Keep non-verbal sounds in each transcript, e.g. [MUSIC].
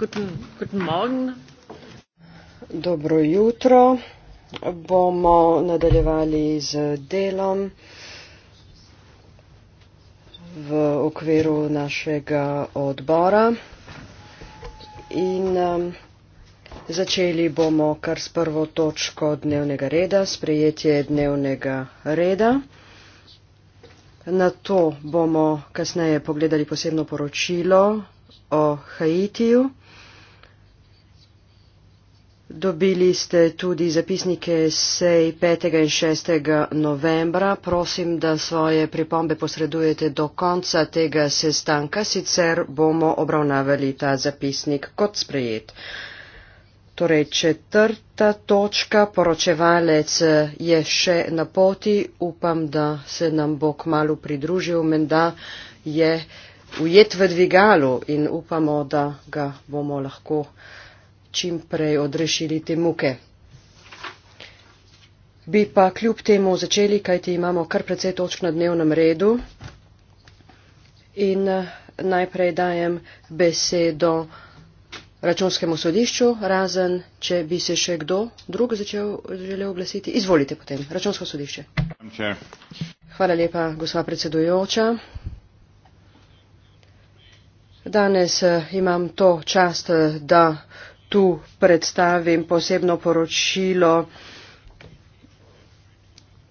guten, guten Morgen. Dobro jutro. Bomo nadaljevali z delom v okviru našega odbora in um, začeli bomo kar s prvo točko dnevnega reda, sprejetje dnevnega reda. Na to bomo kasneje pogledali posebno poročilo o Haitiju. Dobili ste tudi zapisnike sej 5. in 6. novembra. Prosim, da svoje pripombe posredujete do konca tega sestanka, sicer bomo obravnavali ta zapisnik kot sprejet. Torej, četrta točka, poročevalec je še na poti, upam, da se nam bo k malu pridružil, menda je ujet v dvigalu in upamo, da ga bomo lahko čim prej odrešili te muke. Bi pa kljub temu začeli, kajti imamo kar precej točk na dnevnem redu. In eh, najprej dajem besedo računskemu sodišču, razen če bi se še kdo drug začel, želel oglasiti. Izvolite potem, računsko sodišče. Hvala lepa, gospa predsedujoča. Danes eh, imam to čast, eh, da tu predstavim posebno poročilo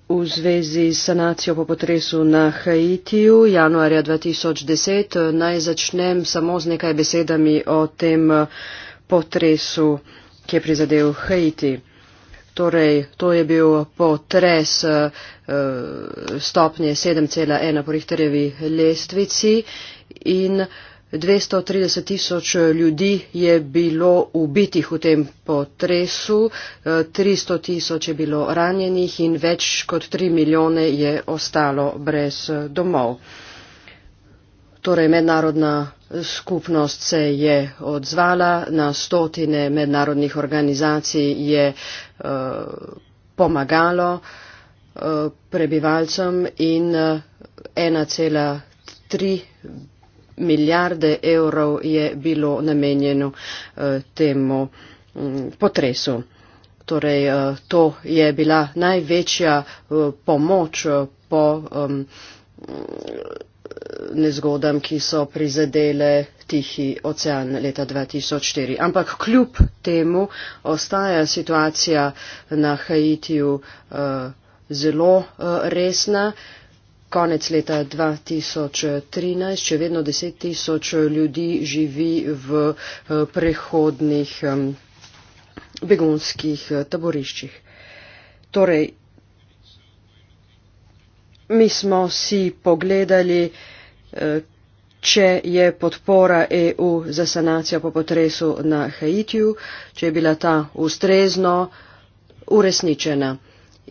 v zvezi s sanacijo po potresu na Haitiju januarja 2010. Naj začnem samo z nekaj besedami o tem eh, potresu, ki je prizadel Haiti. Torej, to je bil potres eh, eh, stopnje 7,1 po Richterjevi lestvici in 230 tisoč eh, ljudi je bilo ubitih v tem potresu, 300 eh, tisoč je bilo ranjenih in več kot 3 milijone je ostalo brez eh, domov. Torej, mednarodna skupnost se je odzvala, na stotine mednarodnih organizacij je uh, pomagalo uh, prebivalcem in uh, 1,3 milijarde evrov je bilo namenjeno eh, temu mm, potresu. Torej, eh, to je bila največja eh, pomoč po mm, nezgodam, ki so prizadele Tihi ocean leta 2004. Ampak kljub temu ostaja situacija na Haitiju zelo resna. Konec leta 2013 še vedno 10 tisoč ljudi živi v eh, prehodnih begunskih eh, taboriščih. Torej, mi smo si pogledali, eh, če je podpora EU za sanacijo po potresu na Haitiju, če je bila ta ustrezno uresničena.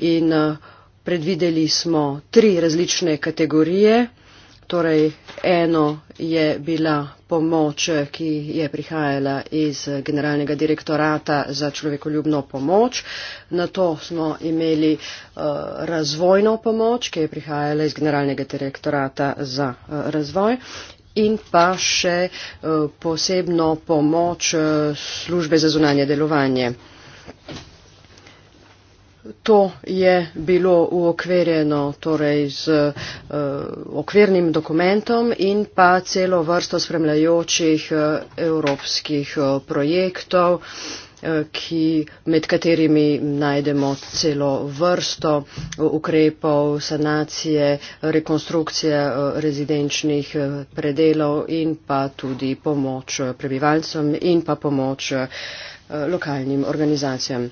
In, uh, predvideli smo tri različne kategorije. Torej, eno je bila pomoč, ki je prihajala iz Generalnega direktorata za človekoljubno pomoč. Na to smo imeli uh, razvojno pomoč, ki je prihajala iz Generalnega direktorata za uh, razvoj. In pa še uh, posebno pomoč uh, službe za zunanje delovanje to je bilo uokvirjeno torej z uh, okvirnim dokumentom in pa celo vrsto spremljajočih uh, evropskih uh, projektov, uh, ki, med katerimi najdemo celo vrsto uh, ukrepov, sanacije, rekonstrukcije uh, rezidenčnih uh, predelov in pa tudi pomoč prebivalcem in pa pomoč uh, lokalnim organizacijam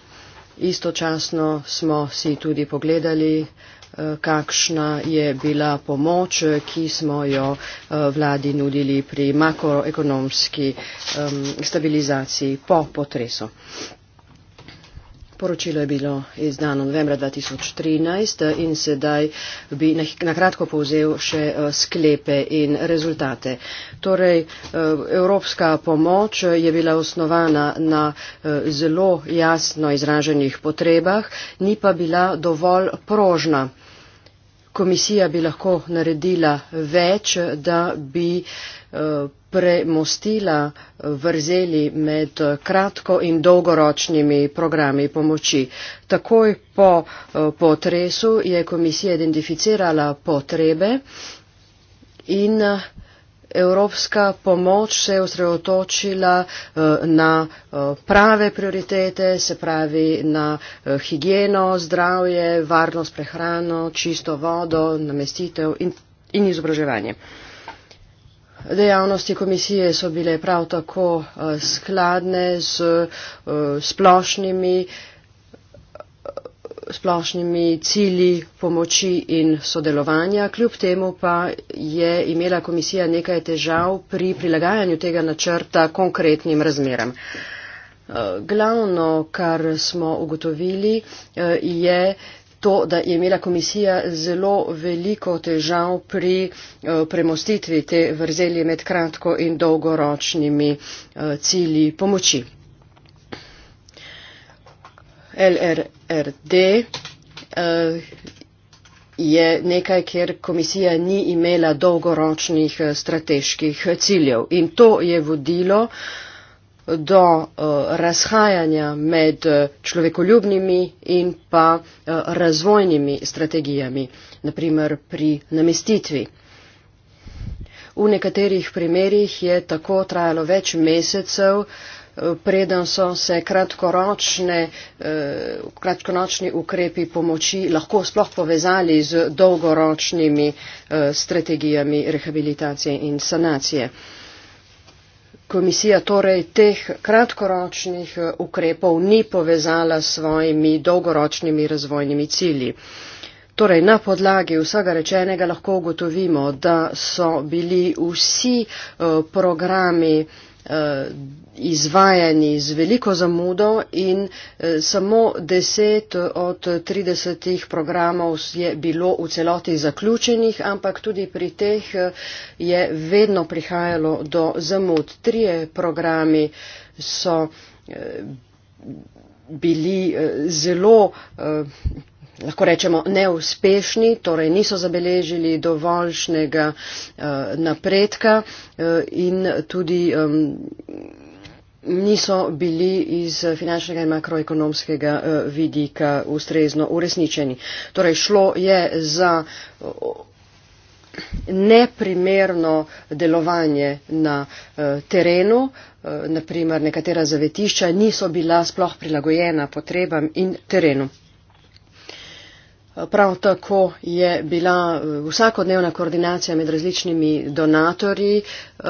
istočasno smo si tudi pogledali, eh, kakšna je bila pomoč, ki smo jo eh, vladi nudili pri makroekonomski stabilizaciji po potresu. Poročilo je bilo izdano novembra 2013 in sedaj bi nakratko povzel še eh, sklepe in rezultate. Torej, eh, evropska pomoč je bila osnovana na eh, zelo jasno izraženih potrebah, ni pa bila dovolj prožna. Komisija bi lahko naredila več, da bi premostila vrzeli med kratko in dolgoročnimi programi pomoči. Takoj po eh, potresu je komisija identificirala potrebe in eh, evropska pomoč se je osredotočila eh, na prave prioritete, se pravi na higieno, zdravje, varnost, prehrano, čisto vodo, namestitev in, in izobraževanje dejavnosti komisije so bile prav tako eh, skladne z eh, splošnimi, eh, splošnimi cili pomoči in sodelovanja. Kljub temu pa je imela komisija nekaj težav pri prilagajanju tega načrta konkretnim razmeram. Glavno, kar smo ugotovili, je to, da je imela komisija zelo veliko težav pri eh, premostitvi te vrzeli med kratko in dolgoročnimi eh, cilji pomoči. LRRD eh, je nekaj, kjer komisija ni imela dolgoročnih strateških ciljev. In to je vodilo uh, do eh, razhajanja med eh, človekoljubnimi in pa eh, razvojnimi strategijami, naprimer pri namestitvi. V nekaterih primerjih je tako trajalo več mesecev, preden so se kratkoročni ukrepi pomoči lahko sploh povezali z dolgoročnimi strategijami rehabilitacije in sanacije komisija torej teh kratkoročnih eh, ukrepov ni povezala s svojimi dolgoročnimi razvojnimi cilji. Torej, na podlagi vsega rečenega lahko ugotovimo, da so bili vsi eh, programi eh, izvajani z veliko zamudo in eh, samo 10 od 30 programov je bilo v celoti zaključenih, ampak tudi pri teh je vedno prihajalo do zamud. Trije programi so bili zelo lahko rečemo, neuspešni, torej niso zabeležili dovoljšnega eh, napredka eh, in tudi niso bili iz finančnega in makroekonomskega eh, vidika ustrezno uresničeni. Torej šlo je za neprimerno delovanje na terenu, naprimer nekatera zavetišča niso bila sploh prilagojena potrebam in terenu. Prav tako je bila eh, vsakodnevna koordinacija med različnimi donatorji eh,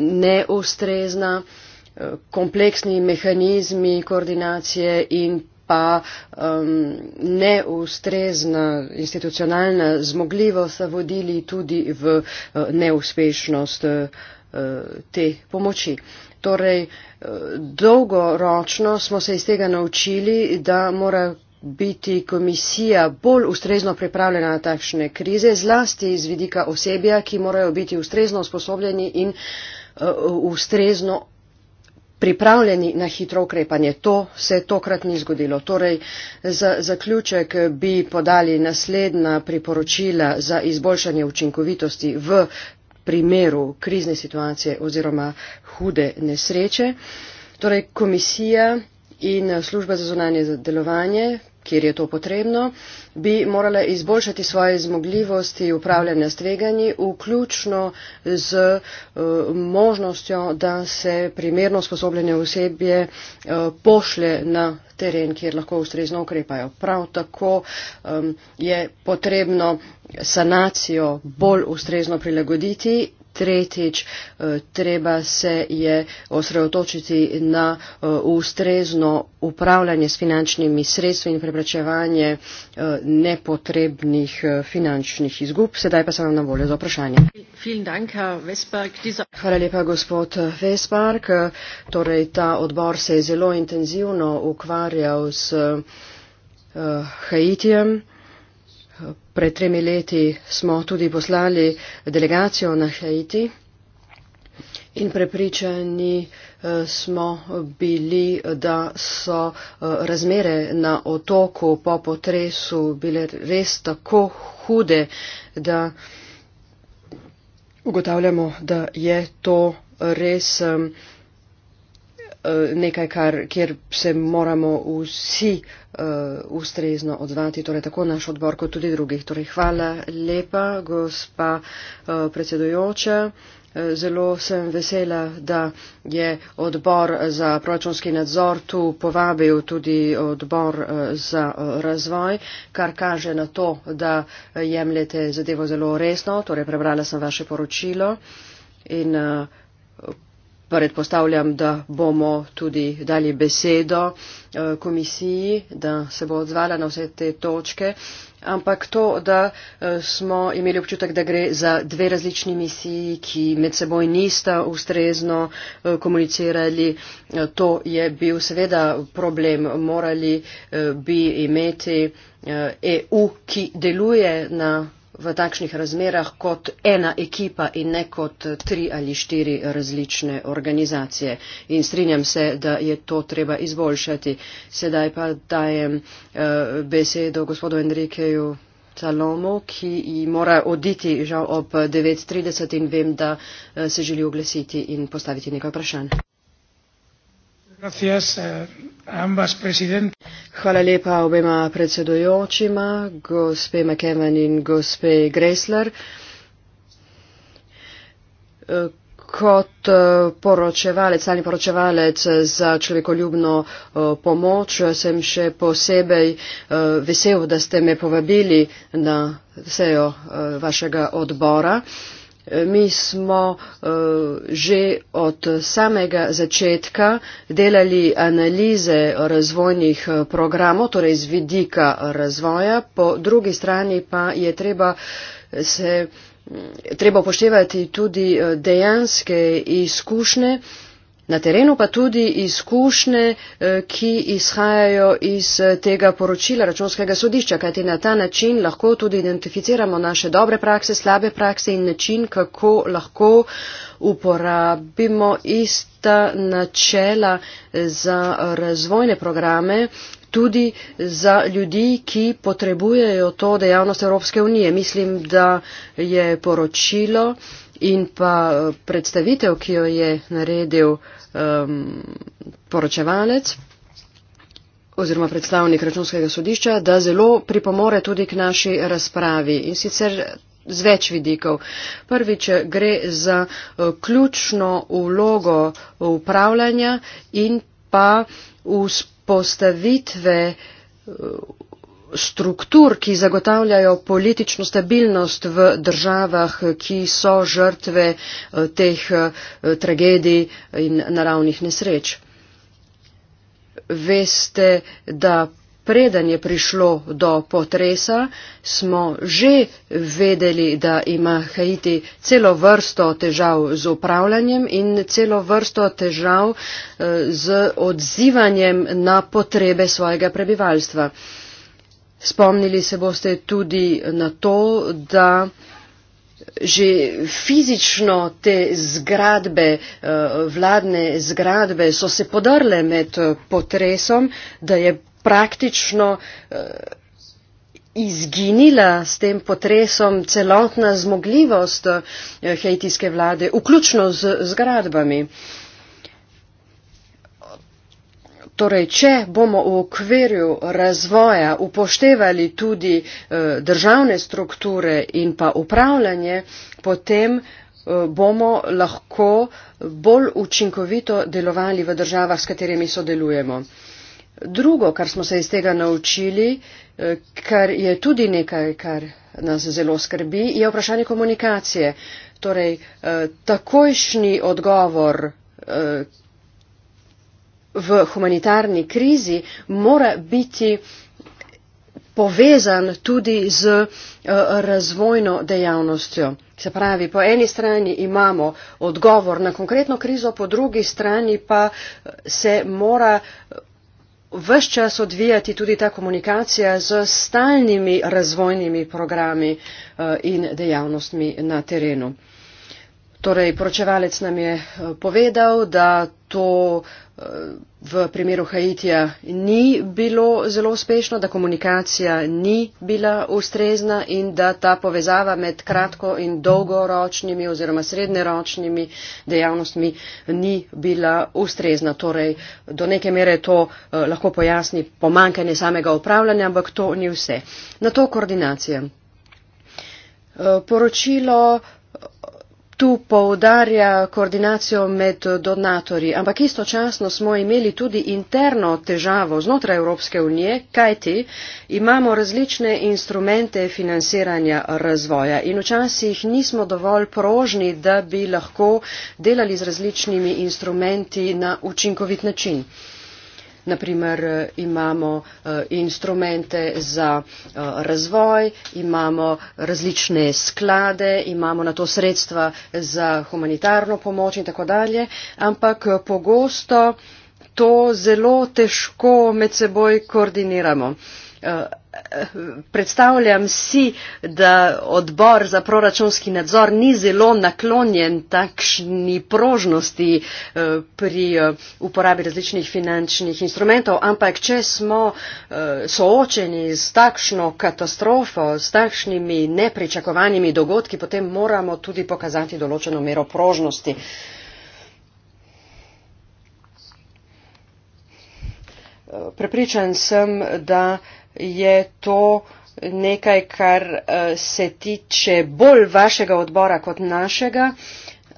neustrezna, eh, kompleksni mehanizmi koordinacije in pa um, neustrezna institucionalna zmogljivost vodili tudi v uh, neuspešnost uh, te pomoči. Torej, uh, dolgoročno smo se iz tega naučili, da mora biti komisija bolj ustrezno pripravljena na takšne krize, zlasti iz vidika osebja, ki morajo biti ustrezno usposobljeni in uh, ustrezno pripravljeni na hitro ukrepanje. To se tokrat ni zgodilo. Torej, za zaključek bi podali naslednja priporočila za izboljšanje učinkovitosti v primeru krizne situacije oziroma hude nesreče. Torej, komisija in služba za zunanje delovanje kjer je to potrebno bi morala izboljšati svoje zmogljivosti upravljanja s tveganji vključno z eh, možnostjo da se primerno usposobljene osebje eh, pošlje na teren, kjer lahko ustrezno ukrepajo. Prav tako um, je potrebno sanacijo bolj ustrezno prilagoditi tretjič, eh, treba se je osredotočiti na eh, ustrezno upravljanje s finančnimi sredstvi in preprečevanje eh, nepotrebnih finančnih izgub. Sedaj pa sem vam na voljo za vprašanje. Hvala lepa, gospod Vespark. Torej, ta odbor se je zelo intenzivno ukvarjal s uh, Haitijem. Pred tremi leti smo tudi poslali delegacijo na Haiti in prepričani eh, smo bili, da so eh, razmere na otoku po potresu bile res tako hude, da ugotavljamo, da je to res. Eh, nekaj, kar, kjer se moramo vsi uh, ustrezno odzvati, torej tako naš odbor kot tudi drugih. Torej, hvala lepa, gospa uh, predsedujoča. Zelo sem vesela, da je odbor za proračunski nadzor tu povabil tudi odbor za razvoj, kar kaže na to, da jemljete zadevo zelo resno. Torej, prebrala sem vaše poročilo in uh, Predpostavljam, da bomo tudi dali besedo eh, komisiji, da se bo odzvala na vse te točke, ampak to, da eh, smo imeli občutek, da gre za dve različni misiji, ki med seboj nista ustrezno eh, komunicirali, to je bil seveda problem. Morali bi imeti EU, e ki deluje na v takšnih razmerah kot ena ekipa in ne kot tri ali štiri različne organizacije. In strinjam se, da je to treba izboljšati. Sedaj pa dajem eh, besedo gospodu Enrikeju. Salomo, ki mora oditi žal ob 9.30 in vem, da eh, se želi oglesiti in postaviti nekaj vprašanj. Eh, Hvala lepa obema predsedojočima, gospe McKeven in gospe Gressler. Kot eh, poročevalec, stani poročevalec za človekoljubno eh, pomoč, sem še posebej vesel, da ste me povabili na sejo vašega odbora mi smo eh, že od samega začetka delali analize razvojnih eh, programov, torej z vidika razvoja, po drugi strani pa je treba se Treba upoštevati tudi eh, dejanske izkušnje, Na terenu pa tudi izkušnje, eh, ki izhajajo iz eh, tega poročila računskega sodišča, kajti na ta način lahko tudi identificiramo naše dobre prakse, slabe prakse in način, kako lahko uporabimo ista načela eh, za razvojne programe tudi za ljudi, ki potrebujejo to dejavnost Evropske unije. Mislim, da je poročilo in pa eh, predstavitev, ki jo je naredil um, poročevalec oziroma predstavnik računskega sodišča, da zelo pripomore tudi k naši razpravi in sicer z več vidikov. Prvič gre za eh, ključno vlogo upravljanja in pa vzpostavitve eh, struktur, ki zagotavljajo politično stabilnost v državah, ki so žrtve eh, teh eh, tragedij in naravnih nesreč. Veste, da preden je prišlo do potresa, smo že vedeli, da ima Haiti celo vrsto težav z upravljanjem in celo vrsto težav eh, z odzivanjem na potrebe svojega prebivalstva. Spomnili se boste tudi na to, da že fizično te zgradbe, eh, vladne zgradbe so se podrle med eh, potresom, da je praktično eh, izginila s tem potresom celotna zmogljivost hejtijske vlade, vključno z zgradbami. Torej, če bomo v okviru razvoja upoštevali tudi eh, državne strukture in pa upravljanje, potem eh, bomo lahko bolj učinkovito delovali v državah, s katerimi sodelujemo. Drugo, kar smo se iz tega naučili, eh, kar je tudi nekaj, kar nas zelo skrbi, je vprašanje komunikacije. Torej, takojšnji odgovor, v humanitarni krizi mora biti povezan tudi z eh, razvojno dejavnostjo. Se pravi, po eni strani imamo odgovor na konkretno krizo, po drugi strani pa se mora eh, vse čas odvijati tudi ta komunikacija z stalnimi razvojnimi programi eh, in dejavnostmi na terenu. Torej, poročevalec nam je eh, povedal, da to eh, v primeru Haitija ni bilo zelo uspešno, da komunikacija ni bila ustrezna in da ta povezava med kratko in dolgoročnimi oziroma srednjeročnimi dejavnostmi ni bila ustrezna. Torej, do neke mere to eh, lahko pojasni pomankanje samega upravljanja, ampak to ni vse. Na to koordinacija. Poročilo tu poudarja koordinacijo med donatorji. Ampak istočasno smo imeli tudi interno težavo znotraj Evropske unije, kajti imamo različne instrumente financiranja razvoja in včasih nismo dovolj prožni, da bi lahko delali z različnimi instrumenti na učinkovit način naprimer eh, imamo eh, instrumente za eh, razvoj, imamo različne sklade, imamo na to sredstva za humanitarno pomoč in tako dalje, ampak pogosto to zelo težko med seboj koordiniramo predstavljam si, da odbor za proračunski nadzor ni zelo naklonjen takšni prožnosti eh, pri eh, uporabi različnih finančnih instrumentov, ampak če smo eh, soočeni s takšno katastrofo, s takšnimi nepričakovanimi dogodki, potem moramo tudi pokazati določeno mero prožnosti. Prepričan sem, da je to nekaj, kar eh, se tiče bolj vašega odbora kot našega,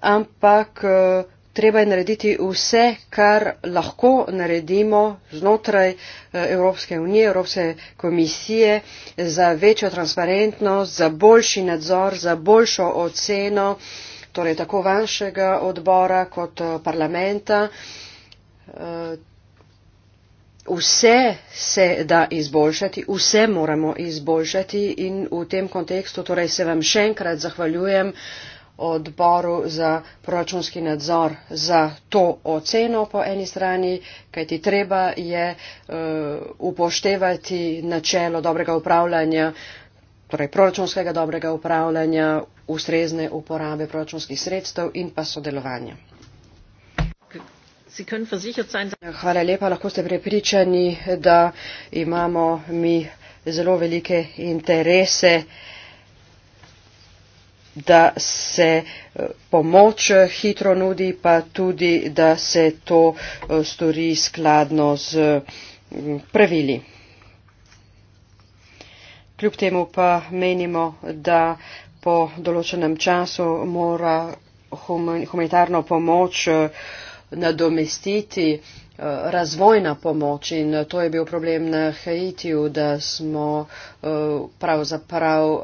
ampak eh, treba je narediti vse, kar lahko naredimo znotraj eh, Evropske unije, Evropske komisije za večjo transparentnost, za boljši nadzor, za boljšo oceno, torej tako vašega odbora kot parlamenta vse se da izboljšati, vse moramo izboljšati in v tem kontekstu torej se vam še enkrat zahvaljujem odboru za proračunski nadzor za to oceno po eni strani, kajti treba je uh, upoštevati načelo dobrega upravljanja, torej proračunskega dobrega upravljanja, ustrezne uporabe proračunskih sredstev in pa sodelovanja. Ja, hvala lepa. Lahko ste prepričani, da imamo mi zelo velike interese, da se eh, pomoč eh, hitro nudi, pa tudi, da se to eh, stori skladno z mm, pravili. Kljub temu pa menimo, da po določenem času mora humanitarno pomoč uh, nadomestiti eh, razvojna pomoč in to je bil problem na Haitiju, da smo eh, pravzaprav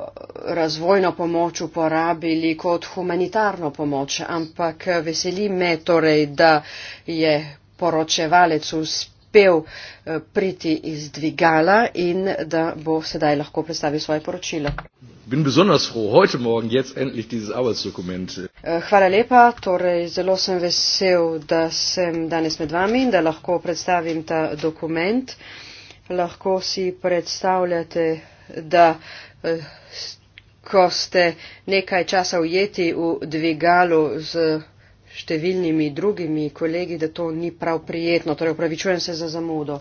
razvojno pomoč uporabili kot humanitarno pomoč, ampak veseli me torej, da je poročevalec uspel uspel eh, priti iz dvigala in da bo sedaj lahko predstavil svoje poročilo. Eh, hvala lepa, torej zelo sem vesel, da sem danes med vami in da lahko predstavim ta dokument. Lahko si predstavljate, da eh, ko ste nekaj časa ujeti v dvigalu z številnimi drugimi kolegi, da to ni prav prijetno. Torej, upravičujem se za zamudo.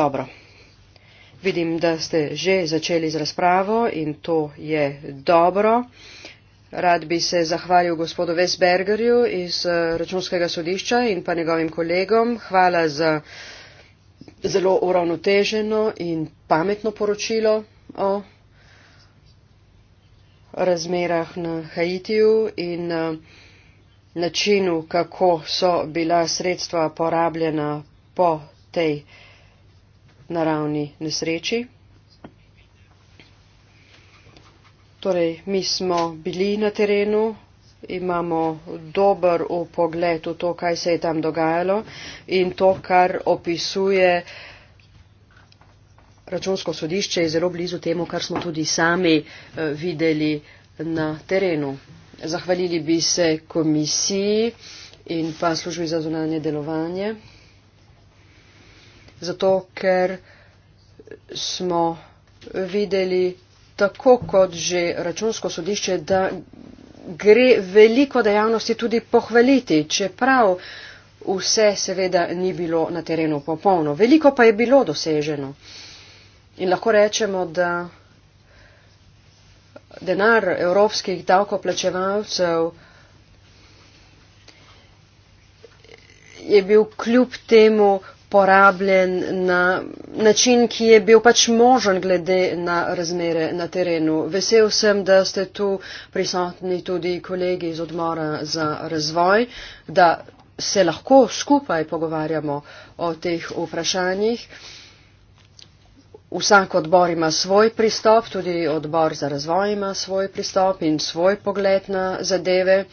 Dobro. Vidim, da ste že začeli z razpravo in to je dobro. Rad bi se zahvalil gospodu Vesbergerju iz eh, računskega sodišča in pa njegovim kolegom. Hvala za zelo uravnoteženo in pametno poročilo o razmerah na Haitiju in eh, načinu, kako so bila sredstva porabljena po tej naravni nesreči. Torej, mi smo bili na terenu, imamo dober upogled v to, kaj se je tam dogajalo in to, kar opisuje uh, Računsko sodišče je zelo blizu temu, kar smo tudi sami eh, videli na terenu. Zahvalili bi se komisiji in pa službi za zunanje delovanje, zato ker smo videli tako kot že računsko sodišče, da gre veliko dejavnosti tudi pohvaliti, čeprav vse seveda ni bilo na terenu popolno. Veliko pa je bilo doseženo. In lahko rečemo, da denar evropskih davkoplačevalcev je bil kljub temu porabljen na način, ki je bil pač možen glede na razmere na terenu. Vesel sem, da ste tu prisotni tudi kolegi iz odmora za razvoj, da se lahko skupaj pogovarjamo o teh vprašanjih. Vsak odbor ima svoj pristop, tudi odbor za razvoj ima svoj pristop in svoj pogled na zadeve.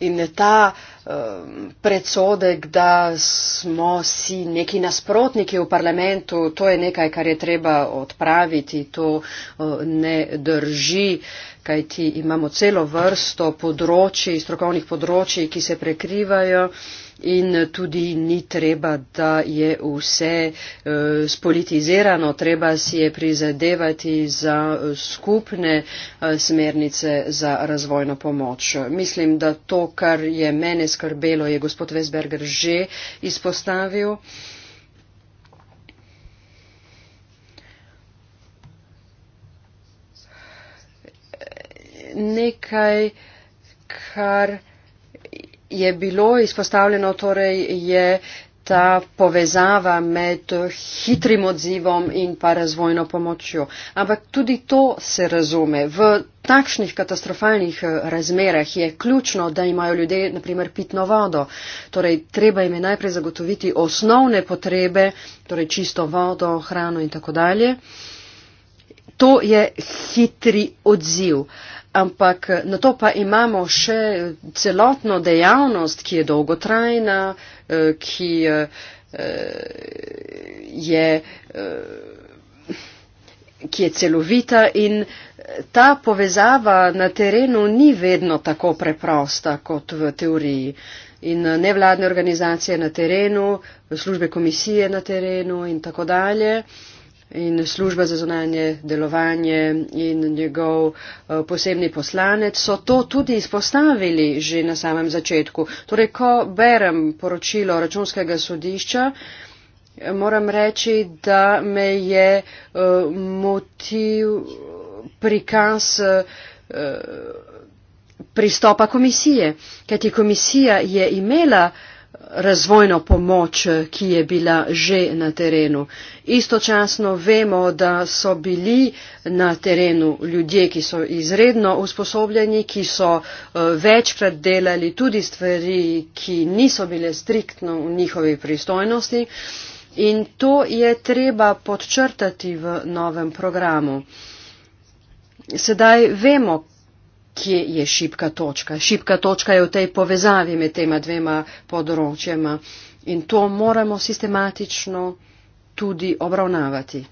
In ta um, predsodek, da smo si neki nasprotniki v parlamentu, to je nekaj, kar je treba odpraviti, to uh, ne drži, kajti imamo celo vrsto področji, strokovnih področji, ki se prekrivajo. Uh, in tudi ni treba, da je vse eh, spolitizirano. Treba si je prizadevati za eh, skupne eh, smernice za razvojno pomoč. Mislim, da to, kar je mene skrbelo, je gospod Vesberger že izpostavil. Nekaj, kar je bilo izpostavljeno, torej je ta povezava med hitrim odzivom in pa razvojno pomočjo. Ampak tudi to se razume. V takšnih katastrofalnih eh, razmerah je ključno, da imajo ljudje naprimer pitno vodo. Torej, treba jim je najprej zagotoviti osnovne potrebe, torej čisto vodo, hrano in tako dalje. To je hitri odziv ampak eh, na to pa imamo še celotno dejavnost, ki je dolgotrajna, eh, ki eh, je, ki je celovita in ta povezava na terenu ni vedno tako preprosta kot v teoriji. In nevladne organizacije na terenu, službe komisije na terenu in tako dalje in služba za zunanje delovanje in njegov eh, posebni poslanec so to tudi izpostavili že na samem začetku. Torej, ko berem poročilo računskega sodišča, moram reči, da me je eh, motiv prikaz eh, pristopa komisije, kajti komisija je imela razvojno pomoč, ki je bila že na terenu. Istočasno vemo, da so bili na terenu ljudje, ki so izredno usposobljeni, ki so eh, večkrat delali tudi stvari, ki niso bile striktno v njihovi pristojnosti. In to je treba podčrtati v novem programu. Sedaj vemo, kje je šipka točka. Šipka točka je v tej povezavi med tema dvema področjema in to moramo sistematično tudi obravnavati.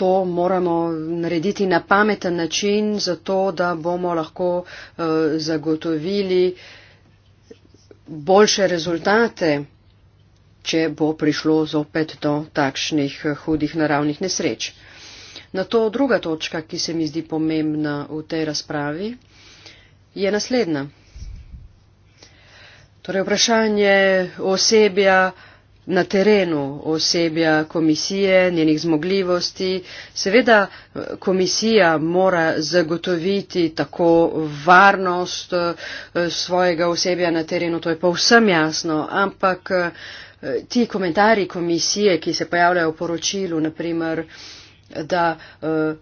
To moramo narediti na pameten način, zato da bomo lahko eh, zagotovili boljše rezultate, če bo prišlo zopet do takšnih eh, hudih naravnih nesreč. Na to druga točka, ki se mi zdi pomembna v tej razpravi, je naslednja. Torej vprašanje osebja na terenu, osebja komisije, njenih zmogljivosti. Seveda komisija mora zagotoviti tako varnost eh, svojega osebja na terenu, to je povsem jasno, ampak eh, ti komentarji komisije, ki se pojavljajo v poročilu, naprimer, da eh,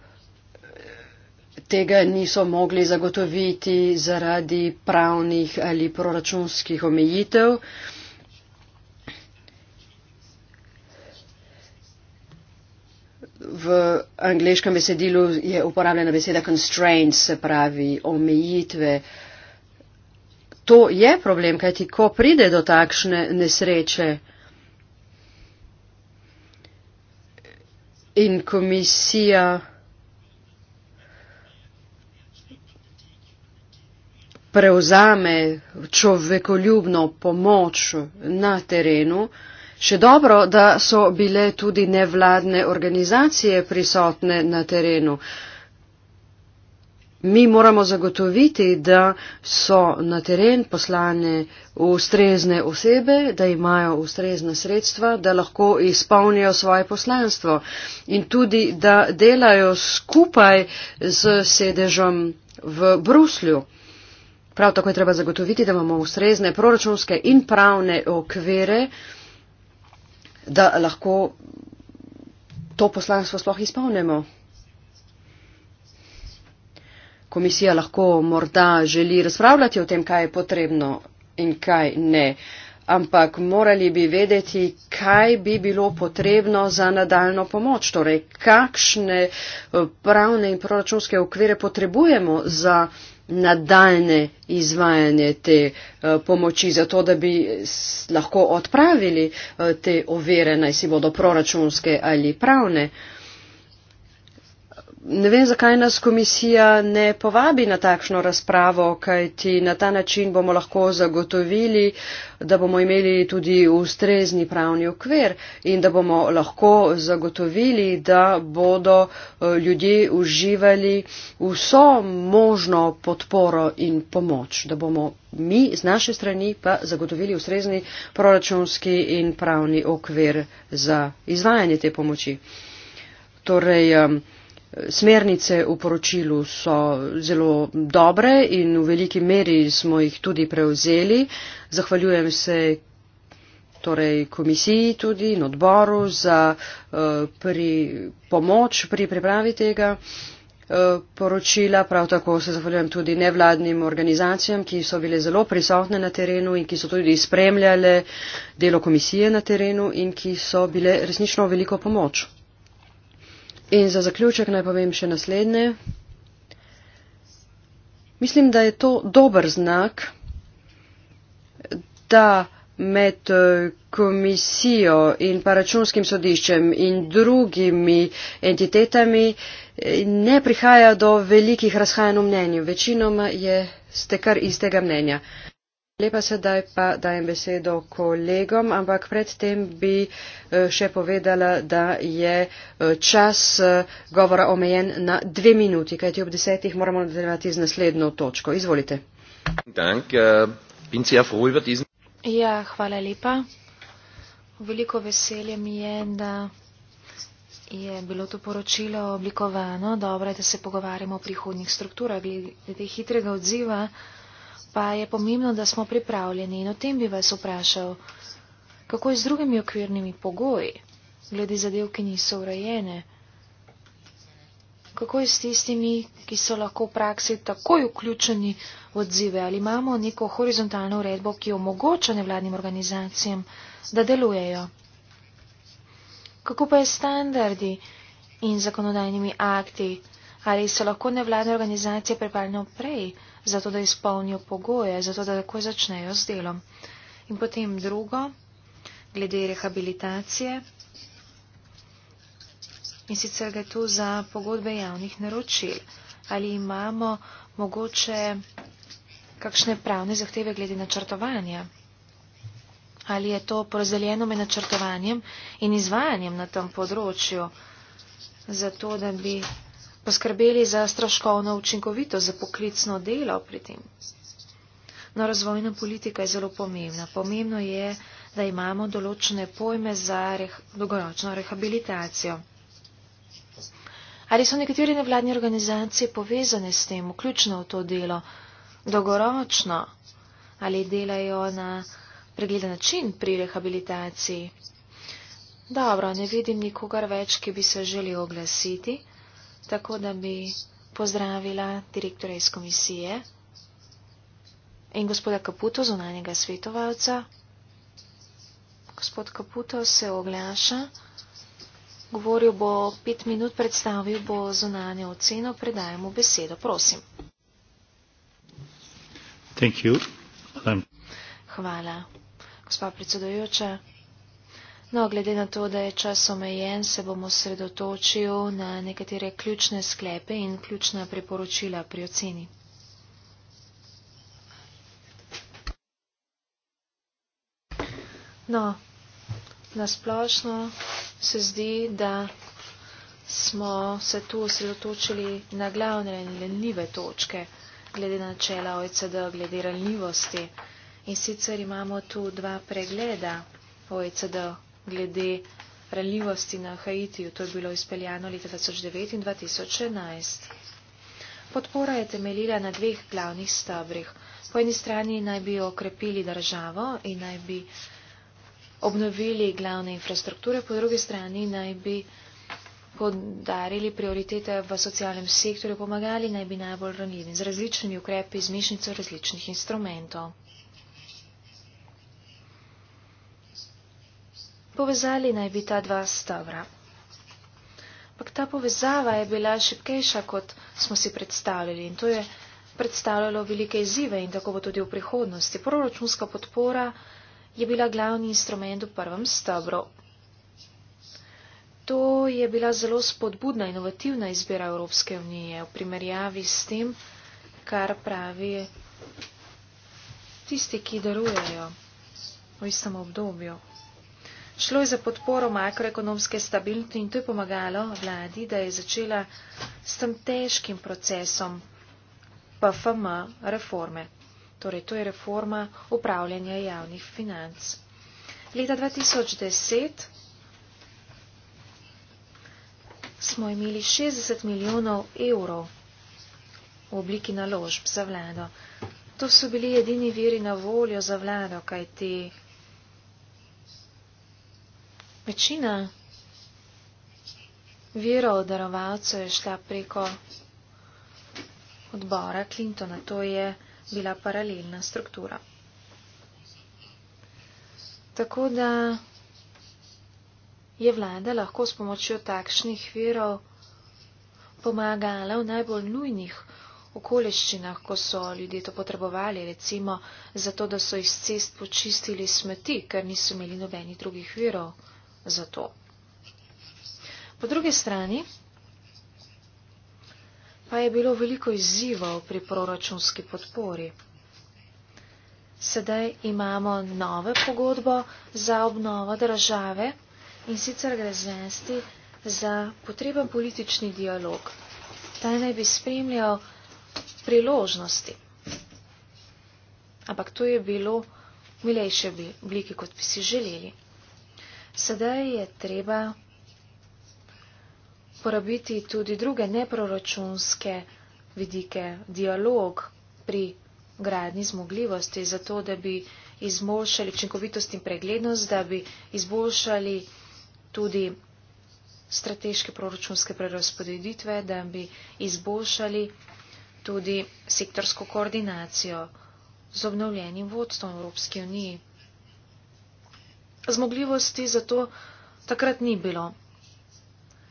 tega niso mogli zagotoviti zaradi pravnih ali proračunskih omejitev. V angliškem besedilu je uporabljena beseda constraints, se pravi omejitve. To je problem, kajti ko pride do takšne nesreče, in komisija prevzame človekoljubno pomoč na terenu. Še dobro, da so bile tudi nevladne organizacije prisotne na terenu. Uh, Mi moramo zagotoviti, da so na teren poslane ustrezne osebe, da imajo ustrezne sredstva, da lahko izpolnijo svoje poslanstvo in tudi, da delajo skupaj z sedežem v Bruslju. Prav tako je treba zagotoviti, da imamo ustrezne proračunske in pravne okvere, da lahko to poslanstvo sploh izpolnimo komisija lahko morda želi razpravljati o tem, kaj je potrebno in kaj ne. Ampak morali bi vedeti, kaj bi bilo potrebno za nadaljno pomoč, torej kakšne eh, pravne in proračunske okvire potrebujemo za nadaljne izvajanje te eh, pomoči, zato da bi lahko odpravili eh, te overe, naj si bodo proračunske ali pravne ne vem, zakaj nas komisija ne povabi na takšno razpravo, kajti na ta način bomo lahko zagotovili, da bomo imeli tudi ustrezni pravni okvir in da bomo lahko zagotovili, da bodo eh, ljudje uživali vso možno podporo in pomoč, da bomo mi z naše strani pa zagotovili ustrezni proračunski in pravni okvir za izvajanje te pomoči. Torej, um, Smernice v poročilu so zelo dobre in v veliki meri smo jih tudi prevzeli. Zahvaljujem se torej komisiji tudi in odboru za uh, pri pomoč pri pripravi tega uh, poročila. Prav tako se zahvaljujem tudi nevladnim organizacijam, ki so bile zelo prisotne na terenu in ki so tudi spremljale delo komisije na terenu in ki so bile resnično veliko pomoč. In za zaključek naj povem še naslednje. Mislim, da je to dober znak, da med eh, komisijo in pa računskim sodiščem in drugimi entitetami eh, ne prihaja do velikih razhajanj v mnenju. Večinoma je ste kar istega mnenja. Lepa sedaj pa dajem besedo kolegom, ampak predtem bi eh, še povedala, da je eh, čas eh, govora omejen na dve minuti, kajti ob desetih moramo nadaljevati z naslednjo točko. Izvolite. Dank, uh, ja, hvala lepa. Veliko veselje mi je, da je bilo to poročilo oblikovano. Dobro je, da se pogovarjamo o prihodnih strukturah glede hitrega odziva. Uh, pa je pomembno, da smo pripravljeni in o tem bi vas vprašal, kako je z drugimi okvirnimi pogoji, glede zadev, ki niso urejene, kako je s tistimi, ki so lahko v praksi takoj vključeni v odzive, ali imamo neko horizontalno uredbo, ki omogoča nevladnim organizacijam, da delujejo. Kako pa je standardi in zakonodajnimi akti, ali so lahko nevladne organizacije pripravljene prej, zato da izpolnijo pogoje, zato da takoj začnejo s delom. In potem drugo, glede rehabilitacije. In sicer gre tu za pogodbe javnih naročil. Ali imamo mogoče kakšne pravne zahteve glede načrtovanja? Ali je to porazdeljeno med načrtovanjem in izvajanjem na tem področju, zato da bi poskrbeli za stroškovno učinkovito, za poklicno delo pri tem. No, razvojna politika je zelo pomembna. Pomembno je, da imamo določene pojme za reh, dolgoročno rehabilitacijo. Ali so nekatere nevladne organizacije povezane s tem, vključene v to delo, dolgoročno ali delajo na pregleden način pri rehabilitaciji? Dobro, ne vidim nikogar več, ki bi se želel oglasiti tako da bi pozdravila direktorja iz komisije in gospoda Kaputo, zunanjega svetovalca. Gospod Kaputo se oglaša, govoril bo pet minut, predstavil bo zunanje oceno, predajemo besedo, prosim. Um, Hvala. Gospa predsedujoča, No, glede na to, da je čas omejen, se bomo sredotočili na nekatere ključne sklepe in ključna priporočila pri oceni. No, nasplošno se zdi, da smo se tu osredotočili na glavne in ranljive točke, glede na načela OECD, glede ranljivosti. In sicer imamo tu dva pregleda OECD glede ranljivosti na Haitiju. To je bilo izpeljano leta 2009 in 2011. Podpora je temeljila na dveh glavnih stabrih. Po eni strani naj bi okrepili državo in naj bi obnovili glavne infrastrukture, po drugi strani naj bi podarili prioritete v socialnem sektorju, pomagali naj bi najbolj ranljivim z različnimi ukrepi, z mišnico različnih instrumentov. Povezali naj bi ta dva stavra. Pak ta povezava je bila šipkejša, kot smo si predstavljali in to je predstavljalo velike izzive in tako bo tudi v prihodnosti. Proračunska podpora je bila glavni instrument v prvem stavru. To je bila zelo spodbudna, inovativna izbira Evropske unije v primerjavi s tem, kar pravi tisti, ki darujejo v istem obdobju. Šlo je za podporo makroekonomske stabilnosti in to je pomagalo vladi, da je začela s tem težkim procesom PFM reforme. Torej, to je reforma upravljanja javnih financ. Leta 2010 smo imeli 60 milijonov evrov v obliki naložb za vlado. To so bili edini veri na voljo za vlado, kaj te Večina virov darovalcev je šla preko odbora Clintona, to je bila paralelna struktura. Tako da je vlada lahko s pomočjo takšnih virov pomagala v najbolj nujnih okoliščinah, ko so ljudje to potrebovali, recimo zato, da so iz cest počistili smeti, ker niso imeli nobenih drugih virov za to. Po drugi strani pa je bilo veliko izzivov pri proračunski podpori. Sedaj imamo nove pogodbo za obnovo države in sicer gre zvesti za potreben politični dialog. Ta naj bi spremljal priložnosti. Ampak to je bilo v milejše obliki, kot bi si želeli. Sedaj je treba porabiti tudi druge neproračunske vidike, dialog pri gradni zmogljivosti, zato da bi izboljšali učinkovitost in preglednost, da bi izboljšali tudi strateške proračunske prerazpodeditve, da bi izboljšali tudi sektorsko koordinacijo z obnovljenim vodstvom Evropske unije zmogljivosti za to takrat ni bilo.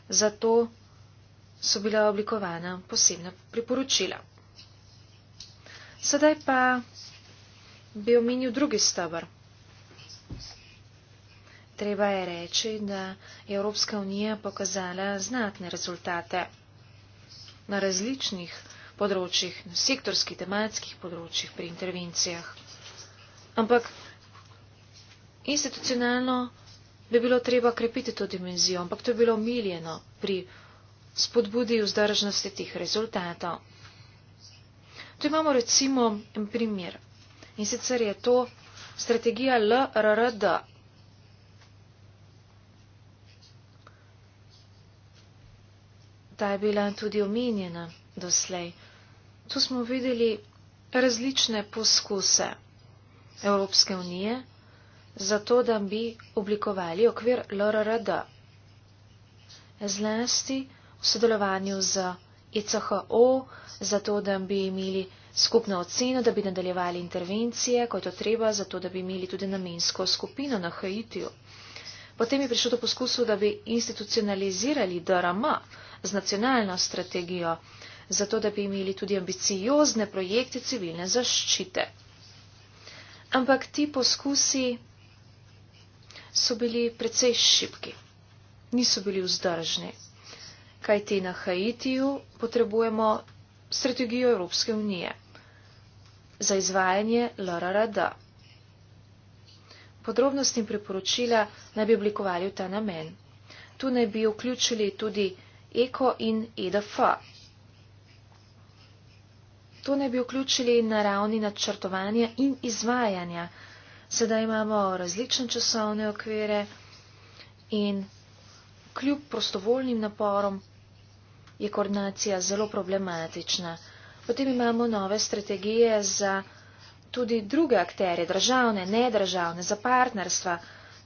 Zato so bila oblikovana posebna priporočila. Sedaj pa bi omenil drugi stavar. Treba je reči, da je Evropska unija pokazala znatne rezultate na različnih področjih, na sektorskih tematskih področjih pri intervencijah. Ampak institucionalno bi bilo treba krepiti to dimenzijo, ampak to je bilo omiljeno pri spodbudi vzdržnosti tih rezultatov. Tu imamo recimo en primer in sicer je to strategija LRRD. Ta je bila tudi omenjena doslej. Tu smo videli različne poskuse Evropske unije zato, da bi oblikovali okvir LRRD. Zlasti v sodelovanju z ECHO, zato, da bi imeli skupno oceno, da bi nadaljevali intervencije, ko je to treba, zato, da bi imeli tudi namensko skupino na Haitiju. Potem je prišlo do poskusu, da bi institucionalizirali DRM z nacionalno strategijo, zato da bi imeli tudi ambiciozne projekte civilne zaščite. Ampak ti poskusi so bili precej šipki, niso bili vzdržni. Kaj ti na Haitiju potrebujemo strategijo Evropske unije za izvajanje LRRD. Podrobnosti in priporočila naj bi oblikovali v ta namen. Tu naj bi vključili tudi ECO in EDF. To naj bi vključili na ravni načrtovanja in izvajanja Sedaj imamo različne časovne okvire in kljub prostovoljnim naporom je koordinacija zelo problematična. Potem imamo nove strategije za tudi druge akterje, državne, nedržavne, za partnerstva.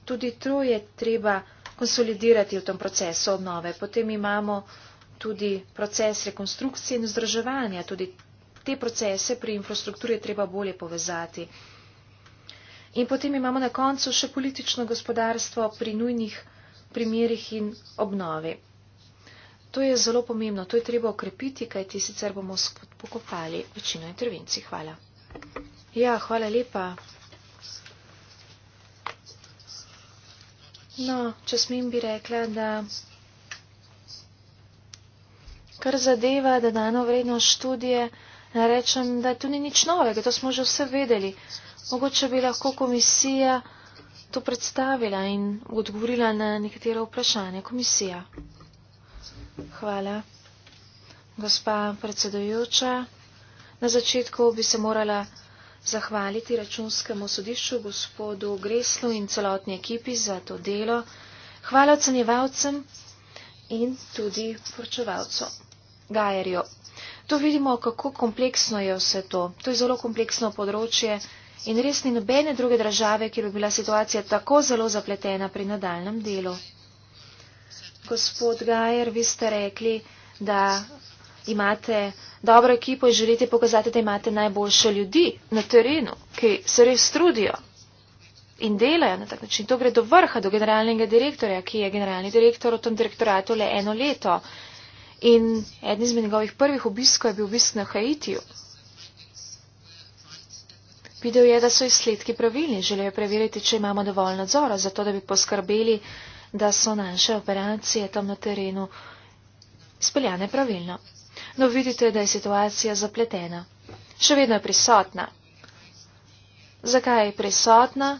Tudi tu je treba konsolidirati v tem procesu obnove. Potem imamo tudi proces rekonstrukcije in vzdrževanja. Tudi te procese pri infrastrukturi je treba bolje povezati. In potem imamo na koncu še politično gospodarstvo pri nujnih primerjih in obnovi. To je zelo pomembno, to je treba okrepiti, kaj ti sicer bomo pokopali večino intervencij. Hvala. Ja, hvala lepa. No, če smem bi rekla, da kar zadeva, da dano vredno študije, rečem, da to ni nič novega, to smo že vse vedeli. Mogoče bi lahko komisija to predstavila in odgovorila na nekatera vprašanja. Komisija. Hvala. Gospa predsedojoča, na začetku bi se morala zahvaliti računskemu sodišču, gospodu Greslu in celotni ekipi za to delo. Hvala ocenjevalcem in tudi poročevalcu Gajerju. Tu vidimo, kako kompleksno je vse to. To je zelo kompleksno področje. In res ni nobene druge države, kjer bi bila situacija tako zelo zapletena pri nadaljem delu. Gospod Gajer, vi ste rekli, da imate dobro ekipo in želite pokazati, da imate najboljše ljudi na terenu, ki se res trudijo in delajo na tak način. To gre do vrha, do generalnega direktorja, ki je generalni direktor v tem direktoratu le eno leto. In eden izmed njegovih prvih obiskov je bil obisk na Haitiju. Videl je, da so izsledki pravilni. Želijo preveriti, če imamo dovolj nadzora, zato da bi poskrbeli, da so naše operacije tam na terenu speljane pravilno. No, vidite, da je situacija zapletena. Še vedno je prisotna. Zakaj je prisotna?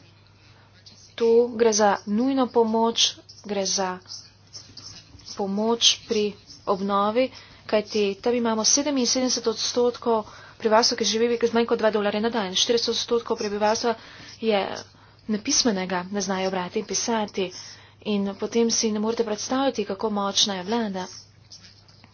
Tu gre za nujno pomoč, gre za pomoč pri obnovi, kajti tam imamo 77 odstotkov prebivalstva, ki živi z manj kot 2 dolarja na dan. 400 odstotkov prebivalstva je nepismenega, ne znajo brati in pisati. In potem si ne morete predstavljati, kako močna je vlada.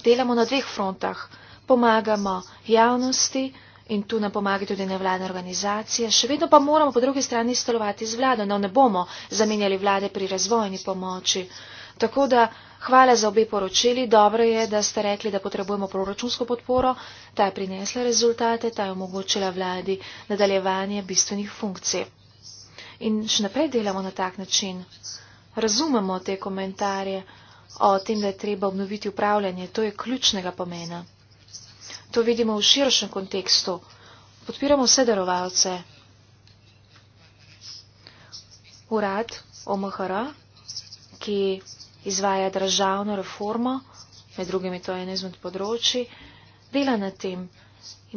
Delamo na dveh frontah. Pomagamo javnosti in tu nam pomaga tudi nevladne organizacije. Še vedno pa moramo po drugi strani stolovati z vlado. No, ne bomo zamenjali vlade pri razvojni pomoči. Tako da hvala za obe poročili. Dobro je, da ste rekli, da potrebujemo proračunsko podporo. Ta je prinesla rezultate, ta je omogočila vladi nadaljevanje bistvenih funkcij. In še naprej delamo na tak način. Razumemo te komentarje o tem, da je treba obnoviti upravljanje. To je ključnega pomena. To vidimo v širšem kontekstu. Podpiramo vse darovalce. Urad OMHR, ki izvaja državno reformo, med drugimi to je en izmed področji, dela na tem.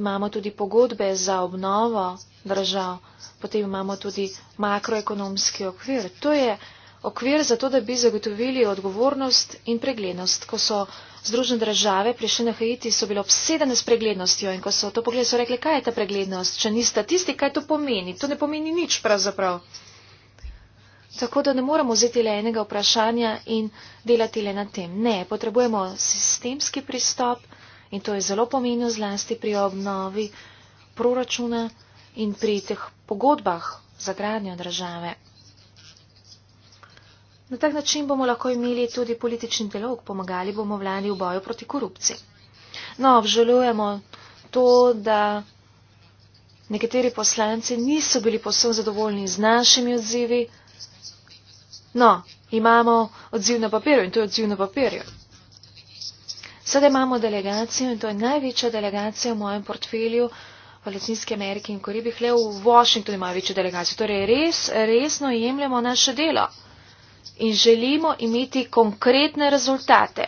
Imamo tudi pogodbe za obnovo držav, potem imamo tudi makroekonomski okvir. To je okvir za to, da bi zagotovili odgovornost in preglednost. Ko so Združene države prišle na Haiti, so bile obsedene s preglednostjo in ko so to pogledali, so rekli, kaj je ta preglednost, če ni statistik, kaj to pomeni. To ne pomeni nič pravzaprav. Tako da ne moramo vzeti le enega vprašanja in delati le na tem. Ne, potrebujemo sistemski pristop in to je zelo pomenilo zlasti pri obnovi proračuna in pri teh pogodbah za gradnjo države. Na tak način bomo lahko imeli tudi politični dialog, pomagali bomo vladi v boju proti korupciji. No, obžalujemo to, da nekateri poslanci niso bili posebno zadovoljni z našimi odzivi. No, imamo odziv na papirju in to je odziv na papirju. Sedaj imamo delegacijo in to je največja delegacija v mojem portfelju v Latinski Ameriki in Koribih, le v Washingtonu imajo večjo delegacijo. Torej res, resno jemljamo naše delo in želimo imeti konkretne rezultate.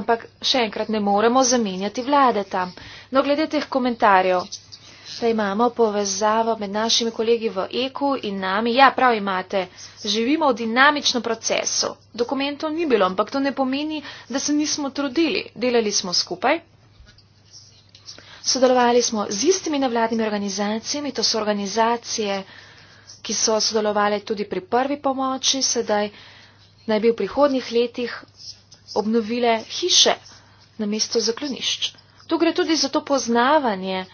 Ampak še enkrat ne moremo zamenjati vlade tam. No, glede teh komentarjev da imamo povezavo med našimi kolegi v EKU in nami. Ja, prav imate, živimo v dinamičnem procesu. Dokumentov ni bilo, ampak to ne pomeni, da se nismo trudili. Delali smo skupaj. Sodelovali smo z istimi nevladnimi organizacijami, to so organizacije, ki so sodelovali tudi pri prvi pomoči, sedaj naj bi v prihodnih letih obnovile hiše na mesto zaklonišč. Tu gre tudi za to poznavanje,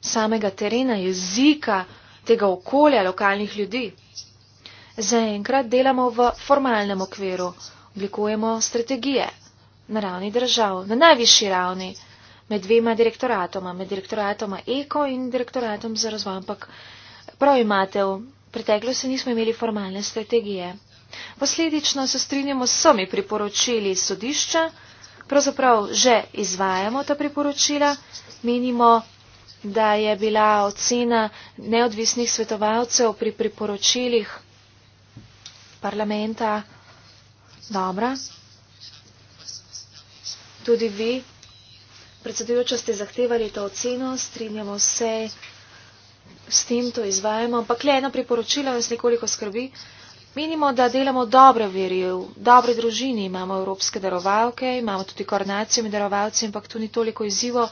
samega terena, jezika, tega okolja, lokalnih ljudi. Zaenkrat delamo v formalnem okviru, oblikujemo strategije na ravni držav, na najvišji ravni, med dvema direktoratoma, med direktoratoma Eko in direktoratom za razvoj, ampak prav imate, v preteklosti nismo imeli formalne strategije. Posledično se strinjamo s vsemi priporočili sodišča, pravzaprav že izvajamo ta priporočila, menimo, da je bila ocena neodvisnih svetovalcev pri priporočilih parlamenta dobra. Tudi vi, predsedujoča, ste zahtevali to oceno, strinjamo se s tem, to izvajamo, ampak le eno priporočilo nas nekoliko skrbi. Menimo, da delamo dobro v veri, v dobri družini imamo evropske darovalke, imamo tudi koordinacijo med darovalci, ampak tu ni toliko izzivo,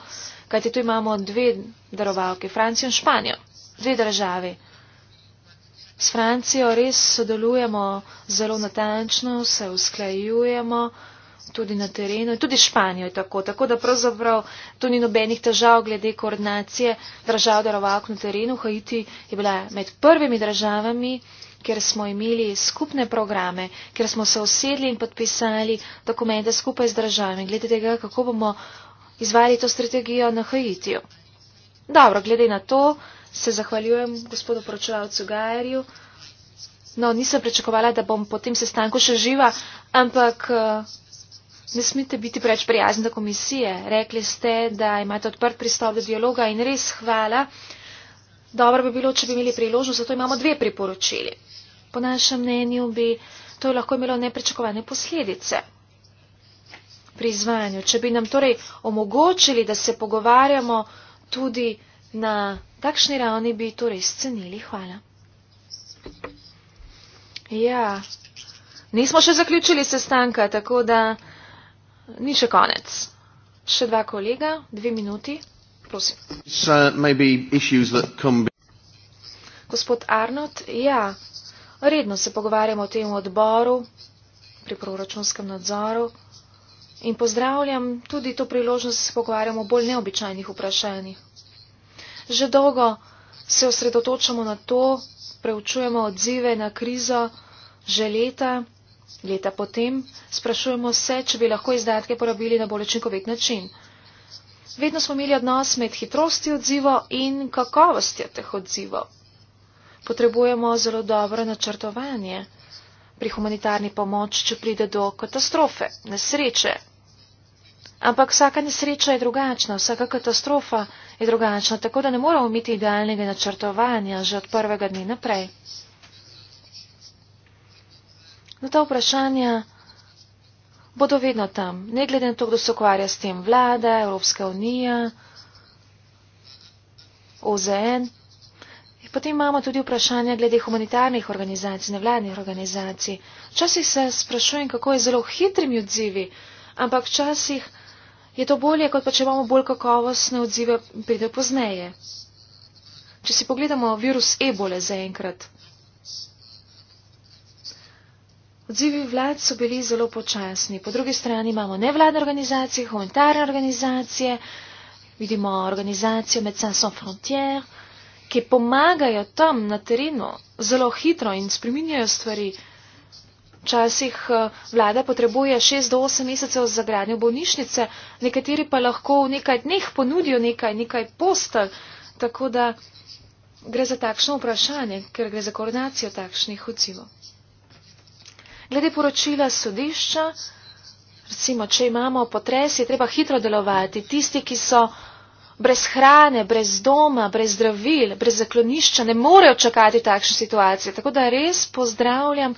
kajti tu imamo dve darovalke, Francijo in Španijo, dve države. S Francijo res sodelujemo zelo natančno, se usklajujemo tudi na terenu, tudi Španijo je tako, tako da pravzaprav tu ni nobenih težav glede koordinacije držav darovalk na terenu. Haiti je bila med prvimi državami, kjer smo imeli skupne programe, kjer smo se osedli in podpisali dokumente skupaj z državami, glede tega, kako bomo izvali to strategijo na Haitiju. Dobro, glede na to se zahvaljujem gospodu poročevalcu Gajerju. No, nisem pričakovala, da bom po tem sestanku še živa, ampak eh, ne smete biti preveč prijazni do komisije. Rekli ste, da imate odprt pristop do dialoga in res hvala. Dobro bi bilo, če bi imeli priložnost, zato imamo dve priporočili. Po našem mnenju bi to lahko imelo neprečakovane posledice pri izvajanju. Če bi nam torej omogočili, da se pogovarjamo tudi na takšni ravni, bi to res cenili. Hvala. Ja, nismo še zaključili sestanka, tako da ni še konec. Še dva kolega, dve minuti. Prosim. Gospod Arnold, ja. Redno se pogovarjamo o tem odboru pri proračunskem nadzoru in pozdravljam tudi to priložnost, da se pogovarjamo o bolj neobičajnih vprašanjih. Že dolgo se osredotočamo na to, preučujemo odzive na krizo že leta, leta potem, sprašujemo se, če bi lahko izdatke porabili na bolj učinkovit način. Vedno smo imeli odnos med hitrosti odziva in kakovostjo teh odzivov. Potrebujemo zelo dobro načrtovanje pri humanitarni pomoči, če pride do katastrofe, nesreče. Ampak vsaka nesreča je drugačna, vsaka katastrofa je drugačna, tako da ne moramo imeti idealnega načrtovanja že od prvega dne naprej. No, ta vprašanja bodo vedno tam, ne glede na to, kdo se ukvarja s tem vlada, Evropska unija, OZN. Potem imamo tudi vprašanja glede humanitarnih organizacij, nevladnih organizacij. Včasih se sprašujem, kako je zelo hitrimi odzivi, ampak včasih je to bolje, kot pa če imamo bolj kakovostne odzive, pride pozneje. Če si pogledamo virus ebole zaenkrat. Odzivi vlad so bili zelo počasni. Po drugi strani imamo nevladne organizacije, humanitarne organizacije, vidimo organizacijo Medecins sans frontières, ki pomagajo tam na terenu zelo hitro in spreminjajo stvari. Včasih eh, vlada potrebuje 6 do 8 mesecev za gradnjo bolnišnice, nekateri pa lahko v nekaj dneh ponudijo nekaj, nekaj postelj. Tako da gre za takšno vprašanje, ker gre za koordinacijo takšnih odzivov. Glede poročila sodišča, recimo, če imamo potres, je treba hitro delovati. Tisti, ki so brez hrane, brez doma, brez zdravil, brez zaklonišča, ne morejo čakati takšne situacije. Tako da res pozdravljam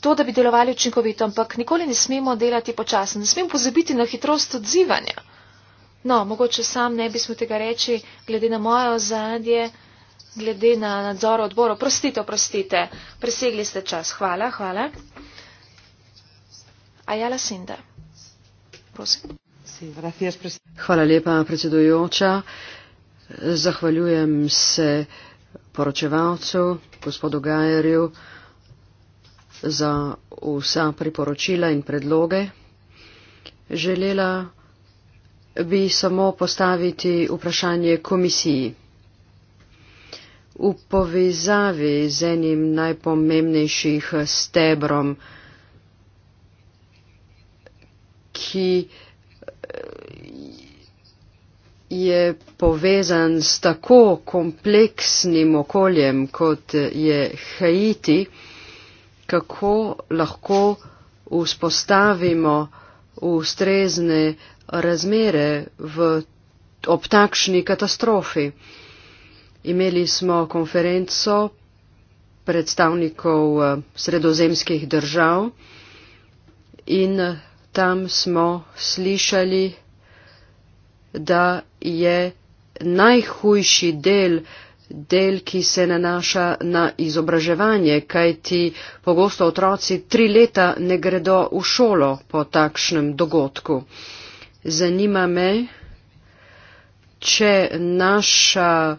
to, da bi delovali učinkovito, ampak nikoli ne smemo delati počasno, ne smemo pozabiti na hitrost odzivanja. No, mogoče sam ne bi smel tega reči, glede na moje ozadje, glede na nadzor odboru. Prostite, oprostite, presegli ste čas. Hvala, hvala. Ajala Sinda. Prosim. Hvala lepa, predsedujoča. Zahvaljujem se poročevalcu, gospodu Gajerju, za vsa priporočila in predloge. Želela bi samo postaviti vprašanje komisiji. V povezavi z enim najpomembnejših stebrom, ki je povezan s tako kompleksnim okoljem, kot je Haiti, kako lahko vzpostavimo ustrezne razmere v, ob takšni katastrofi. Imeli smo konferenco predstavnikov eh, sredozemskih držav in tam smo slišali, da je najhujši del, del, ki se nanaša na izobraževanje, kajti pogosto otroci tri leta ne gredo v šolo po takšnem dogodku. Zanima me, če naša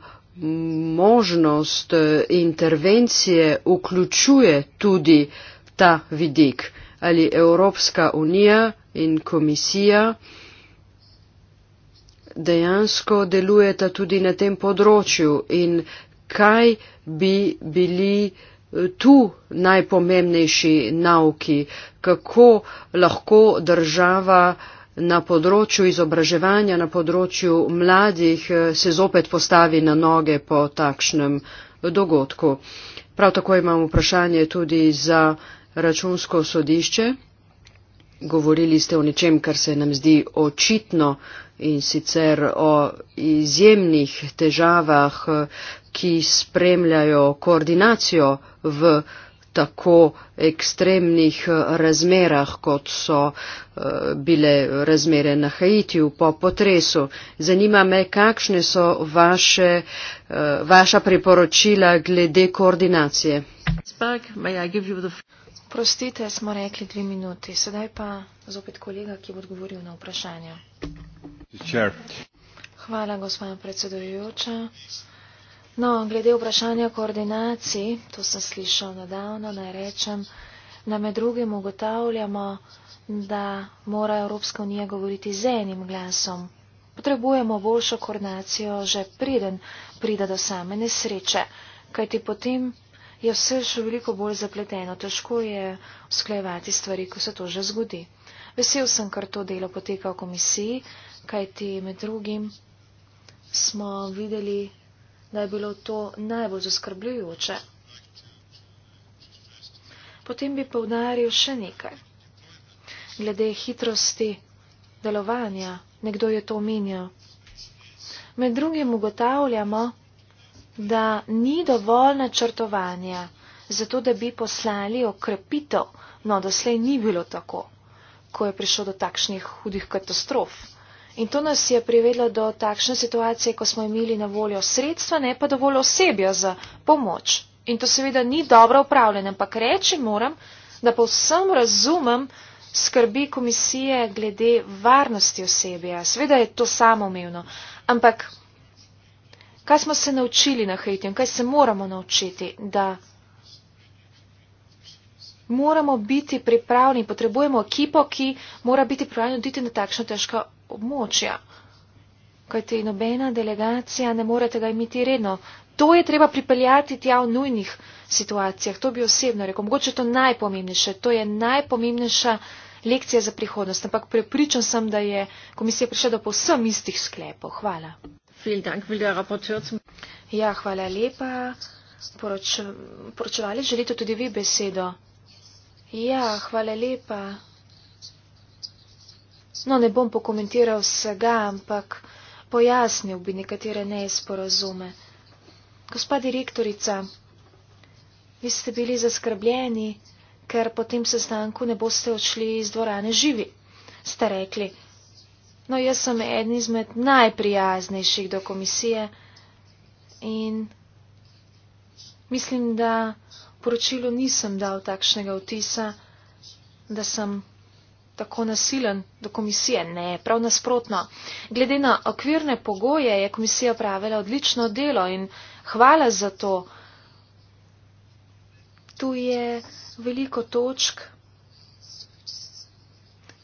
možnost intervencije vključuje tudi ta vidik ali Evropska unija in komisija dejansko delujeta tudi na tem področju in kaj bi bili eh, tu najpomembnejši nauki, kako lahko država na področju izobraževanja, na področju mladih eh, se zopet postavi na noge po takšnem dogodku. Prav tako imam vprašanje tudi za računsko sodišče. Govorili ste o nečem, kar se nam zdi očitno in sicer o izjemnih težavah, ki spremljajo koordinacijo v tako ekstremnih razmerah, kot so eh, bile razmere na Haitiju po potresu. Zanima me, kakšne so vaše, eh, vaša priporočila glede koordinacije. Oprostite, smo rekli dve minuti. Sedaj pa zopet kolega, ki bo odgovoril na vprašanje. Hvala, gospod predsedujoča. No, glede vprašanja koordinacij, to sem slišal nedavno, naj rečem, da med drugim ugotavljamo, da mora Evropska unija govoriti z enim glasom. Potrebujemo boljšo koordinacijo, že preden pride do same nesreče, kajti potem je vse še veliko bolj zapleteno. Težko je usklejevati stvari, ko se to že zgodi. Vesel sem, ker to delo poteka v komisiji, kajti med drugim smo videli, da je bilo to najbolj zaskrbljujoče. Potem bi povdaril še nekaj. Glede hitrosti delovanja, nekdo je to omenjal. Med drugim ugotavljamo, da ni dovolj načrtovanja, zato da bi poslali okrepitev, no doslej ni bilo tako, ko je prišlo do takšnih hudih katastrof. In to nas je privedlo do takšne situacije, ko smo imeli na voljo sredstva, ne pa dovolj osebja za pomoč. In to seveda ni dobro upravljeno, ampak reči moram, da povsem razumem skrbi komisije glede varnosti osebja. Seveda je to samoumevno, ampak Kaj smo se naučili na Haiti in kaj se moramo naučiti? Da moramo biti pripravljeni, potrebujemo ekipo, ki mora biti pripravljena oditi na takšno težko območja. Kajti nobena delegacija ne more tega imeti redno. To je treba pripeljati tja v nujnih situacijah. To bi osebno rekel. Mogoče to najpomembnejše. To je najpomembnejša lekcija za prihodnost. Ampak prepričan sem, da je komisija prišla do povsem istih sklepov. Hvala. Ja, hvala lepa. Poroč, poročevali želite tudi vi besedo. Ja, hvala lepa. No, ne bom pokomentiral vsega, ampak pojasnil bi nekatere nesporazume. Gospa direktorica, vi ste bili zaskrbljeni, ker po tem sestanku ne boste odšli iz dvorane živi, ste rekli. No, jaz sem eden izmed najprijaznejših do komisije in mislim, da v poročilu nisem dal takšnega vtisa, da sem tako nasilen do komisije. Ne, prav nasprotno. Glede na okvirne pogoje je komisija pravila odlično delo in hvala za to. Tu je veliko točk,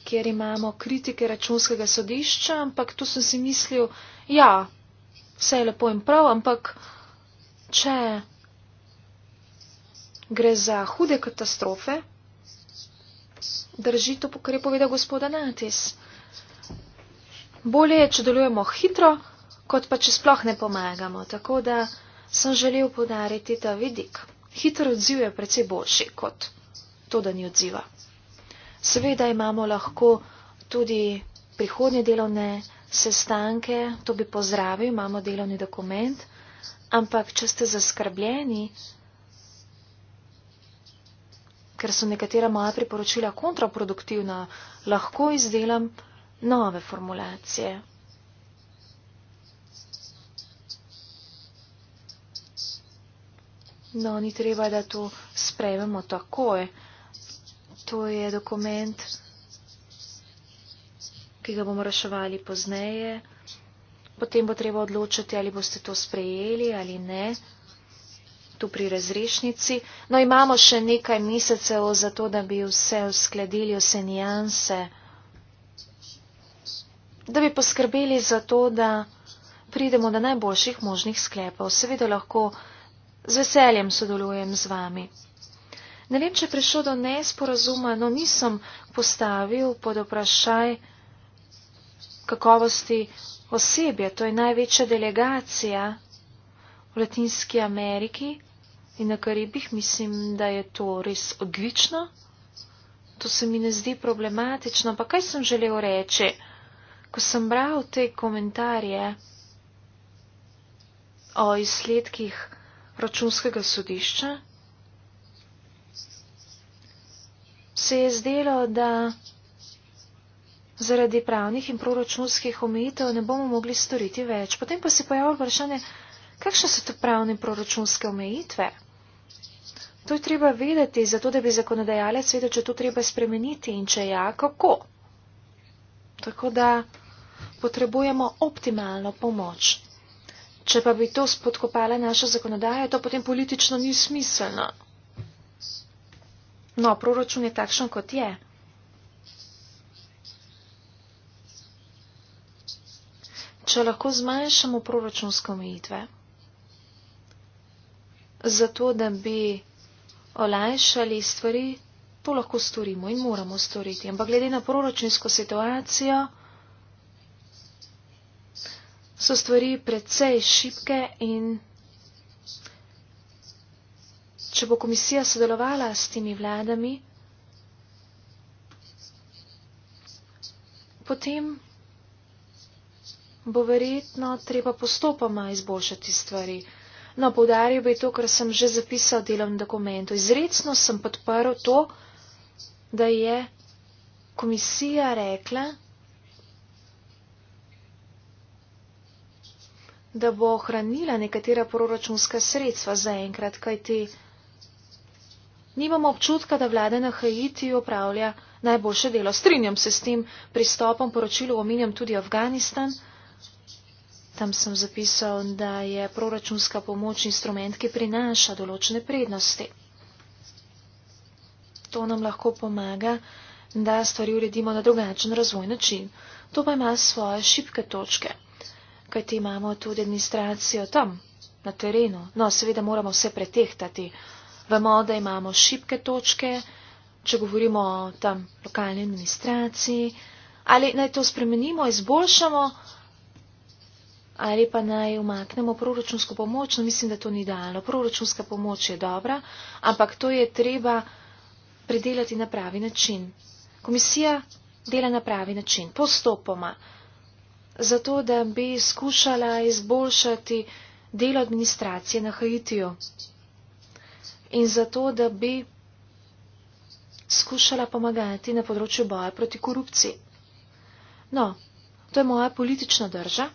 kjer imamo kritike računskega sodišča, ampak tu sem si mislil, ja, vse je lepo in prav, ampak če gre za hude katastrofe, drži to, kar je povedal gospod Natis. Bolje je, če delujemo hitro, kot pa če sploh ne pomagamo. Tako da sem želel podariti ta vidik. Hitro odziv je precej boljši kot to, da ni odziva. Seveda imamo lahko tudi prihodnje delovne sestanke, to bi pozdravil, imamo delovni dokument, ampak če ste zaskrbljeni, ker so nekatera moja priporočila kontraproduktivna, lahko izdelam nove formulacije. No, ni treba, da to sprejmemo takoj. To je dokument, ki ga bomo reševali pozneje. Potem bo treba odločiti, ali boste to sprejeli ali ne, tu pri razrešnici. No, imamo še nekaj mesecev za to, da bi vse uskladili, vse nijanse, da bi poskrbeli za to, da pridemo do najboljših možnih sklepov. Seveda lahko z veseljem sodelujem z vami. Ne vem, če je prišlo do nesporazuma, no nisem postavil pod vprašaj kakovosti osebja. To je največja delegacija v Latinski Ameriki in na Karibih. Mislim, da je to res odlično. To se mi ne zdi problematično. Pa kaj sem želel reči, ko sem bral te komentarje o izsledkih računskega sodišča? se je zdelo, da zaradi pravnih in proračunskih omejitev ne bomo mogli storiti več. Potem pa se pojavlja vprašanje, kakšne so to pravne in proračunske omejitve. To je treba vedeti, zato da bi zakonodajalec vedel, če to treba spremeniti in če ja, kako. Tako da potrebujemo optimalno pomoč. Če pa bi to spodkopala naša zakonodaja, to potem politično ni smiselno. No, proračun je takšen, kot je. Če lahko zmanjšamo proračunske omejitve, zato da bi olajšali stvari, to lahko storimo in moramo storiti. Ampak glede na proračunsko situacijo so stvari precej šipke in če bo komisija sodelovala s temi vladami, potem bo verjetno treba postopoma izboljšati stvari. No, povdaril bi to, kar sem že zapisal v delovnem dokumentu. Izredno sem podprl to, da je komisija rekla, da bo ohranila nekatera proračunska sredstva za enkrat, kaj ti. Te nimamo občutka, da vlada na Haitiju opravlja najboljše delo. Strinjam se s tem pristopom, poročilo omenjam tudi Afganistan. Tam sem zapisal, da je proračunska pomoč instrument, ki prinaša določene prednosti. To nam lahko pomaga, da stvari uredimo na drugačen razvoj način. To pa ima svoje šibke točke, kajti imamo tudi administracijo tam, na terenu. No, seveda moramo vse pretehtati. Vemo, da imamo šibke točke, če govorimo o tam lokalni administraciji, ali naj to spremenimo, izboljšamo, ali pa naj umaknemo proračunsko pomoč. No, mislim, da to ni idealno. Proračunska pomoč je dobra, ampak to je treba predelati na pravi način. Komisija dela na pravi način, postopoma, zato da bi skušala izboljšati delo administracije na Haitiju in zato, da bi skušala pomagati na področju boja proti korupciji. No, to je moja politična drža,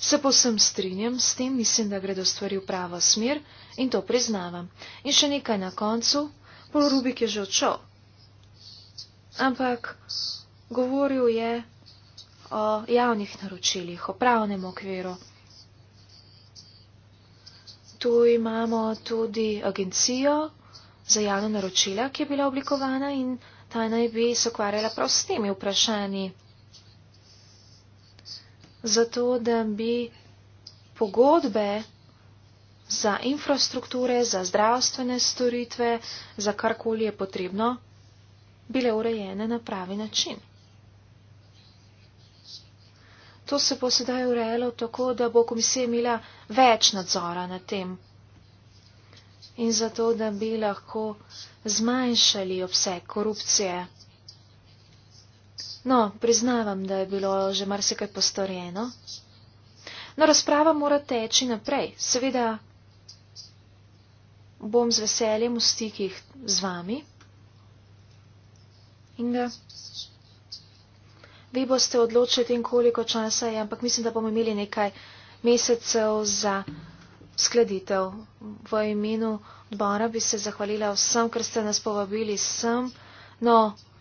se posem strinjam s tem, mislim, da gredo stvari v pravo smer in to priznavam. In še nekaj na koncu, polrubik je že odšel, ampak govoril je o javnih naročilih, o pravnem okviru tu imamo tudi agencijo za javna naročila, ki je bila oblikovana in ta naj bi se ukvarjala prav s temi vprašanji. Zato, da bi pogodbe za infrastrukture, za zdravstvene storitve, za karkoli je potrebno, bile urejene na pravi način. To se bo sedaj urejalo tako, da bo komisija imela več nadzora nad tem. In zato, da bi lahko zmanjšali obseg korupcije. No, priznavam, da je bilo že marsikaj postorjeno. No, razprava mora teči naprej. Seveda bom z veseljem v stikih z vami. In da vi boste odločili in koliko časa je, ampak mislim, da bomo imeli nekaj mesecev za skladitev. V imenu odbora bi se zahvalila vsem, ker ste nas povabili sem. No,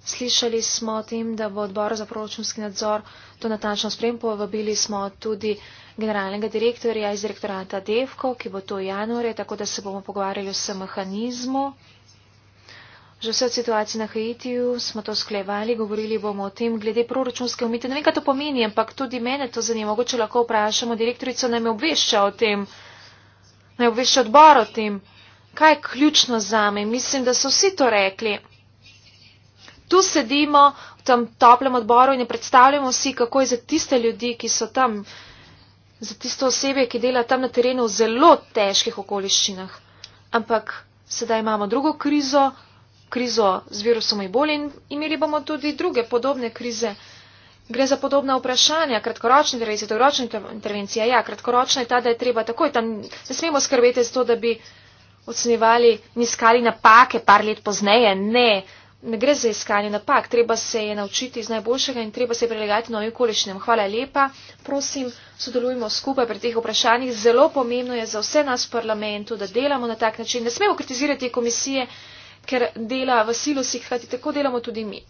slišali smo o tem, da bo odbor za proračunski nadzor to natančno sprem, povabili smo tudi generalnega direktorja iz direktorata Devko, ki bo to v januarju, tako da se bomo pogovarjali o vsem mehanizmu. Že vse od situacije na Haitiju smo to sklevali, govorili bomo o tem glede proračunske umite. Ne vem, kaj to pomeni, ampak tudi mene to zanima. Mogoče lahko vprašamo direktorico, naj me obvešča o tem, naj obvešča odbor o tem. Kaj je ključno za me? Mislim, da so vsi to rekli. Tu sedimo v tem toplem odboru in ne predstavljamo si, kako je za tiste ljudi, ki so tam, za tisto osebje, ki dela tam na terenu v zelo težkih okoliščinah. Ampak sedaj imamo drugo krizo, krizo z virusom ebola in imeli bomo tudi druge podobne krize. Gre za podobna vprašanja, kratkoročne intervencije, dolgoročne intervencije. Ja, kratkoročna je ta, da je treba takoj tam, ne smemo skrbeti za to, da bi ocenjevali in iskali napake par let pozneje. Ne, ne gre za iskanje napak, treba se je naučiti iz najboljšega in treba se prilagati novim okoliščinam. Hvala lepa, prosim, sodelujmo skupaj pri teh vprašanjih. Zelo pomembno je za vse nas v parlamentu, da delamo na tak način. Ne smemo kritizirati komisije, ker dela v silosih, hkrati tako delamo tudi mi.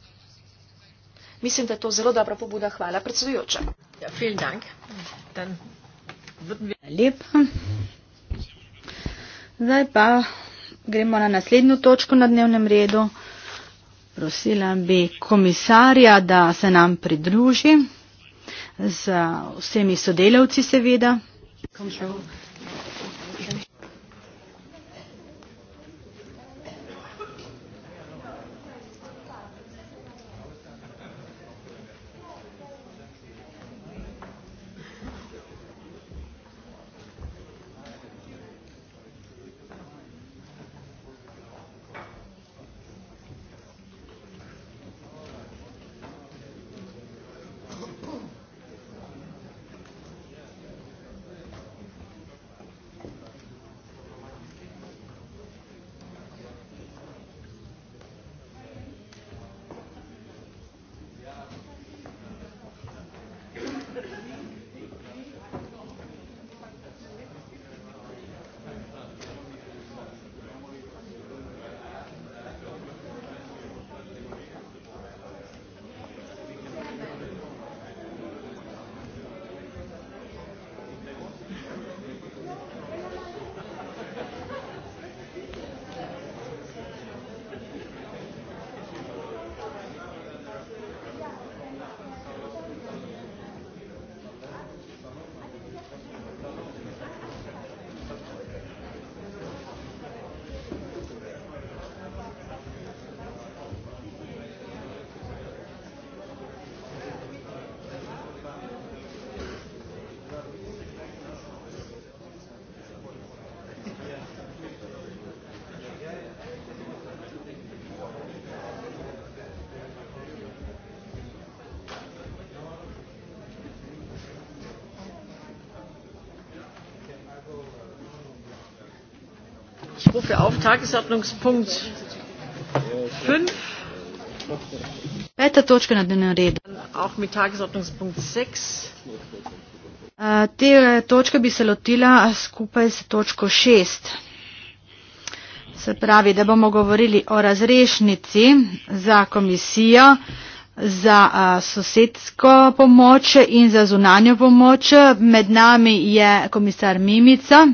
Mislim, da je to zelo dobra pobuda. Hvala, predsedujoča. Ja, Lepo. Zdaj pa gremo na naslednjo točko na dnevnem redu. Prosila bi komisarja, da se nam pridruži z vsemi sodelavci, seveda. Control. Weise auf Tagesordnungspunkt 5. Peter Točka na dnevnem redu. Auch mit Tagesordnungspunkt 6. Uh, te eh, točke bi se lotila skupaj s točko 6. Se pravi, da bomo govorili o razrešnici za komisijo za uh, sosedsko pomoč in za zunanjo pomoč. Med nami je komisar Mimica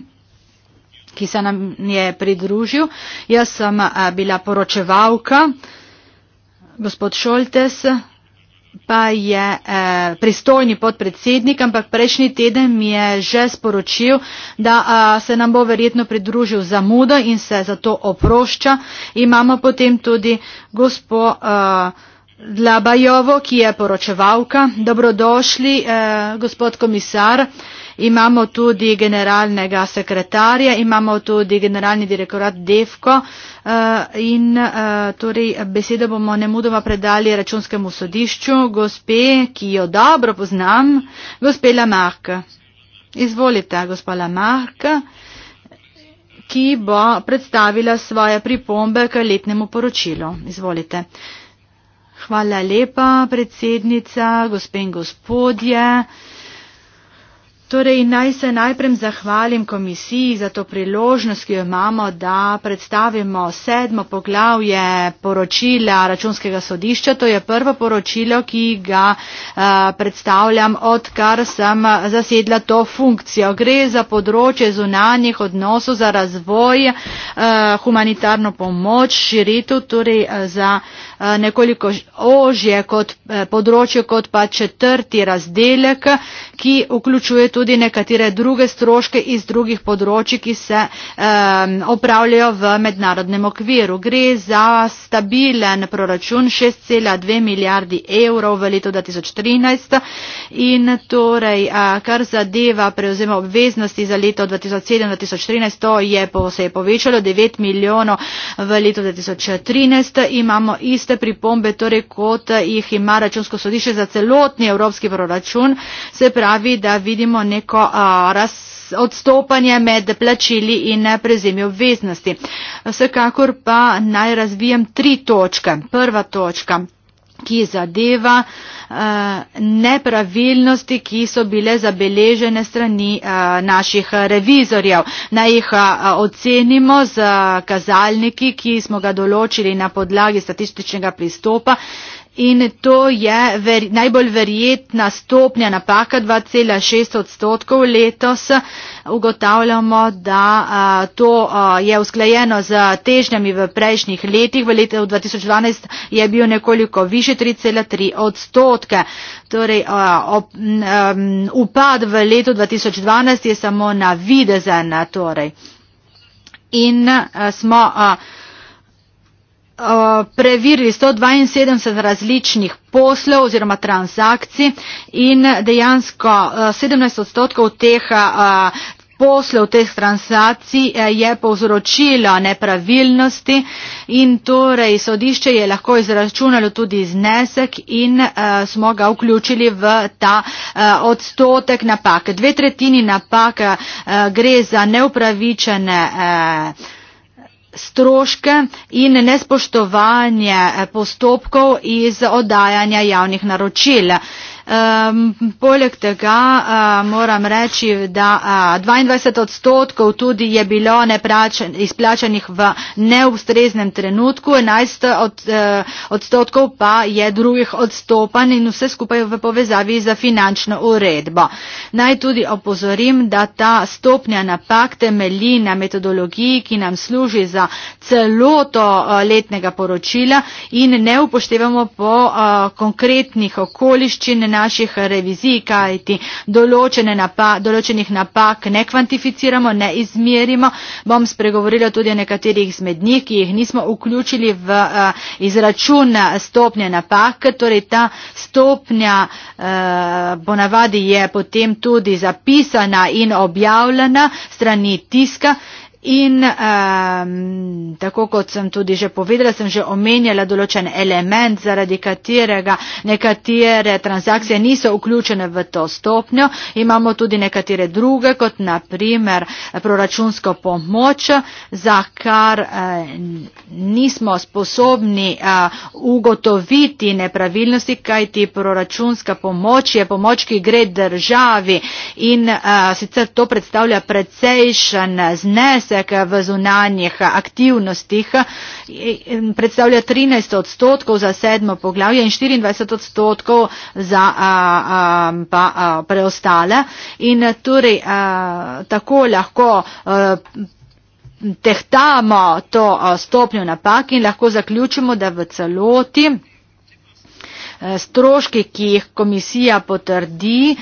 ki se nam je pridružil. Jaz sem eh, bila poročevalka, gospod Šoltes pa je eh, pristojni podpredsednik, ampak prejšnji teden mi je že sporočil, da eh, se nam bo verjetno pridružil zamudo in se zato oprošča. Imamo potem tudi gospo eh, Dlabajovo, ki je poročevalka. Dobrodošli, eh, gospod komisar. Eh, imamo tudi generalnega sekretarja, imamo tudi generalni direktorat Defko eh, in eh, torej besedo bomo nemudoma predali računskemu sodišču, gospe, ki jo dobro poznam, gospe Lamarck. Izvolite, gospa Lamarck, ki bo predstavila svoje pripombe k letnemu poročilu. Izvolite. Hvala lepa, predsednica, gospe in gospodje. Torej naj se najprej zahvalim komisiji za to priložnost, ki jo imamo, da predstavimo sedmo poglavje poročila računskega sodišča. To je prvo poročilo, ki ga uh, predstavljam, odkar sem zasedla to funkcijo. Gre za področje zunanjih odnosov, za razvoj, uh, humanitarno pomoč, širitev, torej uh, za. Eh, nekoliko ožje kot eh, področje kot pa četrti razdelek ki vključuje tudi nekatere druge stroške iz drugih področji ki se um, opravljajo v mednarodnem okviru gre za stabilen proračun 6,2 milijardi evrov v letu 2013 in torej kar zadeva prevzema obveznosti za leto 2007-2013 to je po, se je povečalo 9 milijonov v letu 2013 imamo isto tiste pripombe, torej kot jih ima računsko sodišče za celotni evropski proračun, se pravi, da vidimo neko a, raz, odstopanje med plačili in prezemi obveznosti. Vsekakor pa naj razvijem tri točke. Prva točka ki zadeva eh, nepravilnosti, ki so bile zabeležene strani eh, naših revizorjev. Naj jih eh, ocenimo z kazalniki, ki smo ga določili na podlagi statističnega pristopa in to je ver, najbolj verjetna stopnja napaka 2,6 odstotkov letos. Ugotavljamo, da a, to a, je usklajeno z težnjami v prejšnjih letih. V letu 2012 je bil nekoliko više 3,3 odstotke. Torej, a, op, m, m, upad v letu 2012 je samo navidezen. Torej. In a, smo. A, Eh, preverili 172 različnih poslov oziroma transakcij in dejansko 17 eh, odstotkov teh eh, poslov, teh transakcij je povzročilo nepravilnosti in torej sodišče je lahko izračunalo tudi znesek in smo ga vključili v ta odstotek napake. Dve tretjini napake gre za neupravičene poslov stroške in nespoštovanje postopkov iz oddajanja javnih naročil. Um, poleg tega uh, moram reči, da uh, 22 odstotkov tudi je bilo neplačen, izplačenih v neustreznem trenutku, 11 od, uh, odstotkov pa je drugih odstopanj in vse skupaj v povezavi za finančno uredbo. Naj tudi opozorim, da ta stopnja napak temelji na metodologiji, ki nam služi za celoto uh, letnega poročila in ne upoštevamo po uh, konkretnih okoliščin naših revizij, kajti določene napak, določenih napak ne kvantificiramo, ne izmerimo. Bom spregovorila tudi o nekaterih zmed njih, ki jih nismo vključili v eh, izračun eh, stopnje napak, torej ta stopnja eh, ponavadi je potem tudi zapisana in objavljena strani tiska. In um, tako kot sem tudi že povedala, sem že omenjala določen element, zaradi katerega nekatere transakcije niso vključene v to stopnjo. Imamo tudi nekatere druge, kot naprimer proračunsko pomoč, za kar uh, nismo sposobni uh, ugotoviti nepravilnosti, kajti proračunska pomoč je pomoč, ki gre državi in uh, sicer to predstavlja precejšen znes presek v zunanjih aktivnostih predstavlja 13 odstotkov za sedmo poglavje in 24 odstotkov za pa preostale. In torej tako lahko tehtamo to stopnjo napak in lahko zaključimo, da v celoti Eh, stroški, ki jih komisija potrdi,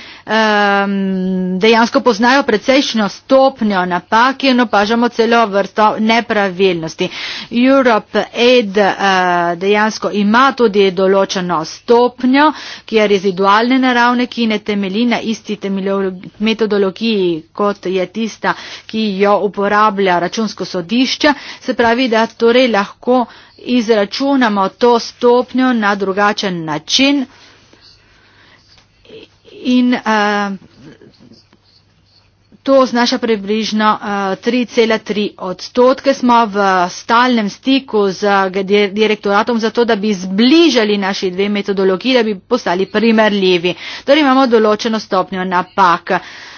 dejansko poznajo precejšnjo stopnjo napak in opažamo celo vrsto nepravilnosti. Europe Aid eh, dejansko ima tudi določeno stopnjo, ki je rezidualne naravne, ki ne temelji na isti metodologiji, kot je tista, ki jo uporablja računsko sodišče. Se pravi, da torej lahko izračunamo to stopnjo na drugačen način in uh, to znaša približno uh, eh, 3,3 odstotke. Smo v stalnem stiku z direktoratom zato, da bi zbližali naši dve metodologiji, da bi postali primerljivi. Torej imamo določeno stopnjo napak.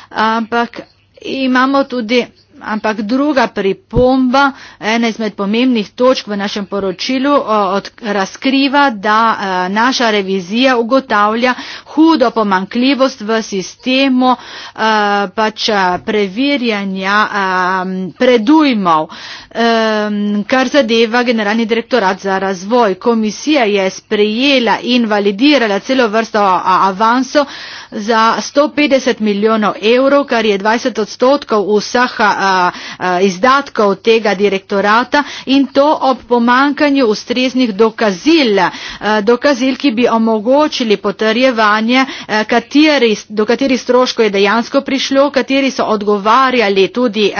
Ampak imamo tudi. Ampak druga pripomba, ena izmed pomembnih točk v našem poročilu, od, razkriva, da a, e, naša revizija ugotavlja hudo pomankljivost v sistemu a, e, pač, a, preverjanja a, e, predujmov. Ehm, kar zadeva generalni direktorat za razvoj. Komisija je sprejela in validirala celo vrsto avanso za 150 milijonov evrov, kar je 20 odstotkov vseh izdatkov tega direktorata in to ob pomankanju ustreznih dokazil, dokazil, ki bi omogočili potrjevanje, kateri, do katerih stroškov je dejansko prišlo, kateri so odgovarjali tudi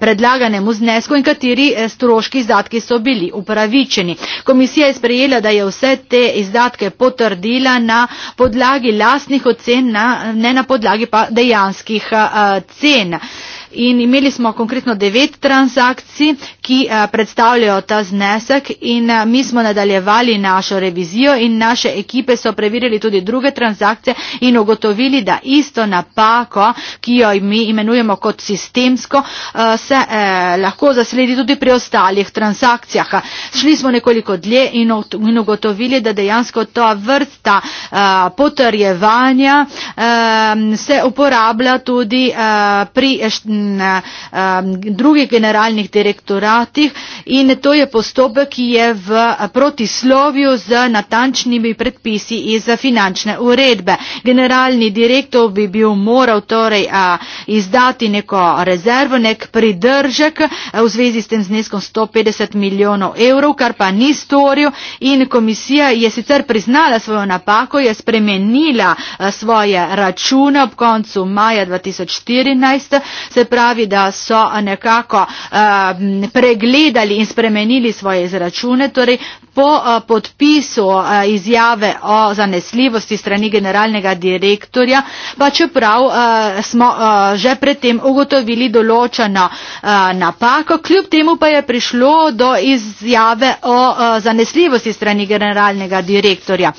predlaganemu znesku in kateri eh, stroški izdatki so bili upravičeni. Komisija je sprejela, da je vse te izdatke potrdila na podlagi lastnih ocen, na, ne na podlagi pa dejanskih a, eh, cen in imeli smo konkretno devet transakcij, ki eh, predstavljajo ta znesek in eh, mi smo nadaljevali našo revizijo in naše ekipe so preverili tudi druge transakcije in ugotovili, da isto napako, ki jo mi imenujemo kot sistemsko, eh, se lahko zasledi tudi pri ostalih transakcijah. Šli smo nekoliko dlje in ugotovili, da dejansko ta vrsta potrjevanja se uporablja tudi pri in um, drugih generalnih direktoratih in to je postopek, ki je v protislovju z natančnimi predpisi iz finančne uredbe. Generalni direktor bi bil moral torej izdati neko rezervo, nek pridržek v zvezi s tem zneskom 150 milijonov evrov, kar pa ni storil in komisija je sicer priznala svojo napako, je spremenila svoje račune ob koncu maja 2014, pravi, da so eh, nekako eh, pregledali in spremenili svoje izračune. Torej, po eh, podpisu izjave o zanesljivosti strani generalnega direktorja, pa čeprav smo že predtem ugotovili določeno napako, kljub temu pa je prišlo do izjave o zanesljivosti strani generalnega direktorja.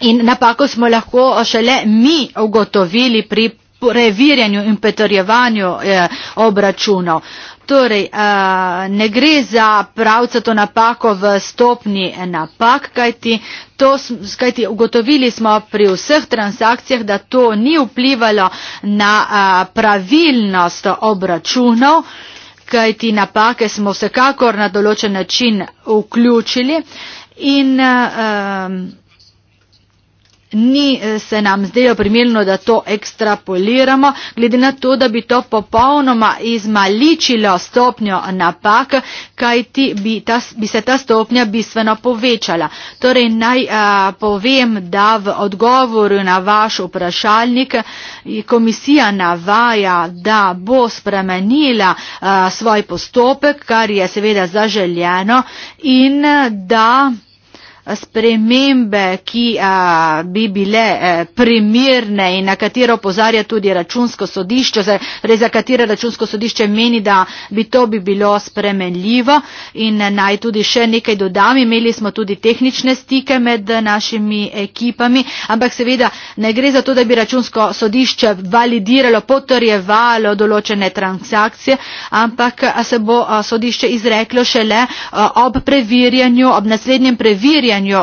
In napako smo lahko šele mi ugotovili pri preverjanju in potrjevanju eh, obračunov. Torej, eh, ne gre za pravcato napako v stopni napak, kajti, to, kajti ugotovili smo pri vseh transakcijah, da to ni vplivalo na eh, pravilnost obračunov, kajti napake smo vsekakor na določen način vključili. In, um, ni eh, se nam zdelo primerno, da to ekstrapoliramo, glede na to, da bi to popolnoma izmaličilo stopnjo napak, kaj ti bi, ta, bi se ta stopnja bistveno povečala. Torej naj a, eh, povem, da v odgovoru na vaš vprašalnik eh, komisija navaja, da bo spremenila a, svoj postopek, kar je seveda zaželjeno in da spremembe, ki a, bi bile a, e, primirne in na katero opozarja tudi računsko sodišče, res za katero računsko sodišče meni, da bi to bi bilo spremenljivo. In e, naj tudi še nekaj dodam, imeli smo tudi tehnične stike med e, našimi ekipami, ampak seveda ne gre za to, da bi računsko sodišče validiralo, potrjevalo določene transakcije, ampak se bo a, sodišče izreklo šele a, ob preverjanju, ob naslednjem preverjanju, vodenju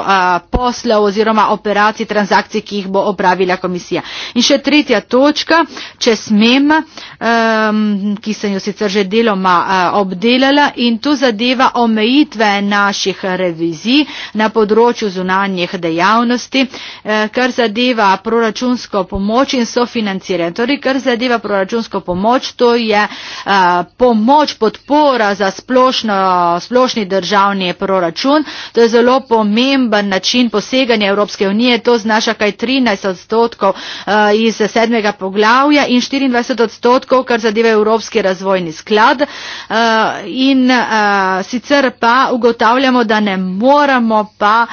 poslov oziroma operacij transakcij ki jih bo opravila komisija. In še tretja točka, če smem, um, ki sem jo sicer že deloma uh, obdelala in to zadeva omejitve naših revizij na področju zunanjih dejavnosti, uh, kar zadeva proračunsko pomoč in sofinanciranje. Torej, kar zadeva proračunsko pomoč, to je uh, pomoč, podpora za splošno, splošni državni proračun. To je zelo pomembno pomemben način poseganja Evropske unije, to znaša kaj 13 odstotkov eh, iz sedmega poglavja in 24 odstotkov, kar zadeva Evropski razvojni sklad. Eh, in eh, sicer pa ugotavljamo, da ne moramo pa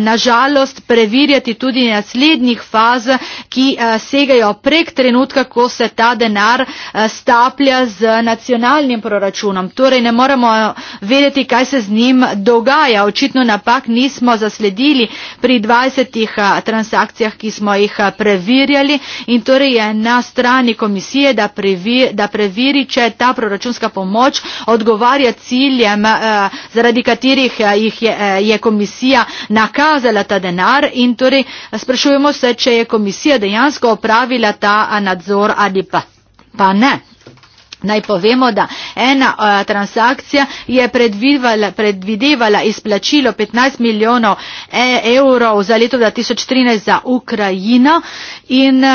nažalost preverjati tudi naslednjih faz, ki segajo prek trenutka, ko se ta denar staplja z nacionalnim proračunom. Torej ne moramo vedeti, kaj se z njim dogaja. Očitno napak nismo zasledili pri 20 transakcijah, ki smo jih preverjali in torej je na strani komisije, da, previ, da preveri, če ta proračunska pomoč odgovarja ciljem, zaradi katerih jih je, je komisija nakazala ta denar in torej sprašujemo se, če je komisija dejansko opravila ta nadzor ali pa, pa ne. Naj povemo, da ena uh, transakcija je predvidevala izplačilo 15 milijonov e evrov za leto 2013 za Ukrajino in uh,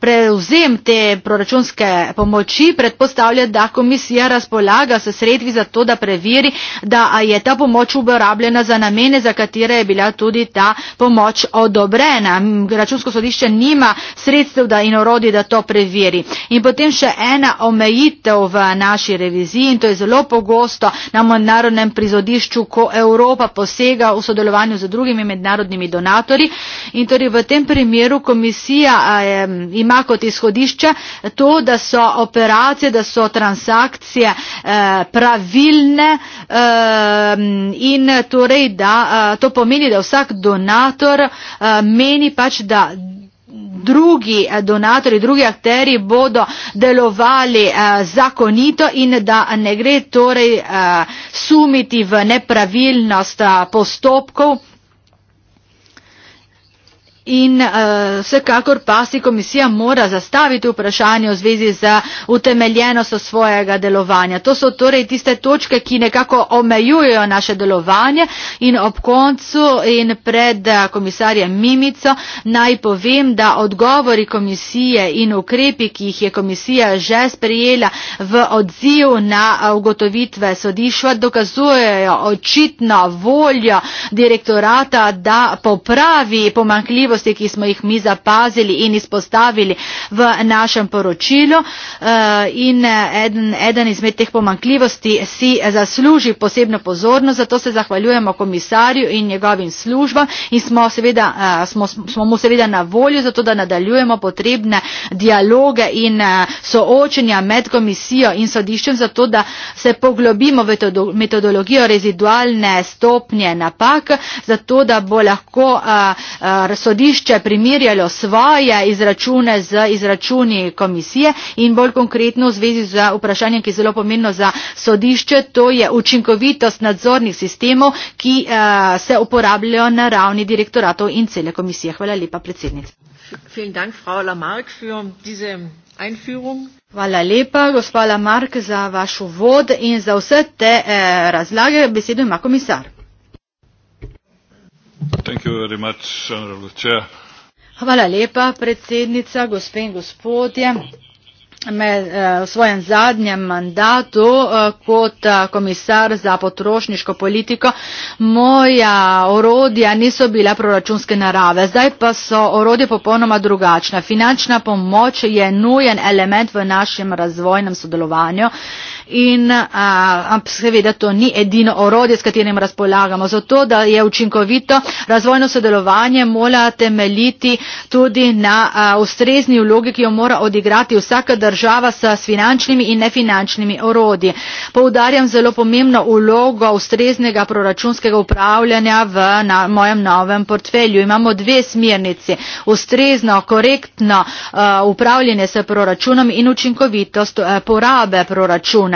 prevzem te proračunske pomoči predpostavlja, da komisija razpolaga s sredstvi za to, da preveri, da je ta pomoč uporabljena za namene, za katere je bila tudi ta pomoč odobrena. Računsko sodišče nima sredstev in orodi, da to preveri. In potem še ena omejitev omejitev v naši reviziji in to je zelo pogosto na mednarodnem prizodišču, ko Evropa posega v sodelovanju z drugimi mednarodnimi donatorji. In torej v tem primeru komisija eh, ima kot izhodišče to, da so operacije, da so transakcije eh, pravilne eh, in torej, da eh, to pomeni, da vsak donator eh, meni pač, da drugi eh, donatori, drugi akteri bodo delovali eh, zakonito in da ne gre torej eh, sumiti v nepravilnost postopkov In uh, vsekakor pa si komisija mora zastaviti vprašanje v zvezi z utemeljenostjo svojega delovanja. To so torej tiste točke, ki nekako omejujejo naše delovanje in ob koncu in pred eh, komisarjem Mimico naj povem, da odgovori komisije in ukrepi, ki jih je komisija že sprejela v odziv na eh, ugotovitve sodišva, dokazujejo očitno voljo direktorata, da popravi pomankljivost pomanjkljivosti, ki smo jih mi zapazili in izpostavili v našem poročilu. Eh, in eh, eden, eden izmed teh pomanjkljivosti si zasluži posebno pozornost, zato se zahvaljujemo komisarju in njegovim službam in smo, seveda, eh, smo, smo mu seveda na voljo, zato da nadaljujemo potrebne dialoge in soočenja med komisijo in sodiščem, zato da se poglobimo v metodologijo rezidualne stopnje napak, zato da bo lahko a, a, sodišče sodišče primerjalo svoje izračune z izračuni komisije in bolj konkretno v zvezi z vprašanjem, ki je zelo pomembno za sodišče, to je učinkovitost nadzornih sistemov, ki eh, se uporabljajo na ravni direktoratov in cele komisije. Hvala lepa, predsednica. Hvala lepa, gospoda Mark, za vaš vod in za vse te eh, razlage. Besedo ima komisar. Hvala lepa, predsednica, gospe in gospodje. Me, eh, v svojem zadnjem mandatu eh, kot eh, komisar za potrošniško politiko moja orodja niso bila proračunske narave. Zdaj pa so orodje popolnoma drugačna. Finančna pomoč je nujen element v našem razvojnem sodelovanju in seveda to ni edino orodje, s katerim razpolagamo. Zato, da je učinkovito razvojno sodelovanje, mora temeljiti tudi na ustrezni vlogi, ki jo mora odigrati vsaka država s finančnimi in nefinančnimi orodji. Poudarjam zelo pomembno vlogo ustreznega proračunskega upravljanja v na, mojem novem portfelju. Imamo dve smernici. Ustrezno, korektno uh, upravljanje s proračunom in učinkovitost uh, porabe proračuna.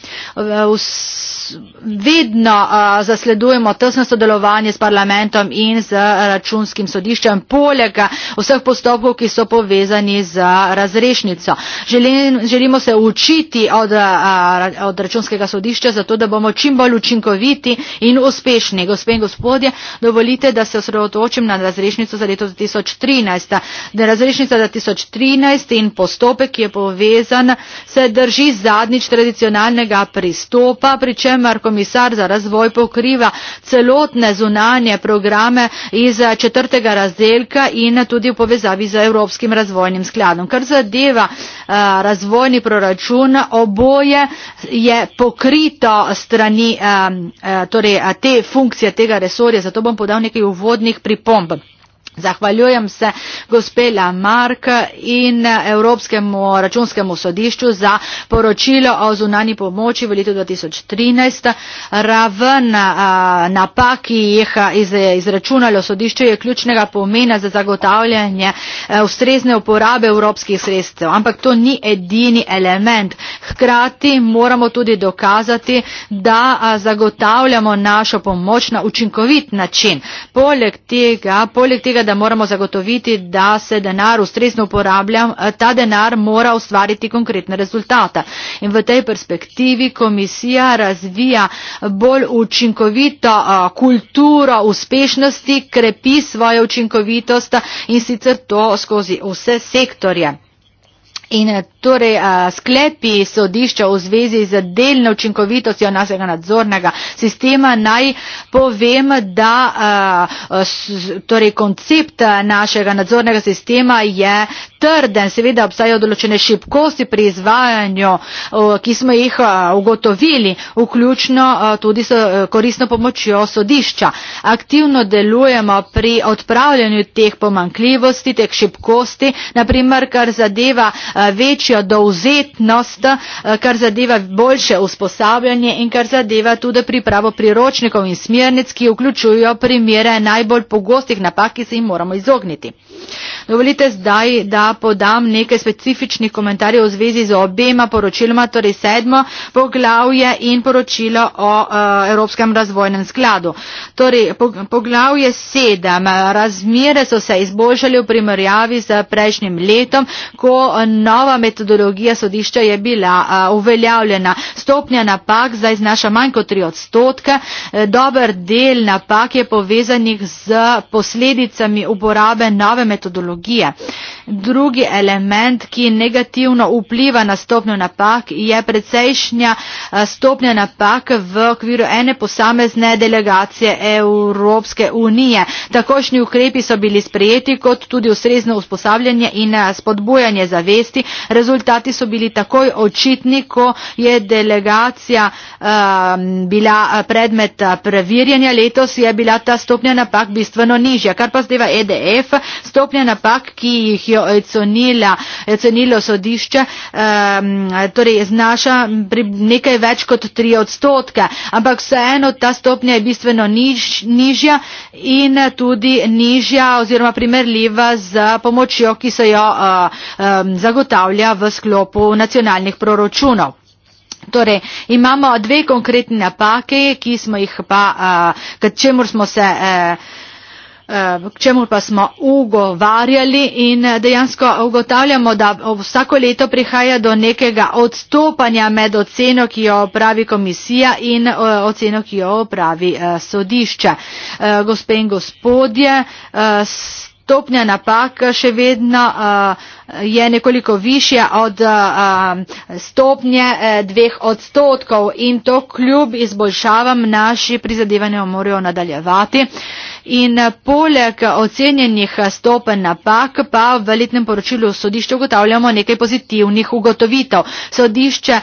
vedno zasledujemo tesno sodelovanje s parlamentom in z računskim sodiščem, poleg vseh postopkov, ki so povezani z razrešnico. Želimo se učiti od, od računskega sodišča, zato da bomo čim bolj učinkoviti in uspešni. Gospe in gospodje, dovolite, da se osredotočim na razrešnico za leto 2013. Razrešnica za 2013 in postopek, ki je povezan, se drži zadnjič tradicionalnega pristopa pri čemer komisar za razvoj pokriva celotne zunanje programe iz eh, četrtega razdelka in tudi v povezavi z Evropskim razvojnim skladom. Kar zadeva eh, razvojni proračun, oboje je pokrito strani eh, torej, te funkcije tega resorja, zato bom podal nekaj uvodnih pripomb. Zahvaljujem se gospe Lamark in Evropskemu računskemu sodišču za poročilo o zunani pomoči v letu 2013. Raven napak, ki jih je izračunalo sodišče, je ključnega pomena za zagotavljanje ustrezne uporabe evropskih sredstev. Ampak to ni edini element. Hkrati moramo tudi dokazati, da zagotavljamo našo pomoč na učinkovit način. Poleg tega, poleg tega tega, da moramo zagotoviti, da se denar ustrezno uporablja, eh, ta denar mora ustvariti konkretne rezultate. In v tej perspektivi komisija razvija bolj učinkovito eh, kulturo uspešnosti, krepi svojo učinkovitost in sicer to skozi vse sektorje. In eh, torej eh, sklepi sodišča v zvezi z delno učinkovitostjo našega nadzornega sistema naj povem, da eh, torej koncept našega nadzornega sistema je trden. Seveda obstajajo določene šibkosti pri izvajanju, ki smo jih ugotovili, vključno tudi s korisno pomočjo sodišča. Aktivno delujemo pri odpravljanju teh pomankljivosti, teh šibkosti, naprimer, kar zadeva Eh, večjo dovzetnost, eh, kar zadeva boljše usposabljanje in kar zadeva tudi pripravo priročnikov in smernic, ki vključujo primere najbolj pogostih napak, ki se jim moramo izogniti. Dovolite zdaj, da podam nekaj specifičnih komentarjev v zvezi z obema poročiloma, torej sedmo poglavje in poročilo o uh, Evropskem razvojnem skladu. Torej, poglavje sedem. Razmere so se izboljšali v primerjavi z prejšnjim letom, ko no nova metodologija sodišča je bila uveljavljena. Stopnja napak zdaj znaša manj kot tri odstotke. E, dober del napak je povezanih z posledicami uporabe nove metodologije. Drugi element, ki negativno vpliva na stopnjo napak, je precejšnja stopnja napak v okviru ene posamezne delegacije Evropske unije. Takošnji ukrepi so bili sprejeti kot tudi ustrezno usposabljanje in spodbujanje zavesti skupnosti. Rezultati so bili takoj očitni, ko je delegacija um, bila uh, predmet uh, preverjanja. Letos je bila ta stopnja napak bistveno nižja. Kar pa zdajva EDF, stopnja napak, ki jih je ocenilo sodišče, um, torej znaša nekaj več kot tri odstotke. Ampak vseeno ta stopnja je bistveno niž, nižja in tudi nižja oziroma primerljiva z pomočjo, ki so jo uh, um, zagotovili zagotavlja v sklopu nacionalnih proračunov. Torej, imamo dve konkretne napake, ki smo jih pa, k čemu smo se e, e, k čemu pa smo ugovarjali in dejansko ugotavljamo, da vsako leto prihaja do nekega odstopanja med oceno, ki jo pravi komisija in e, oceno, ki jo pravi sodišče. Gospe in gospodje, s stopnja napak še vedno uh, je nekoliko višja od uh, stopnje eh, dveh odstotkov in to kljub izboljšavam naši prizadevanja morajo nadaljevati. In poleg ocenjenih stopen napak pa v letnem poročilu sodišča ugotavljamo nekaj pozitivnih ugotovitev. Sodišče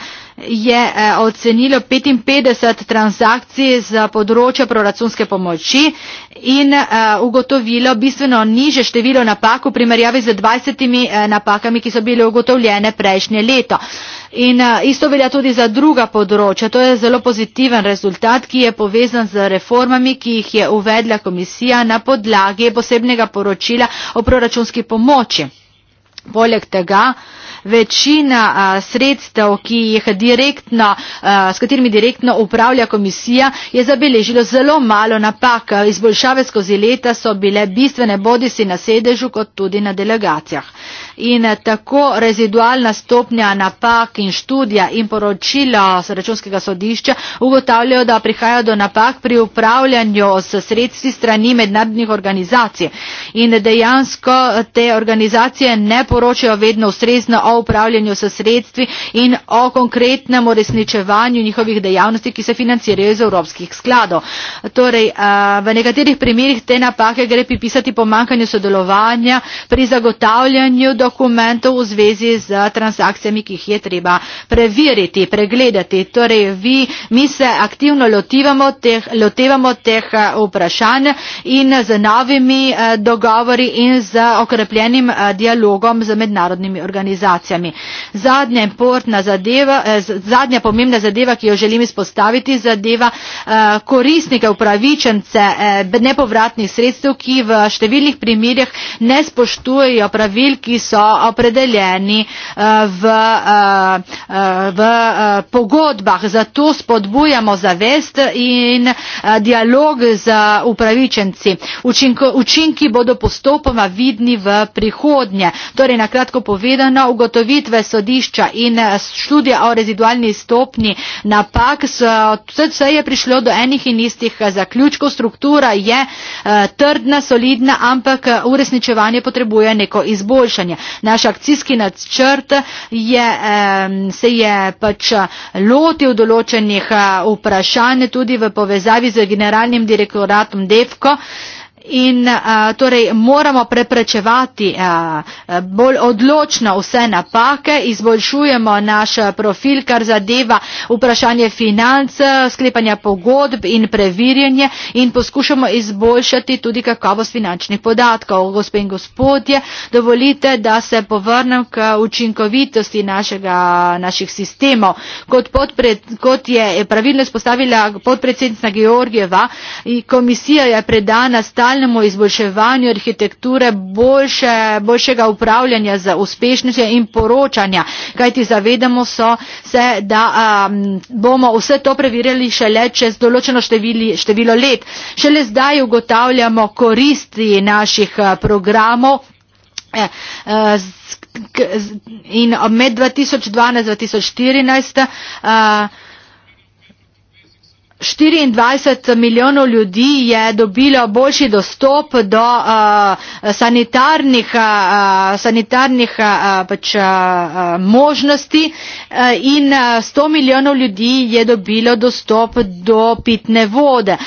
je eh, ocenilo 55 transakcij za področje proračunske pomoči in eh, ugotovilo bistveno niže število napak v primerjavi z 20 eh, napakami, ki so bile ugotovljene prejšnje leto. In isto velja tudi za druga področja. To je zelo pozitiven rezultat, ki je povezan z reformami, ki jih je uvedla komisija na podlagi posebnega poročila o proračunski pomoči. Poleg tega večina sredstev, direktno, s katerimi direktno upravlja komisija, je zabeležilo zelo malo napak. Izboljšave skozi leta so bile bistvene bodisi na sedežu kot tudi na delegacijah in eh, tako rezidualna stopnja napak in študija in poročila računskega sodišča ugotavljajo, da prihaja do napak pri upravljanju s sredstvi strani mednarodnih organizacij in dejansko eh, te organizacije ne poročajo vedno ustrezno o upravljanju s sredstvi in o konkretnem uresničevanju njihovih dejavnosti, ki se financirajo iz evropskih skladov. Torej, eh, v nekaterih primerjih te napake gre pripisati pomankanju sodelovanja pri zagotavljanju do dokumentov v zvezi z transakcijami, ki jih je treba preveriti, pregledati. Torej, vi, mi se aktivno lotivamo teh, lotivamo teh eh, vprašanj in z novimi eh, dogovori in z okrepljenim eh, dialogom z mednarodnimi organizacijami. Zadnja, zadeva, zadnja pomembna zadeva, ki jo želim izpostaviti, zadeva koristnike, upravičence nepovratnih sredstev, ki v številnih primerjih ne spoštujejo pravil, ki so bodo opredeljeni eh, v, eh, eh, v pogodbah. Zato spodbujamo zavest in dialog z upravičenci. Učinki bodo postopoma vidni v prihodnje. Torej, nakratko povedano, ugotovitve sodišča in študija o rezidualni stopni napak, vse je prišlo do enih in istih zaključkov. Struktura je trdna, solidna, ampak uresničevanje potrebuje neko izboljšanje. Naš akcijski načrt je, se je pač eh, lotil določenih eh, vprašanj tudi v povezavi z generalnim direktoratom DEFCO in a, eh, torej moramo preprečevati a, eh, a, bolj odločno vse napake, izboljšujemo naš profil, kar zadeva vprašanje financ, sklepanja pogodb in preverjanje in poskušamo izboljšati tudi kakovost finančnih podatkov. Gospe in gospodje, dovolite, da se povrnem k učinkovitosti našega, naših sistemov. Kot, podpred, kot je pravilno spostavila podpredsednica Georgijeva, komisija je predana stavljena nadaljemu izboljševanju arhitekture, boljše, boljšega upravljanja z uspešnostjo in poročanja. Kajti zavedamo se, da um, bomo vse to preverjali šele čez določeno števili, število let. Šele zdaj ugotavljamo koristi naših eh, programov. Eh, eh, in med 2012 in 2014 štiriindvajset milijonov ljudi je dobilo boljši dostop do eh, sanitarnih eh, sanitarnih eh, pač možnosti in sto milijonov ljudi je dobilo dostop do pitne vode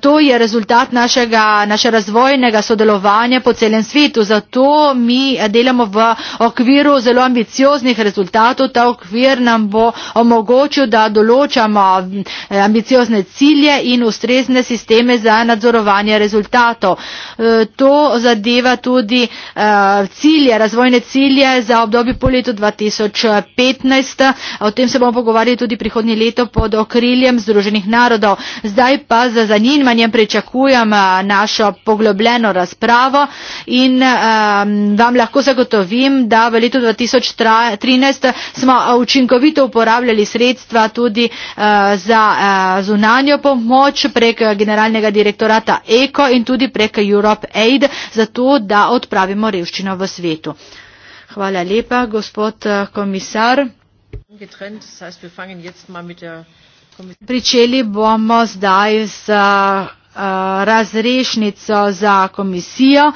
to je rezultat našega naše razvojnega sodelovanja po celem svetu zato mi delamo v okviru zelo ambicioznih rezultatov ta okvir nam bo omogočil da določamo ambiciozne jasne cilje in ustrezne sisteme za nadzorovanje rezultatov. E, to zadeva tudi e, cilje, razvojne cilje za obdobje po letu 2015. O tem se bomo pogovarjali tudi prihodnje leto pod okriljem Združenih narodov. Zdaj pa za zanimanjem pričakujem e, našo poglobljeno razpravo in vam lahko zagotovim, da v letu 2013 smo učinkovito uporabljali sredstva tudi za zunanje zunanjo pomoč prek eh, generalnega direktorata ECO in tudi prek Europe Aid, zato da odpravimo revščino v svetu. Hvala lepa, gospod eh, komisar. Pričeli bomo zdaj z eh, razrešnico za komisijo.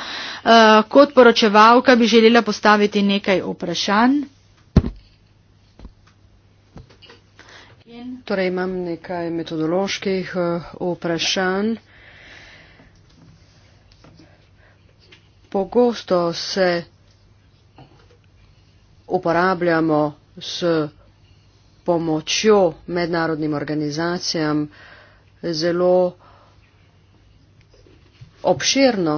Kot poročevalka bi želela postaviti nekaj vprašanj. Torej imam nekaj metodoloških eh, vprašanj. Pogosto se uporabljamo s pomočjo mednarodnim organizacijam zelo obširno.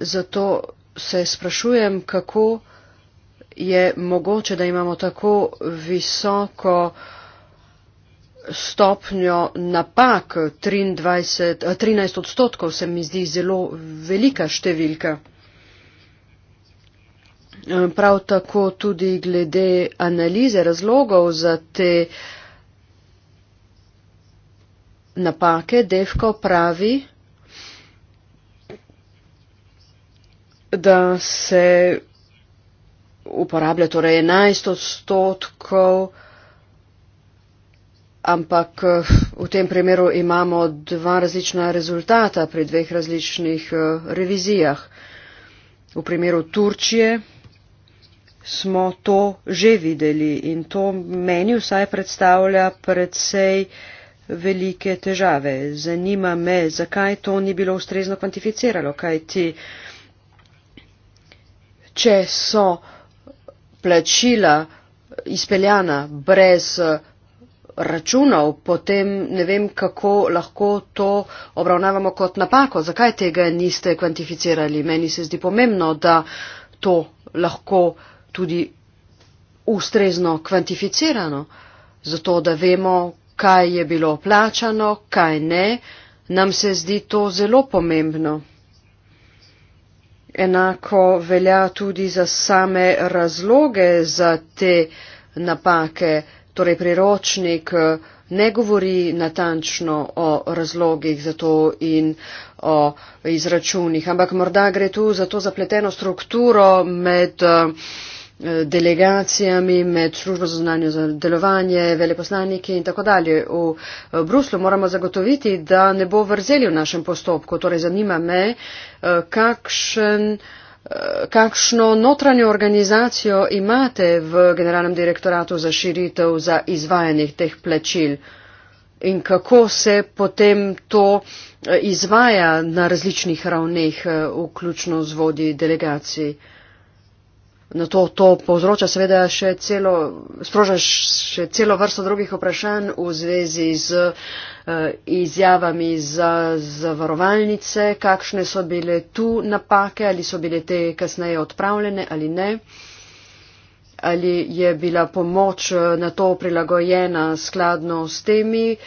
Zato se sprašujem, kako je mogoče, da imamo tako visoko uh, stopnjo napak 23, 13 eh, odstotkov se mi zdi zelo velika številka. Eh, prav tako tudi glede analize razlogov za te napake Devko pravi, da se uporablja torej 11 odstotkov ampak eh, v tem primeru imamo dva različna rezultata pri dveh različnih eh, revizijah. V primeru Turčije smo to že videli in to meni vsaj predstavlja predvsej velike težave. Zanima me, zakaj to ni bilo ustrezno kvantificiralo, kaj ti, če so plačila izpeljana brez eh, računal, potem ne vem, kako lahko to obravnavamo kot napako. Zakaj tega niste kvantificirali? Meni se zdi pomembno, da to lahko tudi ustrezno kvantificirano, zato da vemo, kaj je bilo plačano, kaj ne. Nam se zdi to zelo pomembno. Enako velja tudi za same razloge za te napake torej priročnik eh, ne govori natančno o razlogih za to in o izračunih, ampak morda gre tu za to zapleteno strukturo med eh, delegacijami, med službo za znanje za delovanje, veleposlaniki in tako dalje. V eh, Bruslu moramo zagotoviti, da ne bo vrzeli v našem postopku. Torej zanima me, kakšen kakšno notranjo organizacijo imate v generalnem direktoratu za širitev za izvajanje teh plačil in kako se potem to eh, izvaja na različnih ravneh, eh, vključno z vodji delegacij na to, to povzroča seveda še celo, sproža še celo vrsto drugih vprašanj v zvezi z eh, izjavami za zavarovalnice, kakšne so bile tu napake, ali so bile te kasneje odpravljene ali ne, ali je bila pomoč eh, na to prilagojena skladno s temi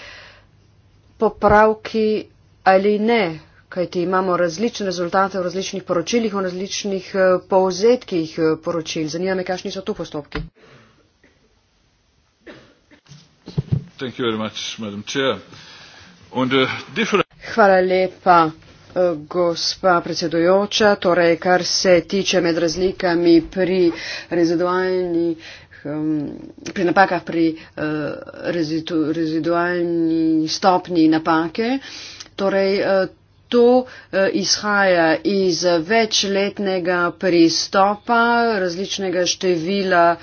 popravki ali ne kajti imamo različne rezultate v različnih poročilih, v različnih eh, povzetkih eh, poročil. Zanima me, kakšni so tu postopki. Hvala lepa, eh, gospa predsedujoča. Torej, kar se tiče med razlikami pri rezidualni pri napakah pri rezidualni stopni napake. Torej, to eh, izhaja iz večletnega pristopa različnega števila eh,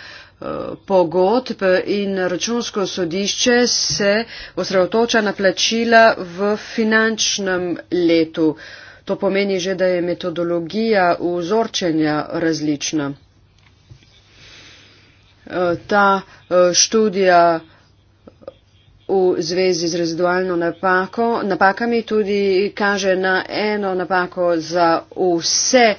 pogodb in računsko sodišče se osredotoča na plačila v finančnem letu. To pomeni že, da je metodologija vzorčenja različna. Eh, ta študija v zvezi z rezidualno napako, napakami tudi kaže na eno napako za vse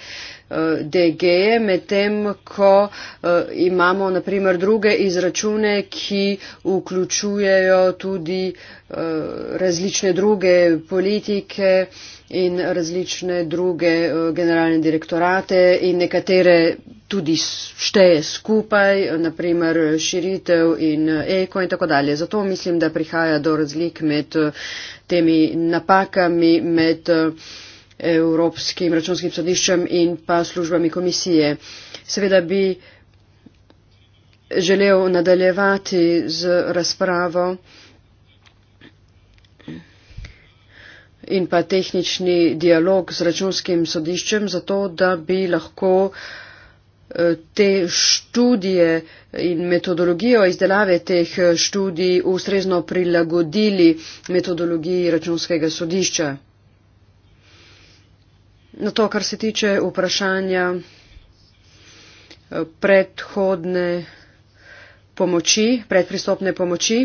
uh, eh, DG-je, medtem ko uh, imamo naprimer druge izračune, ki vključujejo tudi uh, različne druge politike. Uh, in različne druge eh, generalne direktorate in nekatere tudi šteje skupaj, naprimer širitev in eh, eko in tako dalje. Zato mislim, da prihaja do razlik med eh, temi napakami, med Evropskim računskim sodiščem in pa službami komisije. Seveda bi želel nadaljevati z razpravo. in pa tehnični dialog z računskim sodiščem, zato da bi lahko eh, te študije in metodologijo izdelave teh eh, študij ustrezno prilagodili metodologiji računskega sodišča. Na to, kar se tiče vprašanja eh, predhodne pomoči, predpristopne pomoči,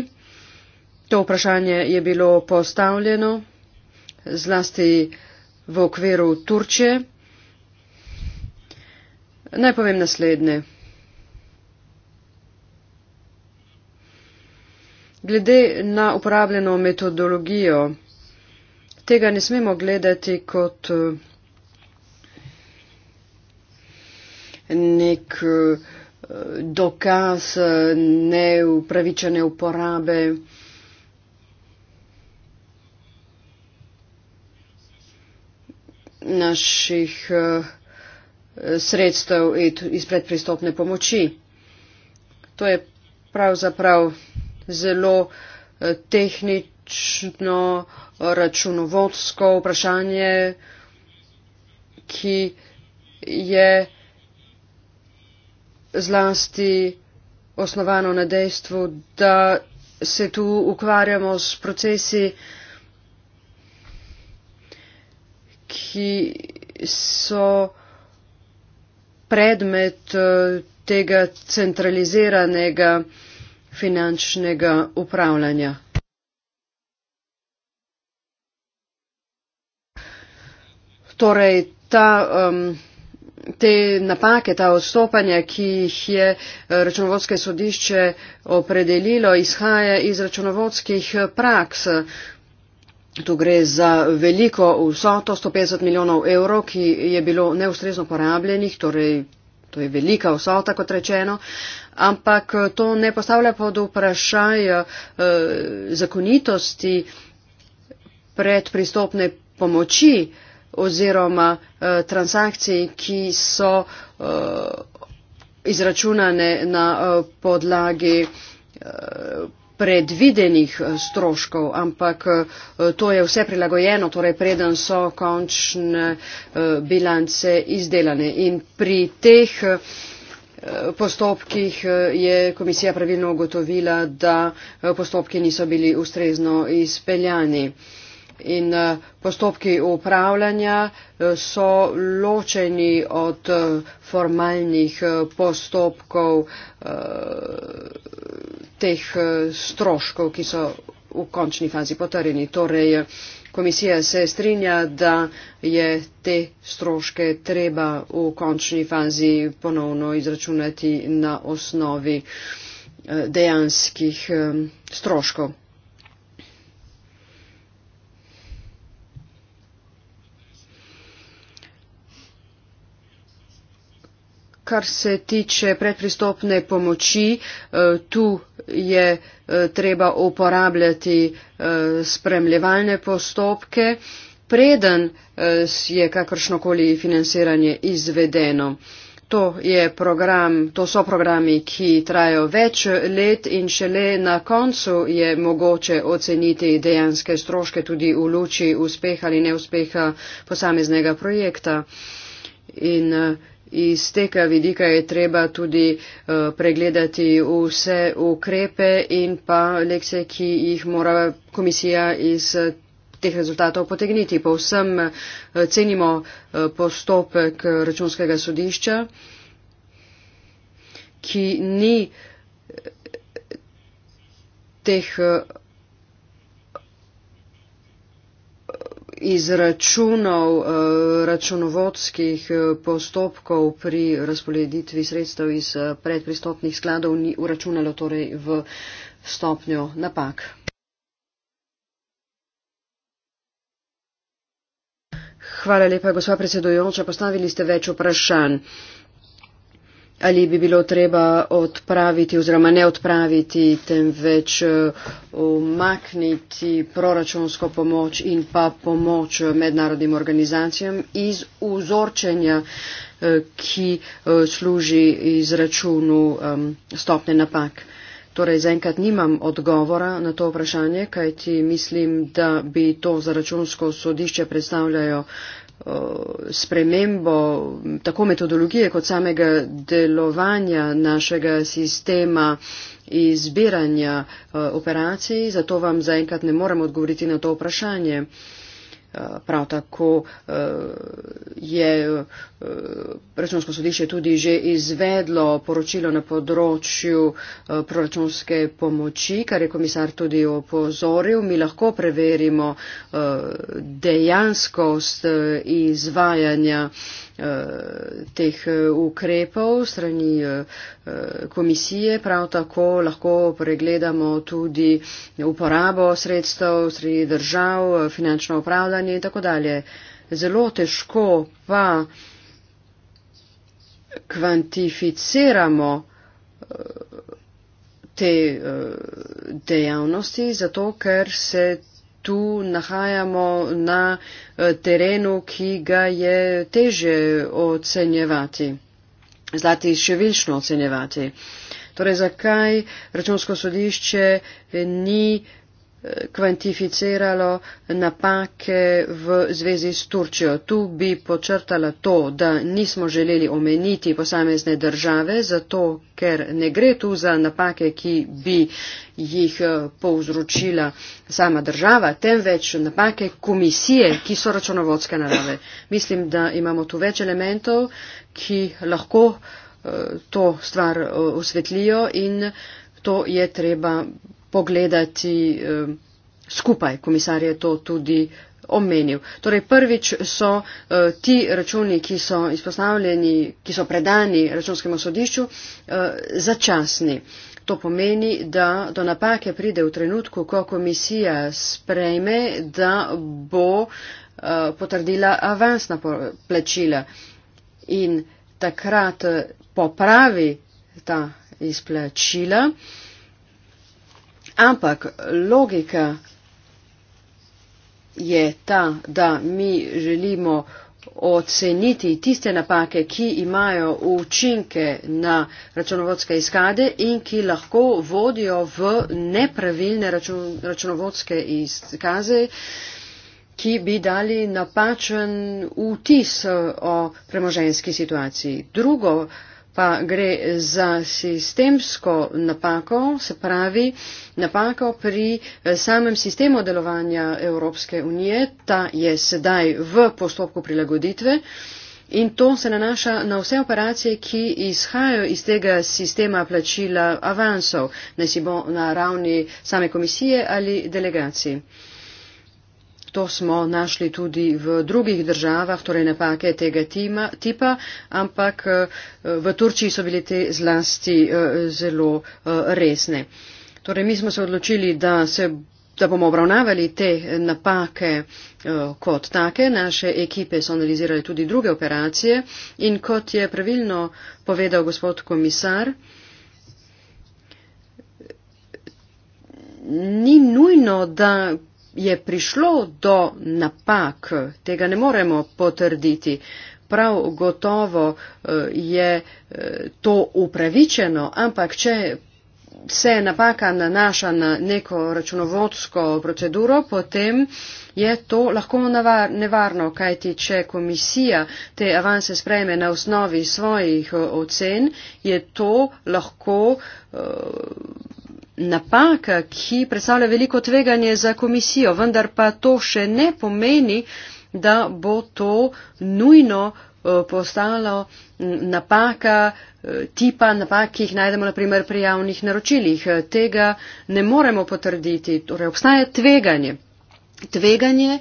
to vprašanje je bilo postavljeno zlasti v okviru Turčije. Naj povem naslednje. Glede na uporabljeno metodologijo, tega ne smemo gledati kot nek eh, dokaz eh, neupravičene uporabe naših eh, sredstev iz predpristopne pomoči. To je pravzaprav zelo eh, tehnično računovodsko vprašanje, ki je zlasti osnovano na dejstvu, da se tu ukvarjamo s procesi uh, ki so predmet eh, tega centraliziranega finančnega upravljanja. Torej, ta, um, te napake, ta odstopanja, ki jih je eh, računovodske sodišče opredelilo, izhaja iz računovodskih praks. Uh, Tu gre za veliko vsoto, 150 milijonov evrov, ki je bilo neustrezno porabljenih, torej to je velika vsota, kot rečeno, ampak to ne postavlja pod vprašaj eh, zakonitosti predpristopne pomoči oziroma eh, transakcij, ki so eh, izračunane na eh, podlagi. Eh, predvidenih eh, stroškov, ampak eh, to je vse prilagojeno, torej preden so končne eh, bilance izdelane. In pri teh postopkih je komisija pravilno ugotovila, da postopki niso bili ustrezno izpeljani. In eh, postopki upravljanja eh, so ločeni od eh, formalnih postopkov teh stroškov, ki so v končni fazi potrjeni. Torej, komisija se strinja, da je te stroške treba v končni fazi ponovno izračunati na osnovi dejanskih stroškov. Kar se tiče predpristopne pomoči, eh, tu je eh, treba uporabljati eh, spremljevalne postopke, preden je kakršnokoli financiranje izvedeno. To, program, to so programi, ki trajajo več let in šele na koncu je mogoče oceniti dejanske stroške tudi v luči uspeha ali neuspeha posameznega projekta. In, uh, Iz tega vidika je treba tudi uh, pregledati vse ukrepe in pa lekcije, ki jih mora komisija iz eh, teh rezultatov potegniti. Povsem uh, cenimo uh, postopek računskega sodišča, ki ni teh. Uh, izračunov eh, računovodskih eh, postopkov pri razporeditvi sredstev iz eh, predpristopnih skladov ni uračunalo torej v stopnjo napak. Hvala lepa, gospa predsedujoča. Postavili ste več vprašanj ali bi bilo treba odpraviti oziroma ne odpraviti, temveč eh, umakniti proračunsko pomoč in pa pomoč mednarodnim organizacijam iz vzorčenja, eh, ki eh, služi izračunu stopne napak. Torej, zaenkrat nimam odgovora na to vprašanje, kajti mislim, da bi to za računsko sodišče predstavljajo spremembo tako metodologije kot samega delovanja našega sistema izbiranja eh, operacij, zato vam zaenkrat ne morem odgovoriti na to vprašanje. Prav tako eh, je eh, računsko sodišče tudi že izvedlo poročilo na področju eh, proračunske pomoči, kar je komisar tudi opozoril. Mi lahko preverimo dejanskost izvajanja teh ukrepov strani komisije. Prav tako lahko pregledamo tudi uporabo sredstev strani držav, finančno upravljanje stanje in tako dalje. Zelo težko pa kvantificiramo eh, te eh, dejavnosti, zato ker se tu nahajamo na eh, terenu, ki ga je teže ocenjevati, zlati ševilično ocenjevati. Torej, zakaj računsko sodišče ni kvantificiralo napake v zvezi s Turčijo. Tu bi počrtala to, da nismo želeli omeniti posamezne države, zato ker ne gre tu za napake, ki bi jih eh, povzročila sama država, temveč napake komisije, ki so računovodske narave. Mislim, da imamo tu več elementov, ki lahko eh, to stvar eh, osvetlijo in to je treba pogledati eh, skupaj. Komisar je to tudi omenil. Torej, prvič so eh, ti računi, ki so izpostavljeni, ki so predani računskemu sodišču, eh, začasni. To pomeni, da do napake pride v trenutku, ko komisija sprejme, da bo potrdila avansna plačila in takrat popravi ta izplačila. Ampak logika je ta, da mi želimo oceniti tiste napake, ki imajo učinke na računovodske izkade in ki lahko vodijo v nepravilne računovodske izkaze, ki bi dali napačen vtis o premoženski situaciji. Drugo, pa gre za sistemsko napako, se pravi napako pri eh, samem sistemu delovanja Evropske unije. Ta je sedaj v postopku prilagoditve. In to se nanaša na vse operacije, ki izhajajo iz tega sistema plačila avansov, naj si bo na ravni same komisije ali delegaciji to smo našli tudi v drugih državah, torej napake tega tima, tipa, ampak eh, v Turčiji so bile te zlasti eh, zelo eh, resne. Torej, mi smo se odločili, da se da bomo obravnavali te napake kot take. Naše ekipe so analizirali tudi druge operacije in kot je pravilno povedal gospod komisar, ni nujno, da je prišlo do napak, tega ne moremo potrditi. Prav gotovo eh, je eh, to upravičeno, ampak če se napaka nanaša na neko računovodsko proceduro, potem je to lahko nevarno, kajti če komisija te avanse sprejme na osnovi svojih eh, ocen, je to lahko napaka, ki predstavlja veliko tveganje za komisijo, vendar pa to še ne pomeni, da bo to nujno eh, postalo napaka eh, tipa napak, ki jih najdemo naprimer pri javnih naročilih. Eh, tega ne moremo potrditi. Torej, obstaja tveganje. Tveganje,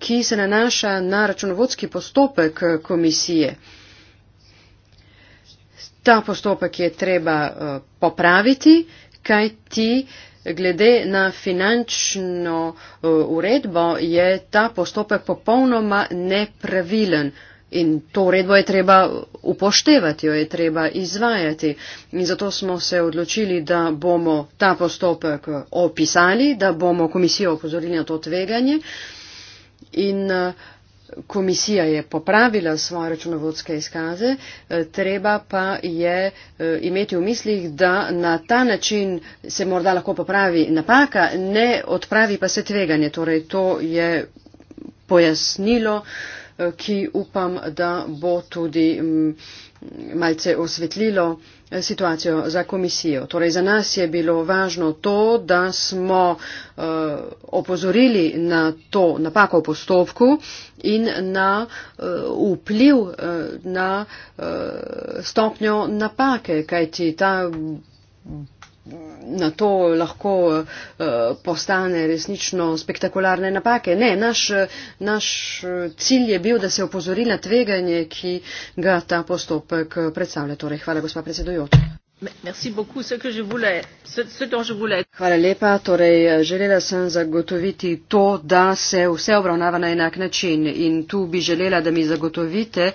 ki se nanaša na računovodski postopek komisije. Ta postopek je treba popraviti, kaj ti glede na finančno uh, uredbo je ta postopek popolnoma nepravilen. In to uredbo je treba upoštevati, jo je treba izvajati. In zato smo se odločili, da bomo ta postopek eh, opisali, da bomo komisijo opozorili na to tveganje. In uh, Komisija je popravila svoje računovodske izkaze, eh, treba pa je eh, imeti v mislih, da na ta način se morda lahko popravi napaka, ne odpravi pa se tveganje. Torej, to je pojasnilo, eh, ki upam, da bo tudi. Mm, malce osvetlilo eh, situacijo za komisijo. Torej, za nas je bilo važno to, da smo uh, opozorili na to napako v postopku in na uh, vpliv uh, na uh, stopnjo napake, kajti ta. Hmm na to lahko uh, postane resnično spektakularne napake. Ne, naš, naš eh, cilj je bil, da se opozori na tveganje, ki ga ta postopek eh, predstavlja. Torej, hvala, gospa predsedujoča. Hvala lepa. Torej, želela sem zagotoviti to, da se vse obravnava na enak način in tu bi želela, da mi zagotovite,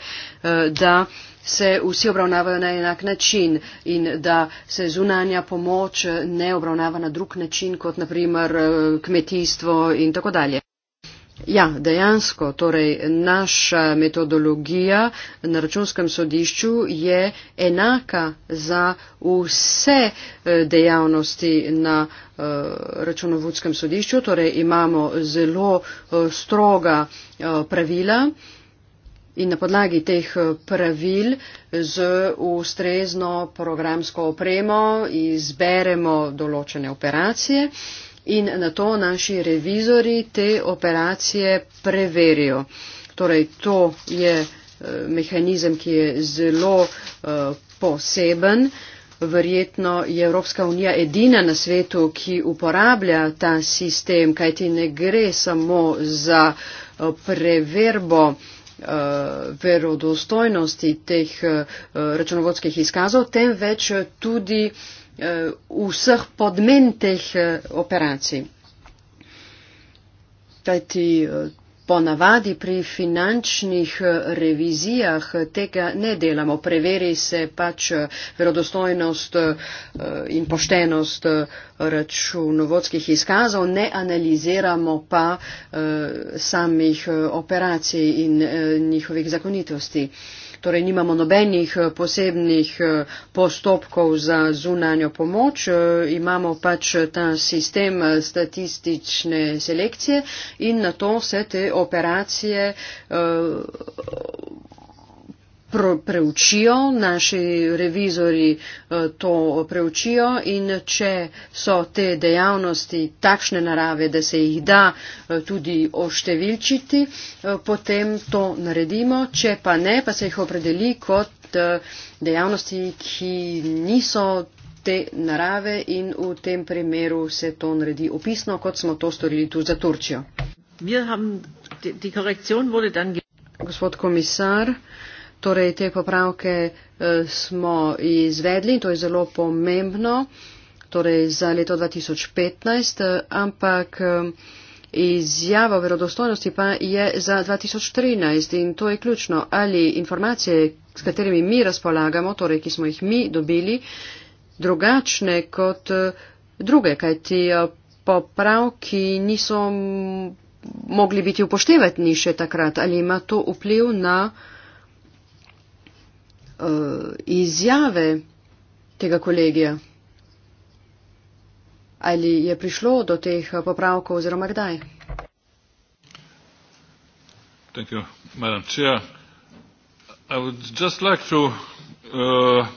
da se vsi obravnavajo na enak način in da se zunanja pomoč ne obravnava na drug način kot naprimer eh, kmetijstvo in tako dalje. Ja, dejansko, torej naša metodologija na računskem sodišču je enaka za vse eh, dejavnosti na eh, računovodskem sodišču, torej imamo zelo stroga pravila In na podlagi teh eh, pravil z ustrezno programsko opremo izberemo določene operacije in na to naši revizori te operacije preverijo. Torej, to je eh, mehanizem, ki je zelo eh, poseben. Verjetno je Evropska unija edina na svetu, ki uporablja ta sistem, kajti ne gre samo za preverbo Eh, verodostojnosti teh eh, računovodskih izkazov, temveč tudi eh, vseh podmen teh operacij. Tati, Ponavadi pri finančnih eh, revizijah eh, tega ne delamo. Preveri se pač eh, verodostojnost in poštenost računovodskih izkazov, ne analiziramo pa samih operacij in njihovih zakonitosti torej nimamo nobenih eh, posebnih eh, postopkov za zunanjo pomoč, eh, imamo pač ta sistem statistične selekcije in na to se te operacije preučijo, naši revizori eh, to preučijo in če so te dejavnosti takšne narave, da se jih da eh, tudi oštevilčiti, eh, potem to naredimo, če pa ne, pa se jih opredeli kot dejavnosti, ki niso te narave in v tem primeru se to naredi opisno, kot smo to storili tu za Turčijo. Gospod komisar, Torej, te popravke eh, smo izvedli in to je zelo pomembno torej za leto 2015, eh, ampak eh, izjava o verodostojnosti pa je za 2013 in to je ključno. Ali informacije, s katerimi mi razpolagamo, torej ki smo jih mi dobili, drugačne kot druge, kaj ti popravki niso mogli biti upoštevati ni še takrat. Ali ima to vpliv na uh, izjave tega kolegija? Ali je prišlo do teh eh, popravkov oziroma kdaj? Thank you, Madam Chair. I would just like to. Uh...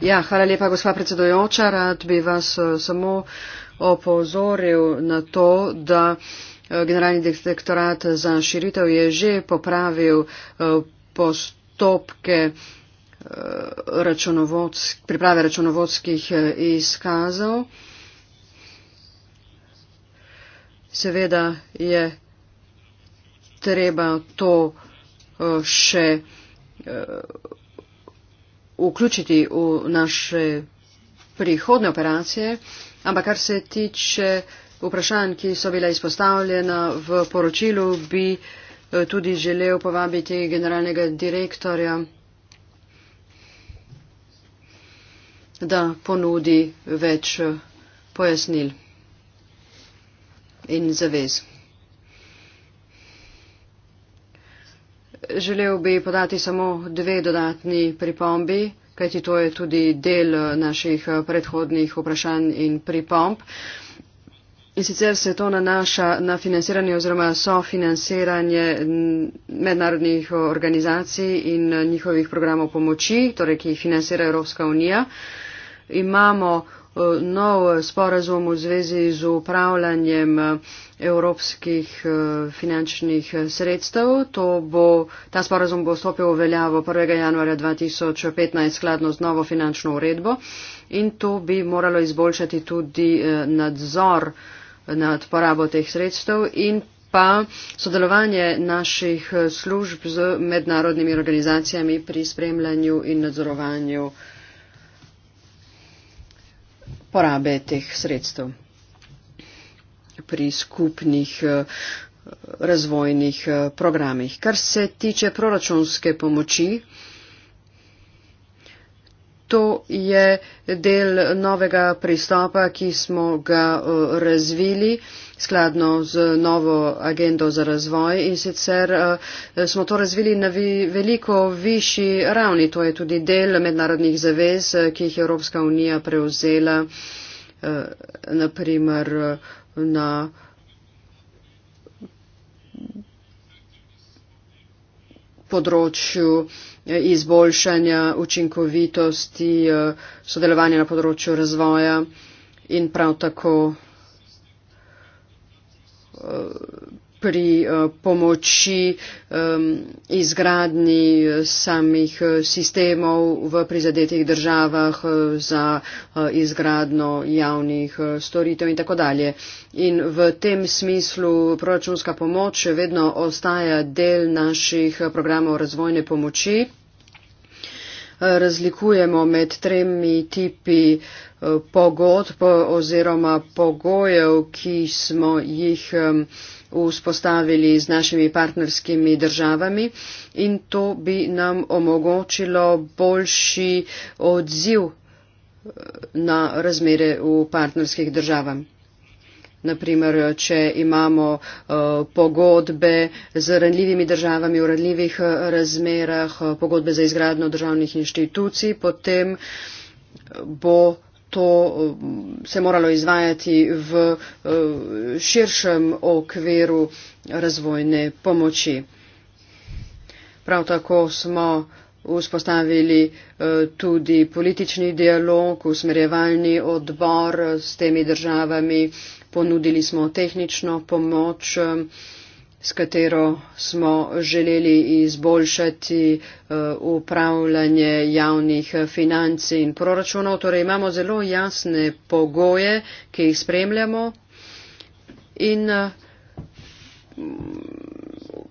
Ja, hvala lepa, gospa predsedojoča. Rad bi vas uh, samo opozoril na to, da uh, Generalni direktorat za širitev je že popravil uh, postopke uh, računovodsk, priprave računovodskih eh, izkazov. Seveda je treba to eh, še eh, vključiti v naše prihodne operacije, ampak kar se tiče vprašanj, ki so bile izpostavljena v poročilu, bi tudi želel povabiti generalnega direktorja. da ponudi več eh, pojasnil in zavez. Želel bi podati samo dve dodatni pripombi, kajti to je tudi del eh, naših eh, predhodnih vprašanj in pripomb. In sicer se to nanaša na financiranje oziroma sofinanciranje mednarodnih organizacij in njihovih programov pomoči, torej ki jih financira Evropska unija. Uh, imamo eh, nov sporazum v zvezi z upravljanjem eh, evropskih eh, finančnih sredstev. Bo, ta sporazum bo stopil v veljavo 1. januarja 2015 skladno z novo finančno uredbo in to bi moralo izboljšati tudi nadzor nad porabo teh sredstev in pa sodelovanje naših služb z mednarodnimi organizacijami pri spremljanju in nadzorovanju porabe teh sredstev pri skupnih eh, razvojnih eh, programih. Kar se tiče proračunske pomoči, to je del novega pristopa, ki smo ga eh, razvili skladno z novo agendo za razvoj in sicer eh, smo to razvili na veliko višji ravni. To je tudi del mednarodnih zavez, eh, ki jih je Evropska unija prevzela, eh, naprimer na. področju izboljšanja učinkovitosti, sodelovanja na področju razvoja in prav tako Eh, pri eh, pomoči ehm, izgradni eh, samih sistemov v prizadetih državah za izgradno javnih storitev in tako dalje. In v tem smislu proračunska pomoč še vedno ostaja del naših programov razvojne pomoči razlikujemo med tremi tipi eh, pogodb oziroma pogojev, ki smo jih vzpostavili z našimi partnerskimi državami in to bi nam omogočilo boljši odziv eh, na razmere v partnerskih državah. Naprimer, če imamo uh, pogodbe z ranljivimi državami v ranljivih eh, razmerah, uh, pogodbe za izgradno državnih inštitucij, potem bo to uh, se moralo izvajati v uh, širšem okviru razvojne pomoči. Prav tako smo vzpostavili tudi politični dialog, usmerjevalni odbor s temi državami, ponudili smo tehnično pomoč, eh, s katero smo želeli izboljšati eh, upravljanje javnih eh, financ in proračunov. Torej imamo zelo jasne pogoje, ki jih spremljamo. In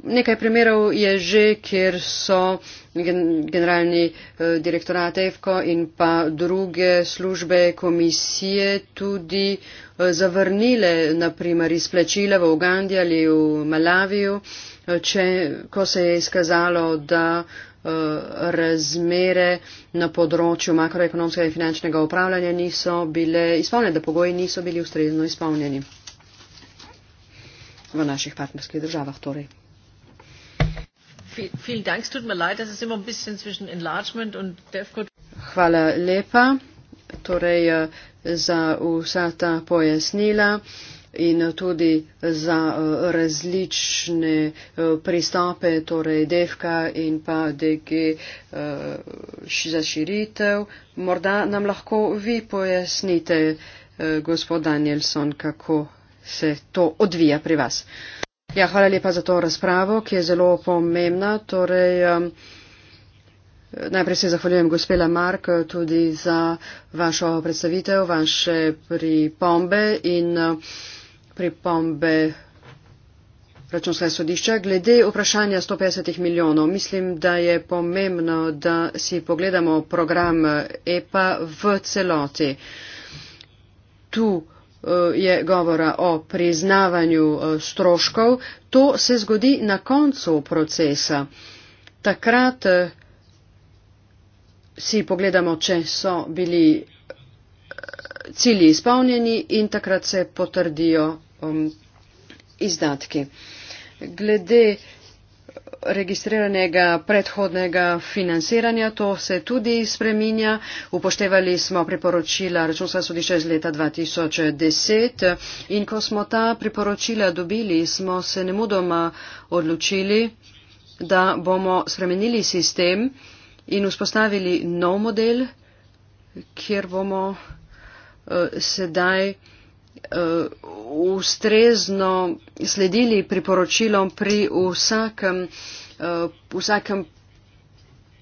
nekaj primerov je že, kjer so generalni direktorat EFKO in pa druge službe komisije tudi zavrnile, naprimer, izplačile v Ugandi ali v Malaviju, če, ko se je izkazalo, da eh, razmere na področju makroekonomskega in finančnega upravljanja niso bile izpolnjene, da pogoji niso bili ustrezno izpolnjeni v naših partnerskih državah. Torej. Hvala lepa. Torej, eh, za vsa ta pojasnila in tudi za eh, različne eh, pristope, torej DEFKA in pa DG eh, za širitev. Morda nam lahko vi pojasnite, gospod Danielson, kako se to odvija pri vas. Ja, hvala lepa za to razpravo, ki je zelo pomembna. Torej, um, Najprej se zahvaljujem gospe Lamark tudi za vašo predstavitev, vaše pripombe in pripombe računskega sodišča. Glede vprašanja 150 milijonov, mislim, da je pomembno, da si pogledamo program EPA v celoti. Tu je govora o priznavanju stroškov. To se zgodi na koncu procesa. Takrat si pogledamo, če so bili eh, cilji izpolnjeni in takrat se potrdijo um, izdatki. Glede registriranega predhodnega financiranja, to se tudi spreminja. Upoštevali smo priporočila računstva sodišča iz leta 2010 in ko smo ta priporočila dobili, smo se nemudoma odločili, da bomo spremenili sistem, in vzpostavili nov model, kjer bomo uh, sedaj uh, ustrezno sledili priporočilom pri vsakem, uh, vsakem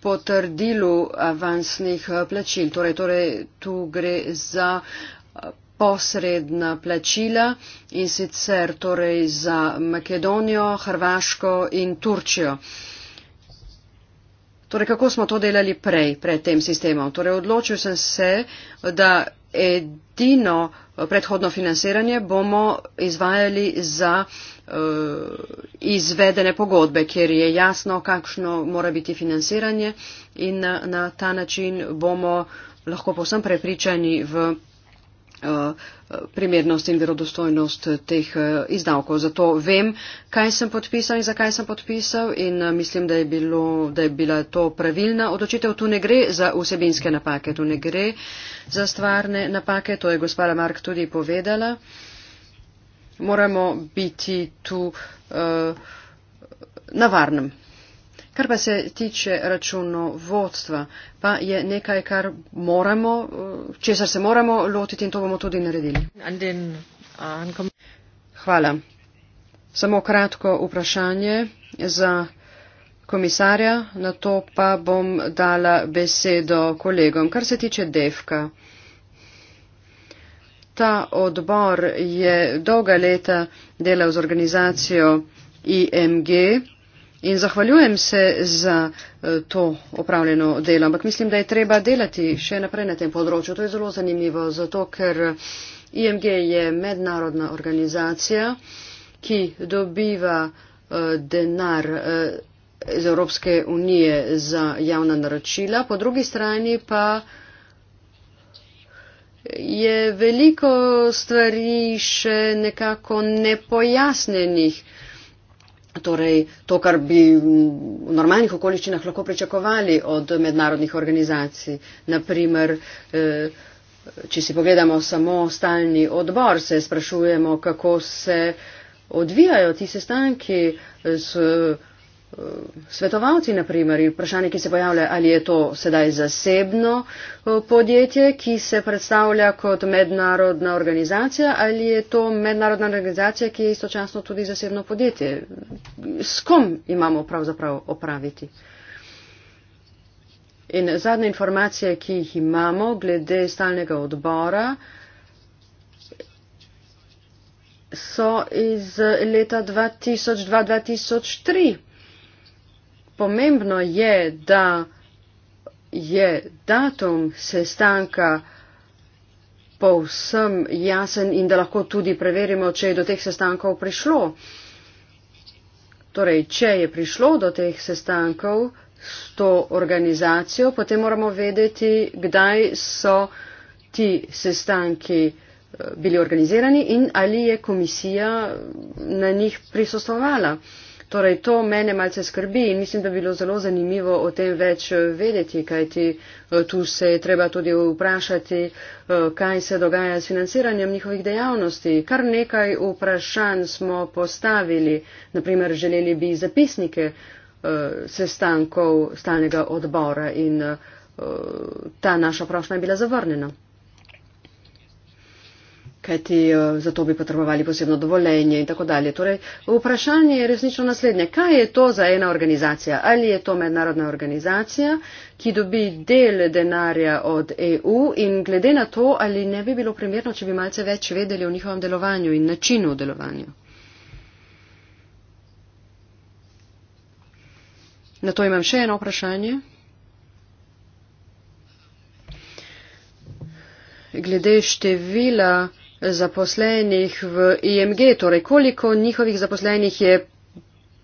potrdilu avansnih plačil. Torej, torej tu gre za posredna plačila in sicer torej za Makedonijo, Hrvaško in Turčijo. Uh, Torej, kako smo to delali prej, pred tem sistemom? Torej, odločil sem se, da edino eh, predhodno financiranje bomo izvajali za uh, izvedene pogodbe, kjer je jasno, kakšno mora biti financiranje in na, eh, na ta način bomo lahko povsem prepričani v Eh, primernost in verodostojnost teh eh, izdavkov. Zato vem, kaj sem podpisal in zakaj sem podpisal in eh, mislim, da je, bilo, da je bila to pravilna odločitev. Tu ne gre za vsebinske napake, tu ne gre za stvarne napake, to je gospoda Mark tudi povedala. Moramo biti tu uh, na varnem. Kar pa se tiče računovodstva, pa je nekaj, kar moramo, eh, česar se moramo lotiti in to bomo tudi naredili. Hvala. Samo kratko vprašanje za komisarja, na to pa bom dala besedo kolegom. Kar se tiče DEFKA, ta odbor je dolga leta delal z organizacijo IMG in zahvaljujem se za eh, to opravljeno delo, ampak mislim, da je treba delati še naprej na tem področju. To je zelo zanimivo, zato ker IMG je mednarodna organizacija, ki dobiva eh, denar eh, iz Evropske unije za javna naročila, po drugi strani pa je veliko stvari še nekako nepojasnenih torej to, kar bi v normalnih okoliščinah lahko pričakovali od mednarodnih organizacij. Naprimer, eh, če si pogledamo samo stalni odbor, se sprašujemo, kako se odvijajo ti sestanki s svetovalci, naprimer, in vprašanje, ki se pojavlja, ali je to sedaj zasebno eh, podjetje, ki se predstavlja kot mednarodna organizacija, ali je to mednarodna organizacija, ki je istočasno tudi zasebno podjetje. S kom imamo pravzaprav opraviti? In zadnje informacije, ki jih imamo glede stalnega odbora, so iz leta 2002-2003 pomembno je, da je datum sestanka povsem jasen in da lahko tudi preverimo, če je do teh sestankov prišlo. Torej, če je prišlo do teh sestankov s to organizacijo, potem moramo vedeti, kdaj so ti sestanki eh, bili organizirani in ali je komisija eh, na njih prisostovala. Torej, to mene malce skrbi in mislim, da bi bilo zelo zanimivo o tem več eh, vedeti, kajti eh, tu se je treba tudi vprašati, eh, kaj se dogaja s financiranjem njihovih dejavnosti. Kar nekaj vprašanj smo postavili, naprimer želeli bi zapisnike sestankov stalnega odbora in ta naša prošnja je bila zavrnjena kajti eh, za to bi potrebovali posebno dovoljenje in tako dalje. Torej, vprašanje je resnično naslednje. Kaj je to za ena organizacija? Ali je to mednarodna organizacija, ki dobi del denarja od EU in glede na to, ali ne bi bilo primerno, če bi malce več vedeli o njihovem delovanju in načinu delovanja? Na to imam še eno vprašanje. Glede števila zaposlenih v IMG, torej koliko njihovih zaposlenih je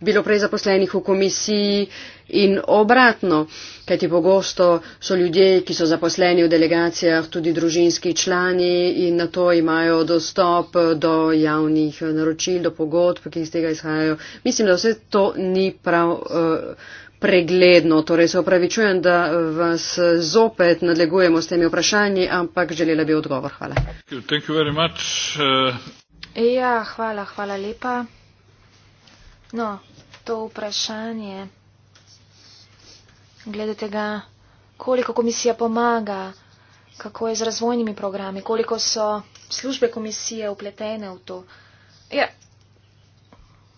bilo prej zaposlenih v komisiji in obratno, kajti pogosto so ljudje, ki so zaposleni v delegacijah, tudi družinski člani in na to imajo dostop do javnih naročil, do pogodb, ki iz tega izhajajo. Mislim, da vse to ni prav uh, pregledno. Torej se opravičujem, da vas zopet nadlegujemo s temi vprašanji, ampak želela bi odgovor. Hvala. Thank you very much. Uh, ja, hvala, hvala lepa. No, to vprašanje glede tega, koliko komisija pomaga, kako je z razvojnimi programi, koliko so službe komisije upletene v to. Ja,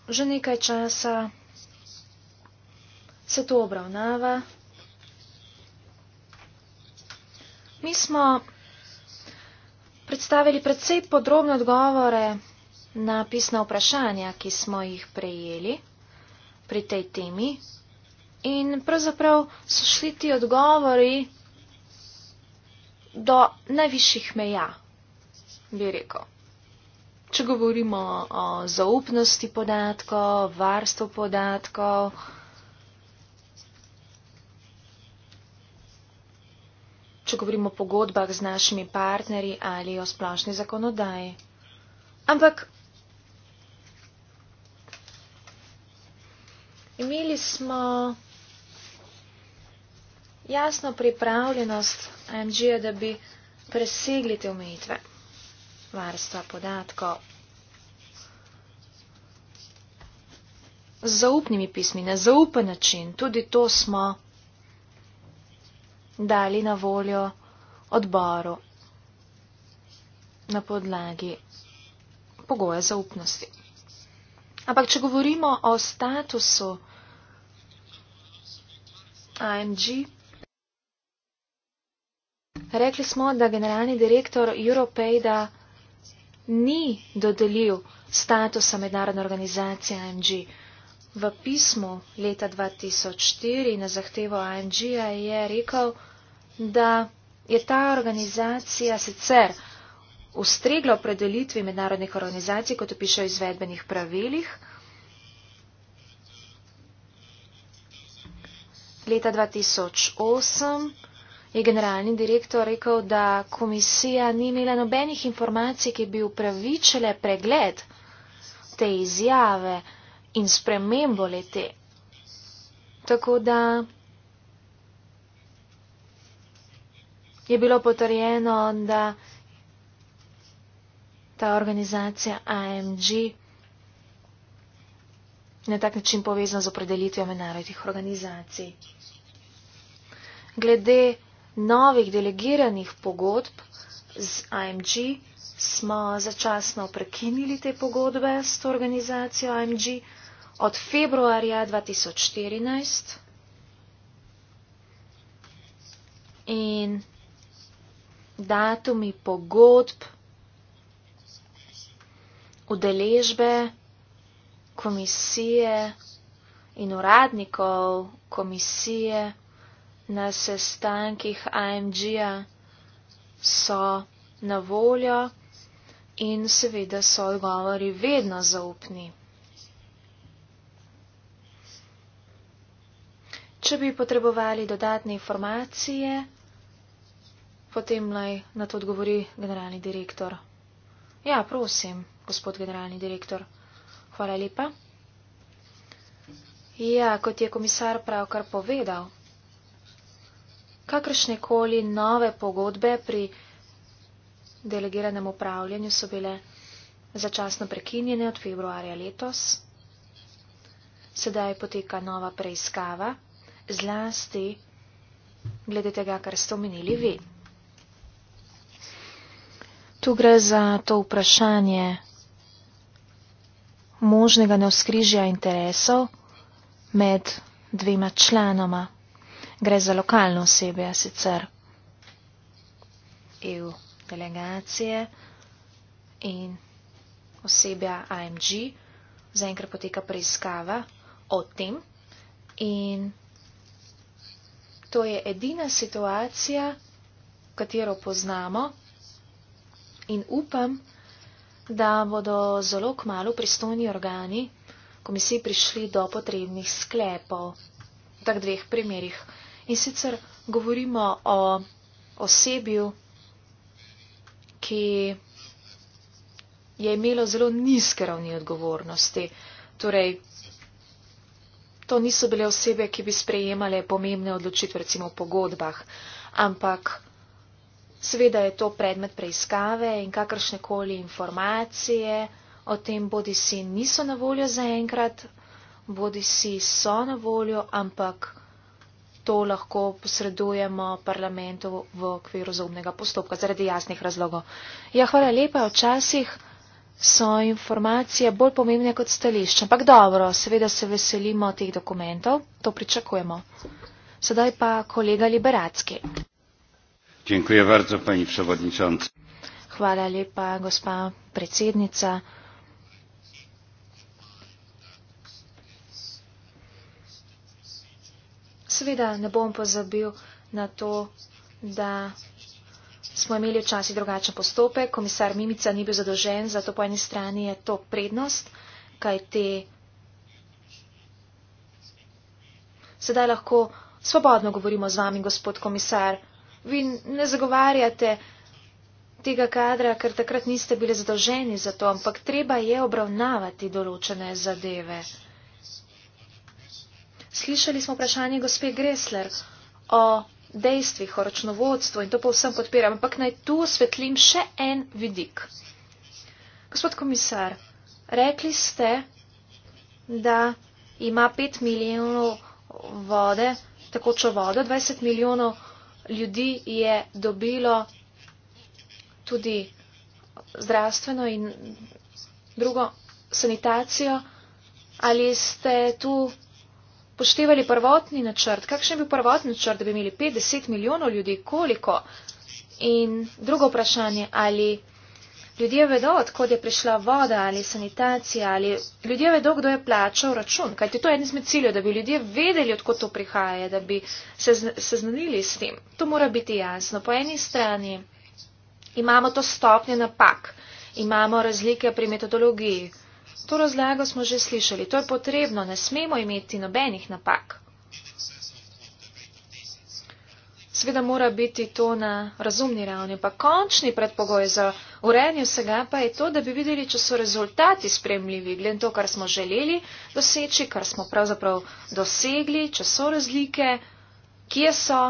že nekaj časa se to obravnava. Mi smo predstavili predvsej podrobne odgovore na pisna vprašanja, ki smo jih prejeli pri tej temi. In pravzaprav so šli ti odgovori do najvišjih meja, bi rekel. Če govorimo o zaupnosti podatkov, varstvu podatkov, če govorimo o pogodbah z našimi partnerji ali o splošni zakonodaji. Ampak imeli smo jasno pripravljenost MG-ja, da bi presegli te omejitve varstva podatkov. Z zaupnimi pismi, na zaupen način, tudi to smo dali na voljo odboru na podlagi pogoja zaupnosti. Ampak, če govorimo o statusu ANG, rekli smo, da generalni direktor Europejda ni dodelil statusa mednarodne organizacije ANG. V pismu leta 2004 na zahtevo ANG-a je rekel, da je ta organizacija sicer ustregla opredelitvi mednarodnih organizacij, kot piše o izvedbenih pravilih. Leta 2008 je generalni direktor rekel, da komisija ni imela nobenih informacij, ki bi upravičile pregled te izjave in spremembo lete. Tako da je bilo potrjeno, da ta organizacija AMG na tak način povezana z opredelitvijo mednarodnih organizacij. Glede novih delegiranih pogodb z AMG smo začasno prekinili te pogodbe s to organizacijo AMG od februarja 2014 in datumi pogodb, udeležbe komisije in uradnikov komisije na sestankih AMG-a so na voljo in seveda so odgovori vedno zaupni. Če bi potrebovali dodatne informacije, potem naj na to odgovori generalni direktor. Ja, prosim, gospod generalni direktor. Hvala lepa. Ja, kot je komisar pravkar povedal, kakršne koli nove pogodbe pri delegiranem upravljanju so bile začasno prekinjene od februarja letos. Sedaj poteka nova preiskava zlasti glede tega, kar ste omenili vi. Tu gre za to vprašanje možnega neuskrižja interesov med dvema članoma. Gre za lokalno osebje, sicer EU delegacije in osebja AMG. Zaenkrat poteka preiskava o tem in to je edina situacija, katero poznamo in upam, da bodo zelo kmalo pristojni organi komisiji prišli do potrebnih sklepov v tak dveh primerih. In sicer govorimo o osebju, ki je imelo zelo nizke ravni odgovornosti, torej to niso bile osebe, ki bi sprejemale pomembne odločitve, recimo v pogodbah, ampak seveda je to predmet preiskave in kakršnekoli informacije o tem bodi si niso na voljo zaenkrat, bodi si so na voljo, ampak to lahko posredujemo parlamentu v okviru zaumnega postopka zaradi jasnih razlogov. Ja, hvala lepa, včasih so informacije bolj pomembne kot stališče. Ampak dobro, seveda se veselimo teh dokumentov, to pričakujemo. Sedaj pa kolega Liberacki. Hvala lepa, gospa predsednica. Seveda ne bom pozabil na to, da smo imeli včasih drugačen postopek, komisar Mimica ni bil zadolžen, zato po eni strani je to prednost, kaj te sedaj lahko svobodno govorimo z vami, gospod komisar. Vi ne zagovarjate tega kadra, ker takrat niste bili zadolženi za to, ampak treba je obravnavati določene zadeve. Slišali smo vprašanje gospe Gresler o dejstvih, o računovodstvu in to povsem podpiram, ampak naj tu osvetlim še en vidik. Gospod komisar, rekli ste, da ima 5 milijonov vode, takočo vodo, 20 milijonov ljudi je dobilo tudi zdravstveno in drugo sanitacijo. Ali ste tu upoštevali prvotni načrt, kakšen je bil prvotni načrt, da bi imeli 50 milijonov ljudi, koliko? In drugo vprašanje, ali ljudje vedo, odkud je prišla voda ali sanitacija, ali ljudje vedo, kdo je plačal račun, kajti to je eden izmed ciljev, da bi ljudje vedeli, odkud to prihaja, da bi se seznanili s tem. To mora biti jasno. Po eni strani imamo to stopnje napak, imamo razlike pri metodologiji. To razlago smo že slišali. To je potrebno. Ne smemo imeti nobenih napak. Sveda mora biti to na razumni ravni. Pa končni predpogoj za urejanje vsega pa je to, da bi videli, če so rezultati spremljivi, glede to, kar smo želeli doseči, kar smo pravzaprav dosegli, če so razlike, kje so,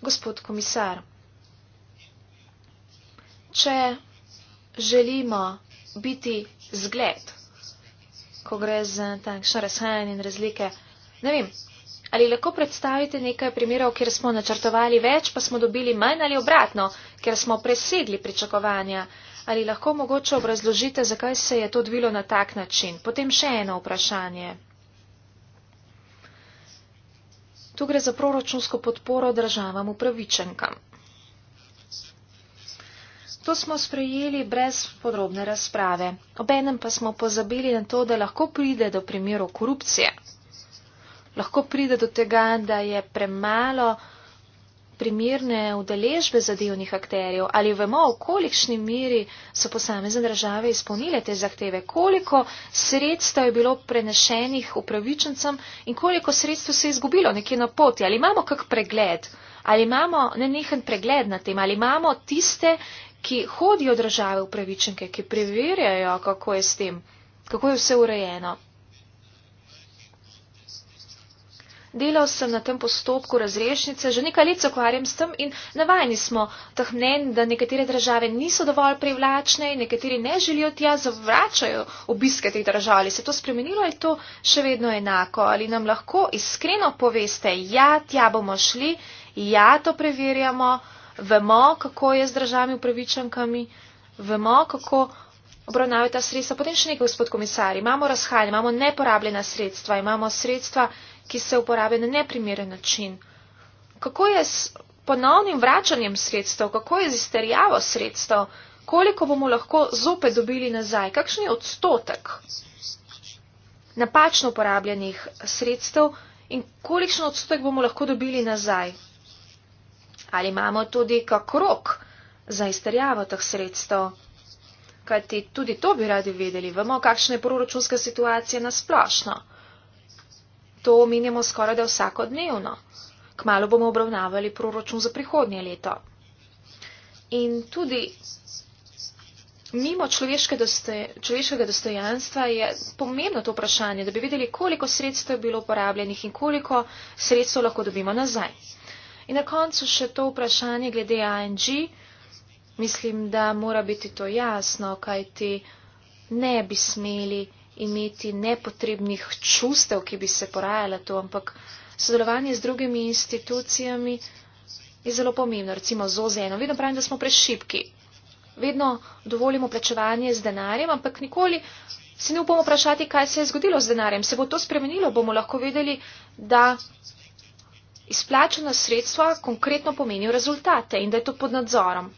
gospod komisar. Če želimo biti zgled, ko gre za takšno razhajanje in razlike. Ne vem, ali lahko predstavite nekaj primerov, kjer smo načrtovali več, pa smo dobili manj ali obratno, ker smo presegli pričakovanja. Ali lahko mogoče obrazložite, zakaj se je to dvilo na tak način? Potem še eno vprašanje. Tu gre za proračunsko podporo državam upravičenkam. To smo sprejeli brez podrobne razprave. Obenem pa smo pozabili na to, da lahko pride do primerov korupcije. Lahko pride do tega, da je premalo primerne udeležbe zadevnih akterjev ali vemo, v kolikšni meri so posamezne države izpolnile te zahteve, koliko sredstev je bilo prenešenih upravičencem in koliko sredstev se je izgubilo nekje na poti. Ali imamo kak pregled, ali imamo nenehen pregled na tem, ali imamo tiste, ki hodijo države upravičenke, ki preverjajo, kako je s tem, kako je vse urejeno. Delal sem na tem postopku razrešnice, že nekaj let se ukvarjam s tem in navajni smo teh mnen, da nekatere države niso dovolj privlačne in nekateri ne želijo tja, zavračajo obiske teh držav. Ali se to spremenilo, ali to še vedno enako? Ali nam lahko iskreno poveste, ja, tja bomo šli, ja, to preverjamo, uh, vemo, kako je z državami upravičankami, vemo, kako obravnavajo ta sredstva. Potem še nekaj, gospod komisar, imamo razhajanje, imamo neporabljena sredstva, imamo sredstva, ki se uporabljajo na neprimeren način. Kako je s ponovnim vračanjem sredstev, kako je z izterjavo sredstev, koliko bomo lahko zopet dobili nazaj, kakšen je odstotek napačno uporabljenih sredstev in kolikšen odstotek bomo lahko dobili nazaj ali imamo tudi kak rok za izterjavo teh sredstev. Kajti tudi to bi radi vedeli, vemo, kakšna je proračunska situacija nasplošno. To omenjamo skoraj da vsakodnevno. Kmalo bomo obravnavali proračun za prihodnje leto. In tudi mimo človeške dostoj, človeškega dostojanstva je pomembno to vprašanje, da bi vedeli, koliko sredstev je bilo uporabljenih in koliko sredstev lahko dobimo nazaj. In na koncu še to vprašanje glede ANG. Mislim, da mora biti to jasno, kaj ti ne bi smeli imeti nepotrebnih čustev, ki bi se porajala to, ampak sodelovanje z drugimi institucijami je zelo pomembno, recimo z OZN-om. Vedno pravim, da smo prešipki. Vedno dovolimo plačevanje z denarjem, ampak nikoli se ne upamo vprašati, kaj se je zgodilo z denarjem. Se bo to spremenilo, bomo lahko vedeli, da izplačena sredstva konkretno pomenijo rezultate in da je to pod nadzorom.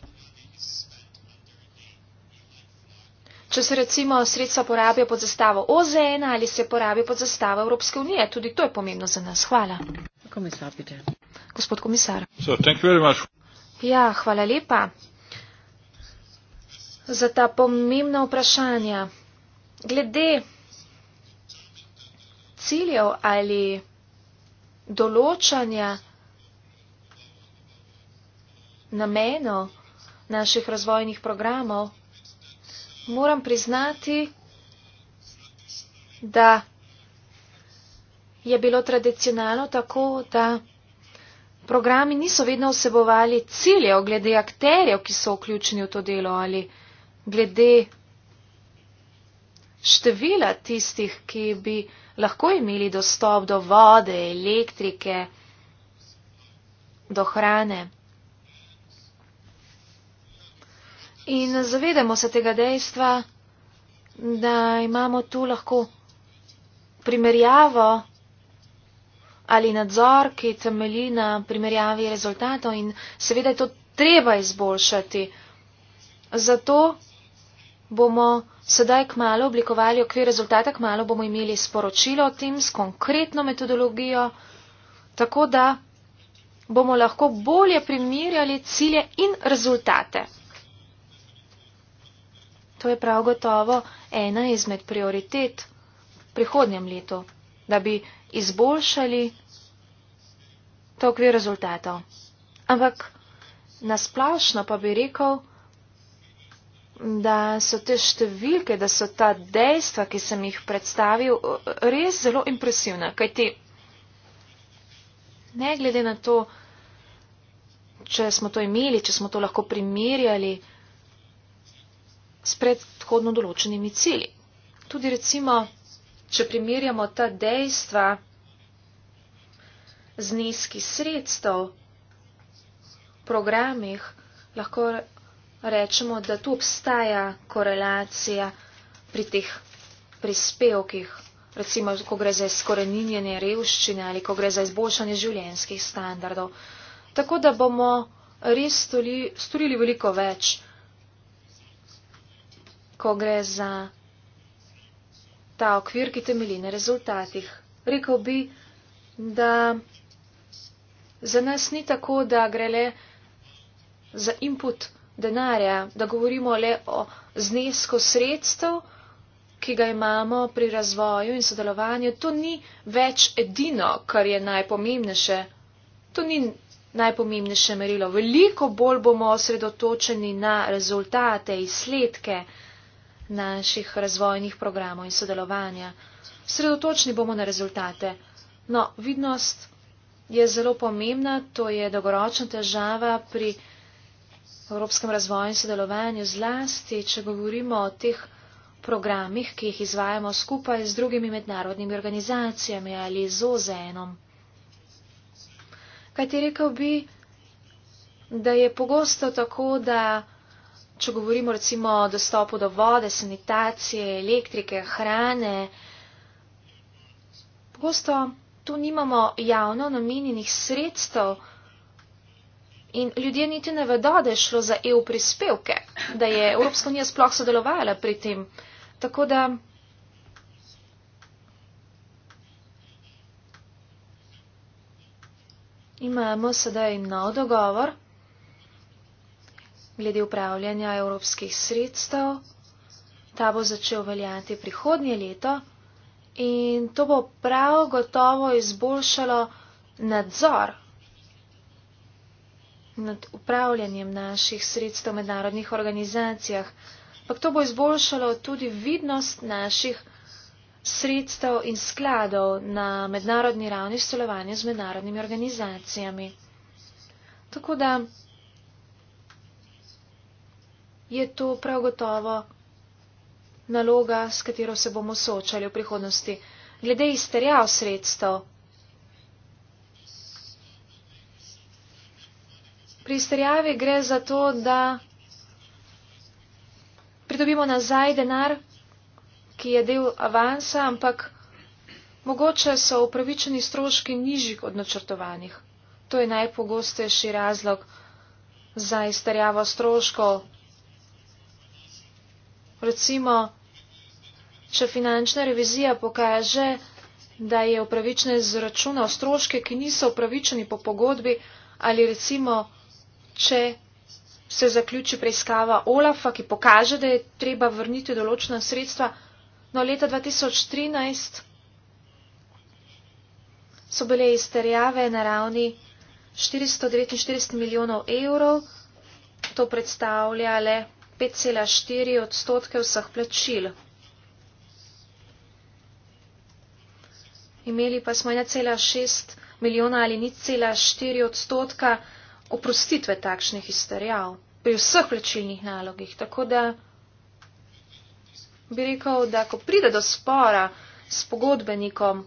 Če se recimo sredstva porabijo pod zastavo OZN ali se porabijo pod zastavo Evropske unije, tudi to je pomembno za nas. Hvala. Gospod komisar. Ja, hvala lepa za ta pomembna vprašanja. Glede ciljev ali določanja namenov naših razvojnih programov, moram priznati, da je bilo tradicionalno tako, da programi niso vedno vsebovali ciljev glede akterjev, ki so vključeni v to delo ali glede števila tistih, ki bi lahko imeli dostop do vode, elektrike, do hrane. In zavedamo se tega dejstva, da imamo tu lahko primerjavo ali nadzor, ki temelji na primerjavi rezultatov in seveda je to treba izboljšati. Zato bomo sedaj k malu oblikovali okvir rezultata, k malu bomo imeli sporočilo o tem s konkretno metodologijo, tako da bomo lahko bolje primerjali cilje in rezultate. To je prav gotovo ena izmed prioritet v prihodnjem letu, da bi izboljšali to okvir rezultatov. Ampak nasplašno pa bi rekel, da so te številke, da so ta dejstva, ki sem jih predstavil, res zelo impresivna. Kaj ti, ne glede na to, če smo to imeli, če smo to lahko primerjali s predhodno določenimi cilji. Tudi recimo, če primerjamo ta dejstva z nizki sredstev v programih, lahko rečemo, da tu obstaja korelacija pri teh prispevkih, recimo, ko gre za izkoreninjenje revščine ali ko gre za izboljšanje življenjskih standardov. Tako da bomo res stoli, storili veliko več, ko gre za ta okvir, ki temelji na rezultatih. Rekel bi, da za nas ni tako, da gre le za input denarja, da govorimo le o znesko sredstev, ki ga imamo pri razvoju in sodelovanju. To ni več edino, kar je najpomembnejše. To ni najpomembnejše merilo. Veliko bolj bomo osredotočeni na rezultate, izsledke naših razvojnih programov in sodelovanja. Sredotočni bomo na rezultate. No, vidnost je zelo pomembna, to je dolgoročna težava pri evropskem razvoju in sodelovanju, zlasti, če govorimo o teh programih, ki jih izvajamo skupaj z drugimi mednarodnimi organizacijami ali z OZN-om. Kajti rekel bi, da je pogosto tako, da če govorimo recimo o dostopu do vode, sanitacije, elektrike, hrane, pogosto tu nimamo javno namenjenih sredstev, In ljudje niti ne vedo, da je šlo za EU prispevke, da je Evropska unija sploh sodelovala pri tem. Tako da. Imamo sedaj nov dogovor glede upravljanja evropskih sredstev. Ta bo začel veljati prihodnje leto in to bo prav gotovo izboljšalo nadzor nad upravljanjem naših sredstev v mednarodnih organizacijah, pa to bo izboljšalo tudi vidnost naših sredstev in skladov na mednarodni ravni sodelovanja z mednarodnimi organizacijami. Tako da je to prav gotovo naloga, s katero se bomo soočali v prihodnosti. Glede izterjav sredstev, Pri izterjavi gre za to, da pridobimo nazaj denar, ki je del avansa, ampak mogoče so upravičeni stroški nižji od načrtovanih. To je najpogostejši razlog za izterjavo stroškov. Recimo, če finančna revizija pokaže, da je upravičen izračunal stroške, ki niso upravičeni po pogodbi ali recimo če se zaključi preiskava Olafa, ki pokaže, da je treba vrniti določena sredstva. No, leta 2013 so bile izterjave na ravni 449 milijonov evrov, to predstavlja le 5,4 odstotke vseh plačil. Imeli pa smo 1,6 milijona ali 0,4 odstotka oprostitve takšnih izterjav pri vseh plačilnih nalogih. Tako da bi rekel, da ko pride do spora s pogodbenikom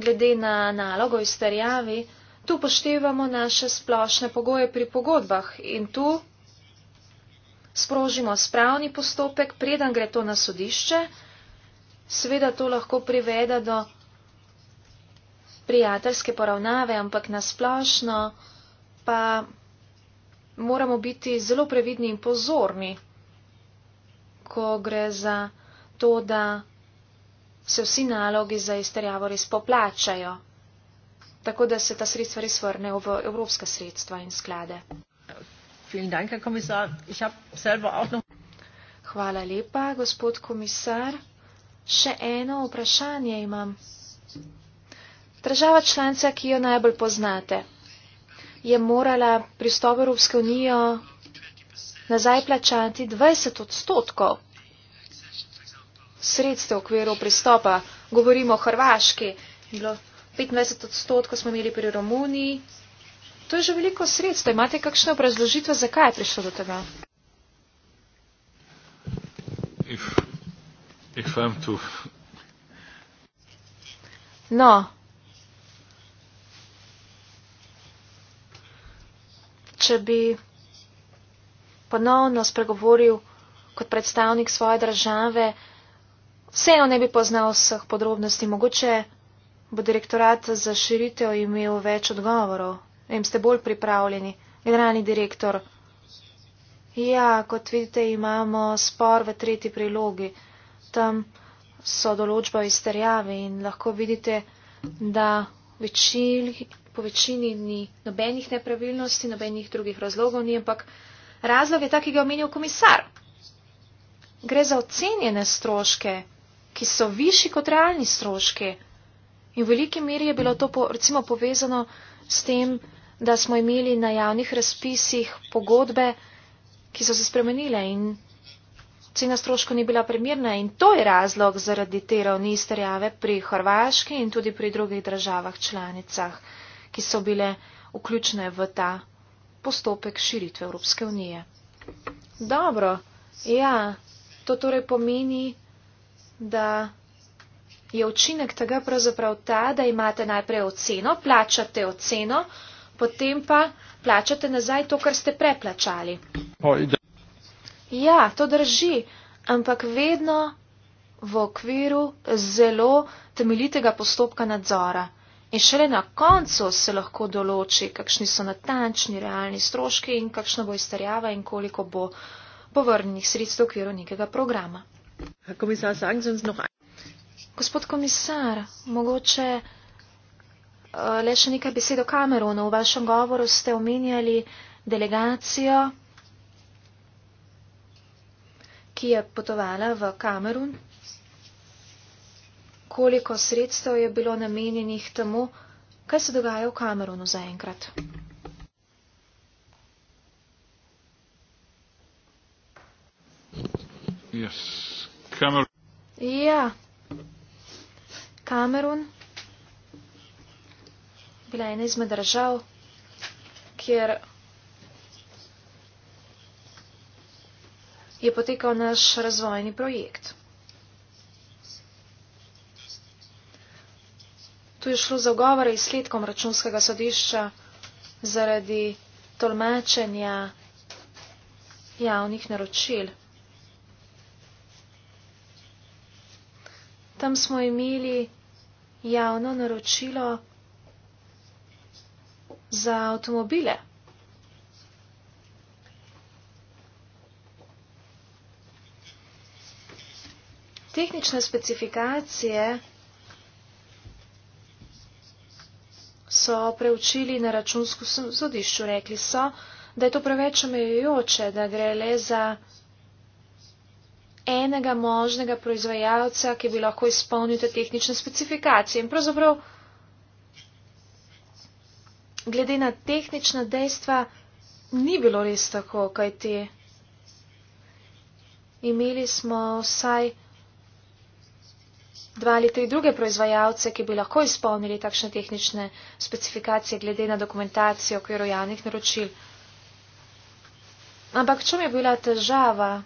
glede na nalogo izterjavi, tu poštevamo naše splošne pogoje pri pogodbah in tu sprožimo spravni postopek, preden gre to na sodišče. Seveda to lahko privede do prijateljske poravnave, ampak na splošno pa moramo biti zelo previdni in pozorni, ko gre za to, da se vsi nalogi za izterjavo res poplačajo, tako da se ta sredstva res vrnejo v evropska sredstva in sklade. Hvala lepa, gospod komisar. Še eno vprašanje imam. Država članca, ki jo najbolj poznate je morala pristop Evropske unije nazaj plačati 20 odstotkov sredstev v okviru pristopa. Govorimo o Hrvaški, bilo 25 odstotkov smo imeli pri Romuniji. To je že veliko sredstev. Imate kakšno obrazložitev, zakaj je prišlo do tega? If, if no, če bi ponovno spregovoril kot predstavnik svoje države, vseeno ne bi poznal vseh podrobnosti. Mogoče bo direktorat za širitev imel več odgovorov. Vem, ste bolj pripravljeni, generalni direktor. Ja, kot vidite, imamo spor v tretji prilogi. Tam so določba izterjave in lahko vidite, da večilj po večini ni nobenih nepravilnosti, nobenih drugih razlogov ni, ampak razlog je ta, ki ga je omenil komisar. Gre za ocenjene stroške, ki so višji kot realni stroške. In v veliki meri je bilo to po, recimo povezano s tem, da smo imeli na javnih razpisih pogodbe, ki so se spremenile in cena stroškov ni bila primirna in to je razlog zaradi te ravni starjave pri Hrvaški in tudi pri drugih državah članicah ki so bile vključene v ta postopek širitve Evropske unije. Dobro, ja, to torej pomeni, da je učinek tega pravzaprav ta, da imate najprej oceno, plačate oceno, potem pa plačate nazaj to, kar ste preplačali. Ja, to drži, ampak vedno v okviru zelo temeljitega postopka nadzora. In šele na koncu se lahko določi, kakšni so natančni realni stroški in kakšna bo izterjava in koliko bo povrnjenih sredstev v okviru nekega programa. Komisar, noch... Gospod komisar, mogoče eh, le še nekaj besed o Kamerunu. V vašem govoru ste omenjali delegacijo, ki je potovala v Kamerun koliko sredstev je bilo namenjenih temu, kaj se dogaja v Kamerunu zaenkrat. Yes. Kamer ja, Kamerun bila ena izmed držav, kjer je potekal naš razvojni projekt. Tu je šlo za ogovore izsledkom računskega sodišča zaradi tolmačenja javnih naročil. Tam smo imeli javno naročilo za avtomobile. Tehnične specifikacije so preučili na računsko sodišču. Rekli so, da je to preveč omejujoče, da gre le za enega možnega proizvajalca, ki bi lahko izpolnil te tehnične specifikacije. In pravzaprav, glede na tehnična dejstva, ni bilo res tako, kaj ti. Imeli smo vsaj dva ali tri druge proizvajalce, ki bi lahko izpolnili takšne tehnične specifikacije glede na dokumentacijo v okviru javnih naročil. Ampak čem je bila težava?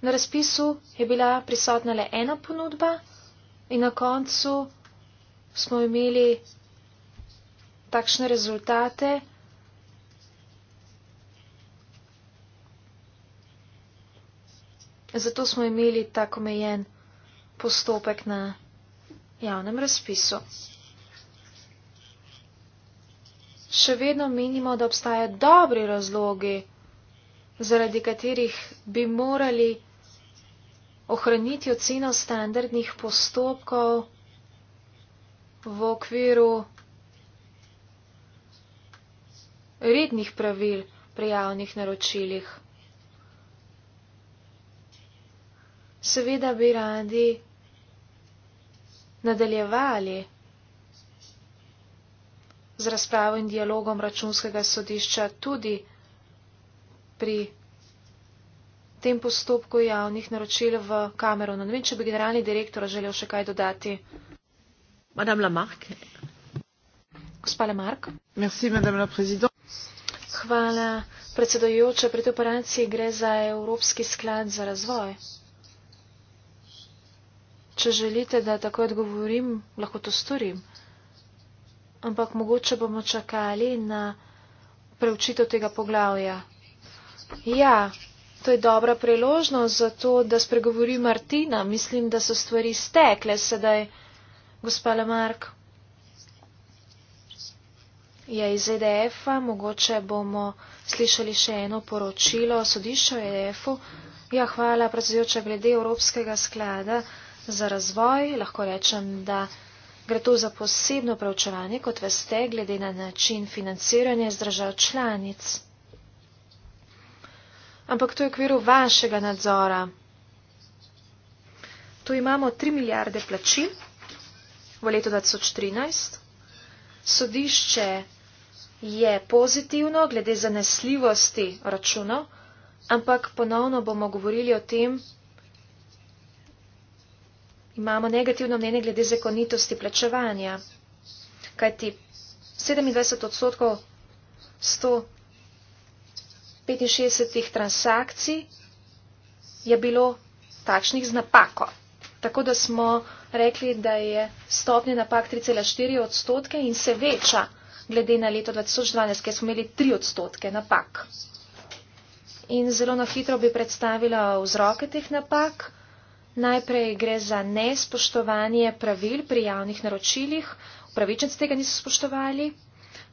Na razpisu je bila prisotna le ena ponudba in na koncu smo imeli takšne rezultate, Zato smo imeli tako omejen postopek na javnem razpisu. Še vedno menimo, da obstajajo dobri razlogi, zaradi katerih bi morali ohraniti oceno standardnih postopkov v okviru rednih pravil pri javnih naročilih. seveda bi radi nadaljevali z razpravo in dialogom računskega sodišča tudi pri tem postopku javnih naročil v kameru. Ne vem, če bi generalni direktor želel še kaj dodati. Madame Lamarck. Gospa Lamarck. Merci, madame la président. Hvala, predsedojoča. Pri tej operaciji gre za Evropski sklad za razvoj. Če želite, da takoj odgovorim, lahko to storim. Ampak mogoče bomo čakali na preučitev tega poglavja. Ja, to je dobra priložnost za to, da spregovori Martina. Mislim, da so stvari stekle sedaj, gospa Lamark. Je ja, iz EDF-a, mogoče bomo slišali še eno poročilo sodišča o EDF-u. Ja, hvala, predsedujoča, glede Evropskega sklada za razvoj. Lahko rečem, da gre to za posebno preučevanje, kot veste, glede na način financiranja iz držav članic. Ampak to je v okviru vašega nadzora. Tu imamo 3 milijarde plačil v letu 2013. Sodišče je pozitivno glede zanesljivosti računov, ampak ponovno bomo govorili o tem, imamo negativno mnenje glede zakonitosti plačevanja, kajti 27 odstotkov 165 transakcij je bilo takšnih z napako. Tako da smo rekli, da je stopnje napak 3,4 odstotke in se veča glede na leto 2012, kjer smo imeli 3 odstotke napak. In zelo na hitro bi predstavila vzroke teh napak. Najprej gre za nespoštovanje pravil pri javnih naročilih. Upravičenci tega niso spoštovali.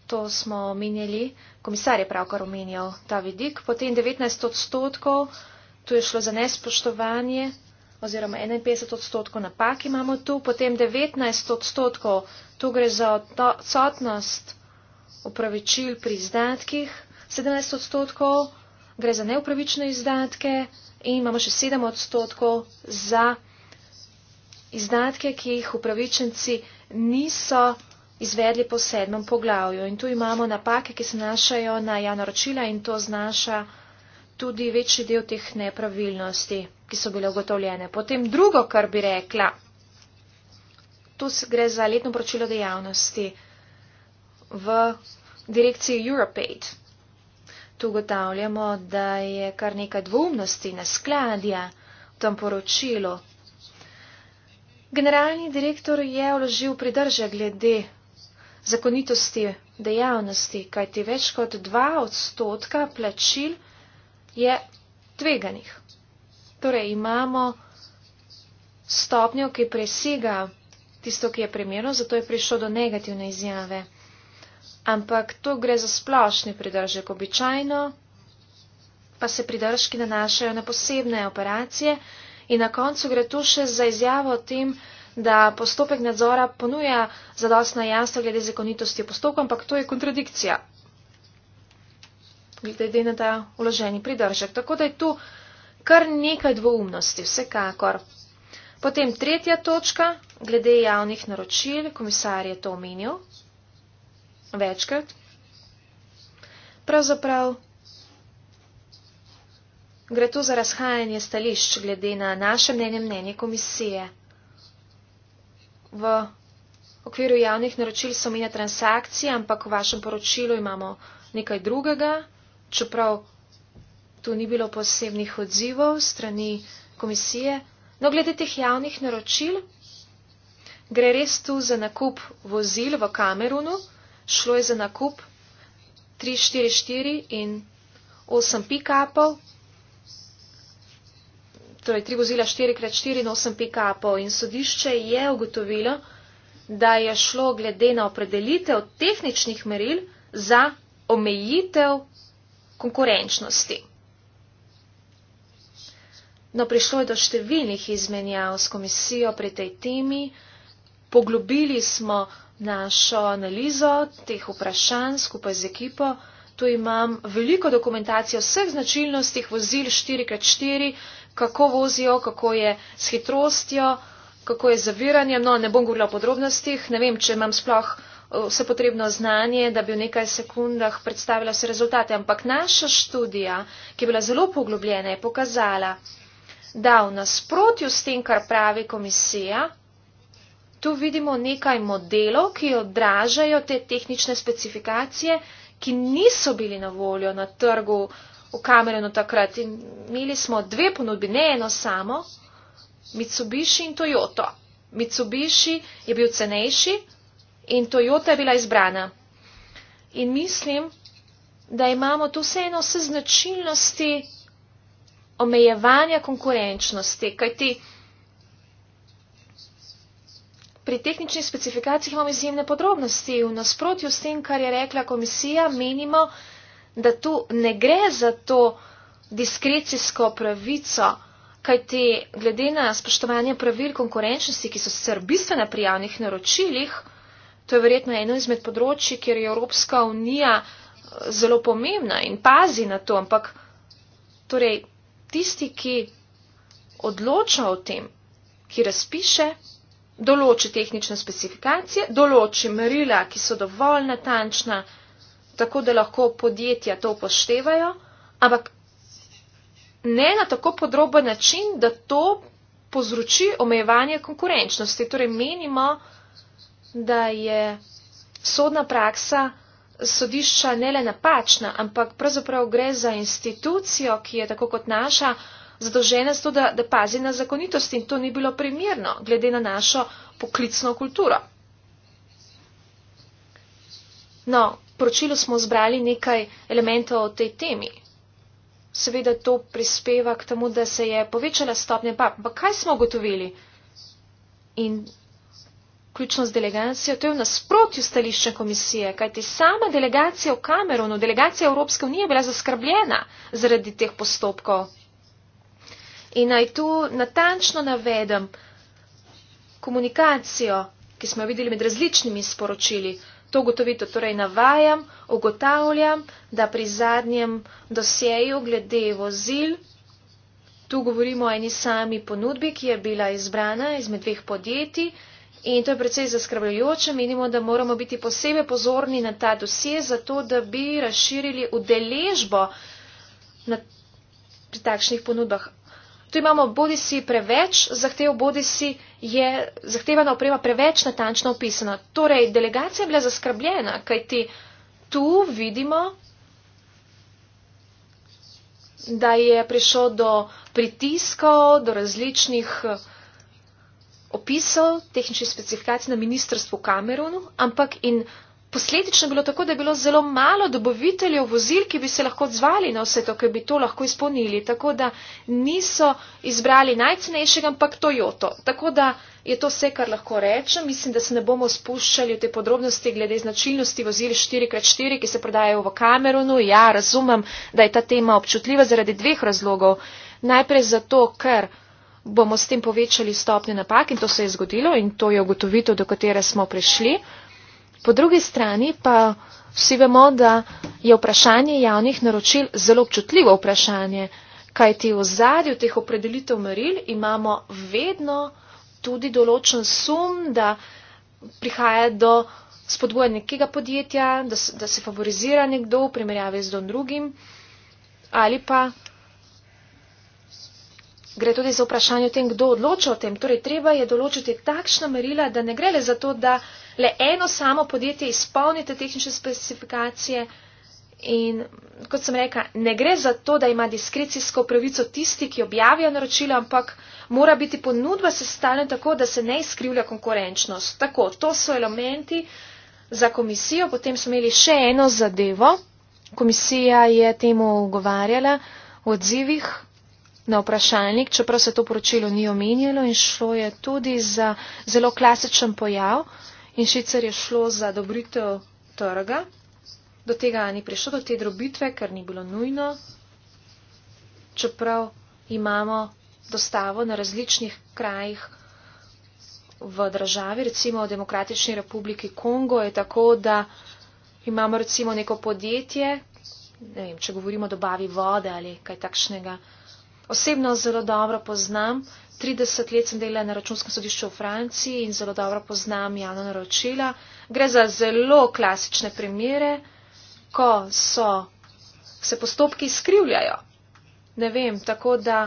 To smo omenjali. Komisar je pravkar omenjal ta vidik. Potem 19 odstotkov, tu je šlo za nespoštovanje oziroma 51 odstotkov napak imamo tu, potem 19 odstotkov, tu gre za odsotnost upravičil pri izdatkih, 17 odstotkov gre za neupravične izdatke, in imamo še 7 odstotkov za izdatke, ki jih upravičenci niso izvedli po sedmem poglavju. In tu imamo napake, ki se našajo na janoročila in to znaša tudi večji del teh nepravilnosti, ki so bile ugotovljene. Potem drugo, kar bi rekla, tu gre za letno poročilo dejavnosti v direkciji Europaid. Tu ugotavljamo, da je kar nekaj dvomnosti na skladja v tem poročilu. Generalni direktor je vložil pridrže glede zakonitosti dejavnosti, kajti več kot dva odstotka plačil je tveganih. Torej imamo stopnjo, ki presega tisto, ki je primerno, zato je prišlo do negativne izjave ampak to gre za splošni pridržek. Običajno pa se pridržki nanašajo na posebne operacije in na koncu gre tu še za izjavo o tem, da postopek nadzora ponuja zadostna jasnost glede zakonitosti postopka, ampak to je kontradikcija glede na ta uloženi pridržek. Tako da je tu kar nekaj dvoumnosti, vsekakor. Potem tretja točka, glede javnih naročil, komisar je to omenil večkrat. Pravzaprav gre to za razhajanje stališč glede na naše mnenje, mnenje komisije. V okviru javnih naročil so mine transakcije, ampak v vašem poročilu imamo nekaj drugega, čeprav tu ni bilo posebnih odzivov strani komisije. No, glede teh javnih naročil gre res tu za nakup vozil v Kamerunu šlo je za nakup 344 in 8 pikapov, torej 3 vozila 4x4 in 8 pikapov. In sodišče je ugotovilo, da je šlo glede na opredelitev tehničnih meril za omejitev konkurenčnosti. No, prišlo je do številnih izmenjav s komisijo pri tej temi. Poglobili smo našo analizo teh vprašanj skupaj z ekipo. Tu imam veliko dokumentacije o vseh značilnostih vozil 4x4, kako vozijo, kako je s hitrostjo, kako je z zaviranjem. No, ne bom govorila o podrobnostih, ne vem, če imam sploh eh, vse potrebno znanje, da bi v nekaj sekundah predstavila vse rezultate. Ampak naša študija, ki je bila zelo poglobljena, je pokazala, da v nasprotju s tem, kar pravi komisija, tu vidimo nekaj modelov, ki odražajo te tehnične specifikacije, ki niso bili na voljo na trgu v Kamerunu takrat. In imeli smo dve ponudbi, ne eno samo, Mitsubishi in Toyota. Mitsubishi je bil cenejši in Toyota je bila izbrana. In mislim, da imamo tu vseeno vse značilnosti omejevanja konkurenčnosti, kajti Pri tehničnih specifikacijah imamo izjemne podrobnosti. V nasprotju s tem, kar je rekla komisija, menimo, da tu ne gre za to diskrecijsko pravico, kajti glede na spoštovanje pravil konkurenčnosti, ki so sicer bistvene pri javnih naročilih, to je verjetno eno izmed področji, kjer je Evropska unija eh, zelo pomembna in pazi na to, ampak torej tisti, ki odloča o tem, ki razpiše, določi tehnične specifikacije, določi merila, ki so dovolj natančna, tako da lahko podjetja to upoštevajo, ampak ne na tako podroben način, da to povzroči omejevanje konkurenčnosti. Torej menimo, da je sodna praksa sodišča ne le napačna, ampak pravzaprav gre za institucijo, ki je tako kot naša zadolžena s to, da, da pazi na zakonitost in to ni bilo primirno, glede na našo poklicno kulturo. No, poročilo smo zbrali nekaj elementov o tej temi. Seveda to prispeva k temu, da se je povečala stopnja, pa, pa kaj smo ugotovili? In ključno z delegacijo, to je v nasprotju stališče komisije, kajti sama delegacija v Kamerunu, delegacija Evropske unije je bila zaskrbljena zaradi teh postopkov. In naj tu natančno navedem komunikacijo, ki smo jo videli med različnimi sporočili. To ugotovito torej navajam, ugotavljam, da pri zadnjem dosjeju glede vozil, tu govorimo o eni sami ponudbi, ki je bila izbrana izmed dveh podjetij in to je precej zaskrbljujoče. Menimo, da moramo biti posebej pozorni na ta dosje, zato da bi razširili udeležbo na, pri takšnih ponudbah. Tu imamo bodi si preveč zahtev, bodi si je zahtevana oprema preveč natančno opisana. Torej, delegacija je bila zaskrbljena, kajti tu vidimo, da je prišlo do pritiskov, do različnih eh, opisov tehničnih specifikacij na ministrstvu Kamerunu, ampak in Posledično je bilo tako, da je bilo zelo malo doboviteljev vozil, ki bi se lahko odzvali na vse to, ki bi to lahko izpolnili. Tako da niso izbrali najcenejšega, ampak Toyoto. Tako da je to vse, kar lahko rečem. Mislim, da se ne bomo spuščali v te podrobnosti glede značilnosti vozil 4x4, ki se prodajajo v Kamerunu. Ja, razumem, da je ta tema občutljiva zaradi dveh razlogov. Najprej zato, ker bomo s tem povečali stopnje napak in to se je zgodilo in to je ugotovitev, do katere smo prišli. Po drugi strani pa vsi vemo, da je vprašanje javnih naročil zelo občutljivo vprašanje, kaj ti v zadju teh opredelitev meril imamo vedno tudi določen sum, da prihaja do spodbuja nekega podjetja, da se, da se favorizira nekdo v primerjavi z drugim ali pa gre tudi za vprašanje o tem, kdo odloča o tem. Torej, treba je določiti takšna merila, da ne gre le za to, da le eno samo podjetje izpolnite tehnične specifikacije in, kot sem rekla, ne gre za to, da ima diskricijsko pravico tisti, ki objavijo naročila, ampak mora biti ponudba sestavljena tako, da se ne izkrivlja konkurenčnost. Tako, to so elementi za komisijo. Potem smo imeli še eno zadevo. Komisija je temu ogovarjala v odzivih na vprašalnik, čeprav se to poročilo ni omenjalo in šlo je tudi za zelo klasičen pojav in sicer je šlo za dobritev trga. Do tega ni prišlo, do te drobitve, ker ni bilo nujno, čeprav imamo dostavo na različnih krajih v državi, recimo v Demokratični republiki Kongo je tako, da imamo recimo neko podjetje, ne vem, če govorimo o dobavi vode ali kaj takšnega, Osebno zelo dobro poznam, 30 let sem delala na računskem sodišču v Franciji in zelo dobro poznam javna naročila. Gre za zelo klasične primere, ko so, se postopki skrivljajo. Ne vem, tako da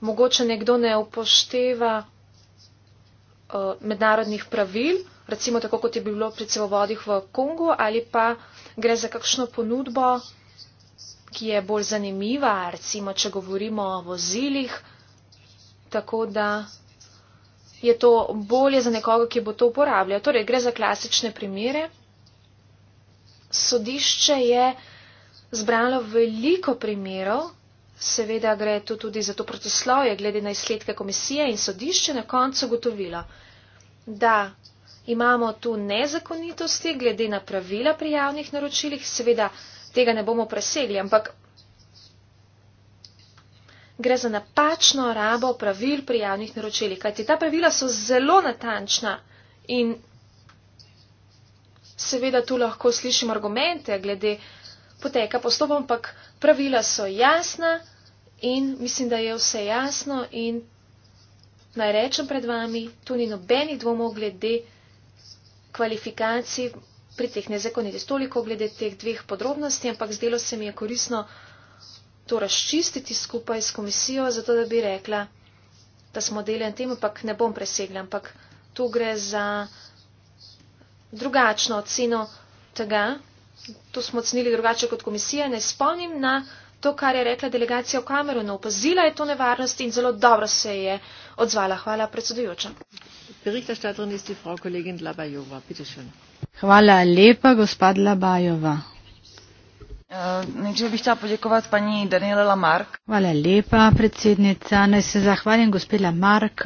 mogoče nekdo ne upošteva uh, mednarodnih pravil, recimo tako kot je bilo pri cevovodih v Kongu ali pa gre za kakšno ponudbo ki je bolj zanimiva, recimo, če govorimo o vozilih, tako da je to bolje za nekoga, ki bo to uporabljal. Torej, gre za klasične primere. Sodišče je zbralo veliko primerov, seveda gre tu tudi za to protoslovje, glede na izsledke komisije in sodišče na koncu gotovilo, da imamo tu nezakonitosti glede na pravila pri javnih naročilih, seveda tega ne bomo presegli, ampak gre za napačno rabo pravil pri javnih naročilih, kajti ta pravila so zelo natančna in seveda tu lahko slišim argumente glede poteka postopkov, ampak pravila so jasna in mislim, da je vse jasno in naj rečem pred vami, tu ni nobenih dvomov glede kvalifikacij pri teh nezakonitih. Toliko glede teh dveh podrobnosti, ampak zdelo se mi je korisno to razčistiti skupaj s komisijo, zato da bi rekla, da smo delen tem, ampak ne bom presegla, ampak tu gre za drugačno oceno tega. To smo ocenili drugače kot komisija. Ne spomnim na to, kar je rekla delegacija v Kamerunu. Opazila je to nevarnost in zelo dobro se je odzvala. Hvala, predsedujoča. Berichterstatterin ist die Frau Kollegin Labajova. Bitte schön. Hvala lepa, gospod Labajova. Eh, najprej bi htela podjekovati pani Daniela Lamark. Hvala lepa, predsednica. Naj se zahvalim gospod Lamark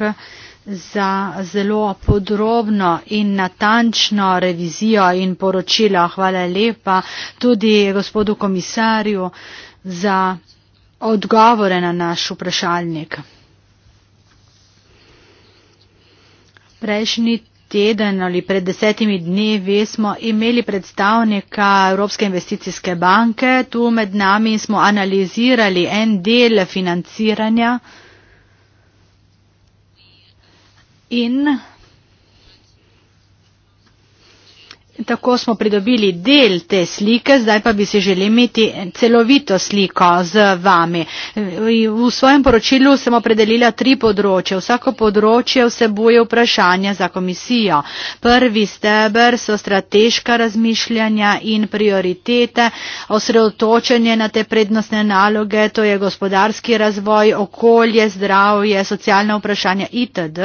za zelo podrobno in natančno revizijo in poročilo. Hvala lepa tudi gospodu komisarju za odgovore na naš vprašalnik. Prejšnji teden ali pred desetimi dnevi smo imeli predstavnika Evropske investicijske banke tu med nami in smo analizirali en del financiranja. In Tako smo pridobili del te slike, zdaj pa bi se želi imeti celovito sliko z vami. V svojem poročilu sem opredelila tri področje. Vsako področje vsebuje vprašanja za komisijo. Prvi steber so strateška razmišljanja in prioritete, osredotočenje na te prednostne naloge, to je gospodarski razvoj, okolje, zdravje, socialne vprašanja itd.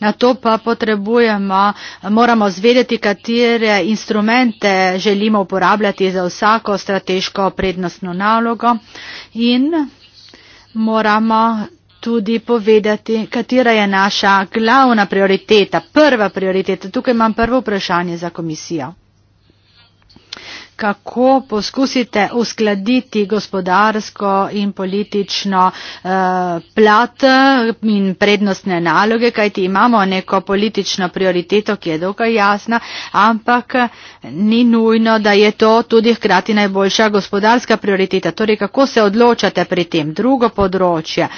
Na to pa potrebujemo, moramo zvedeti, katere instrumente želimo uporabljati za vsako strateško prednostno nalogo in moramo tudi povedati, katera je naša glavna prioriteta, prva prioriteta. Tukaj imam prvo vprašanje za komisijo kako poskusite uskladiti gospodarsko in politično eh, plat in prednostne naloge, kajti imamo neko politično prioriteto, ki je dokaj jasna, ampak ni nujno, da je to tudi hkrati najboljša gospodarska prioriteta. Torej, kako se odločate pri tem? Drugo področje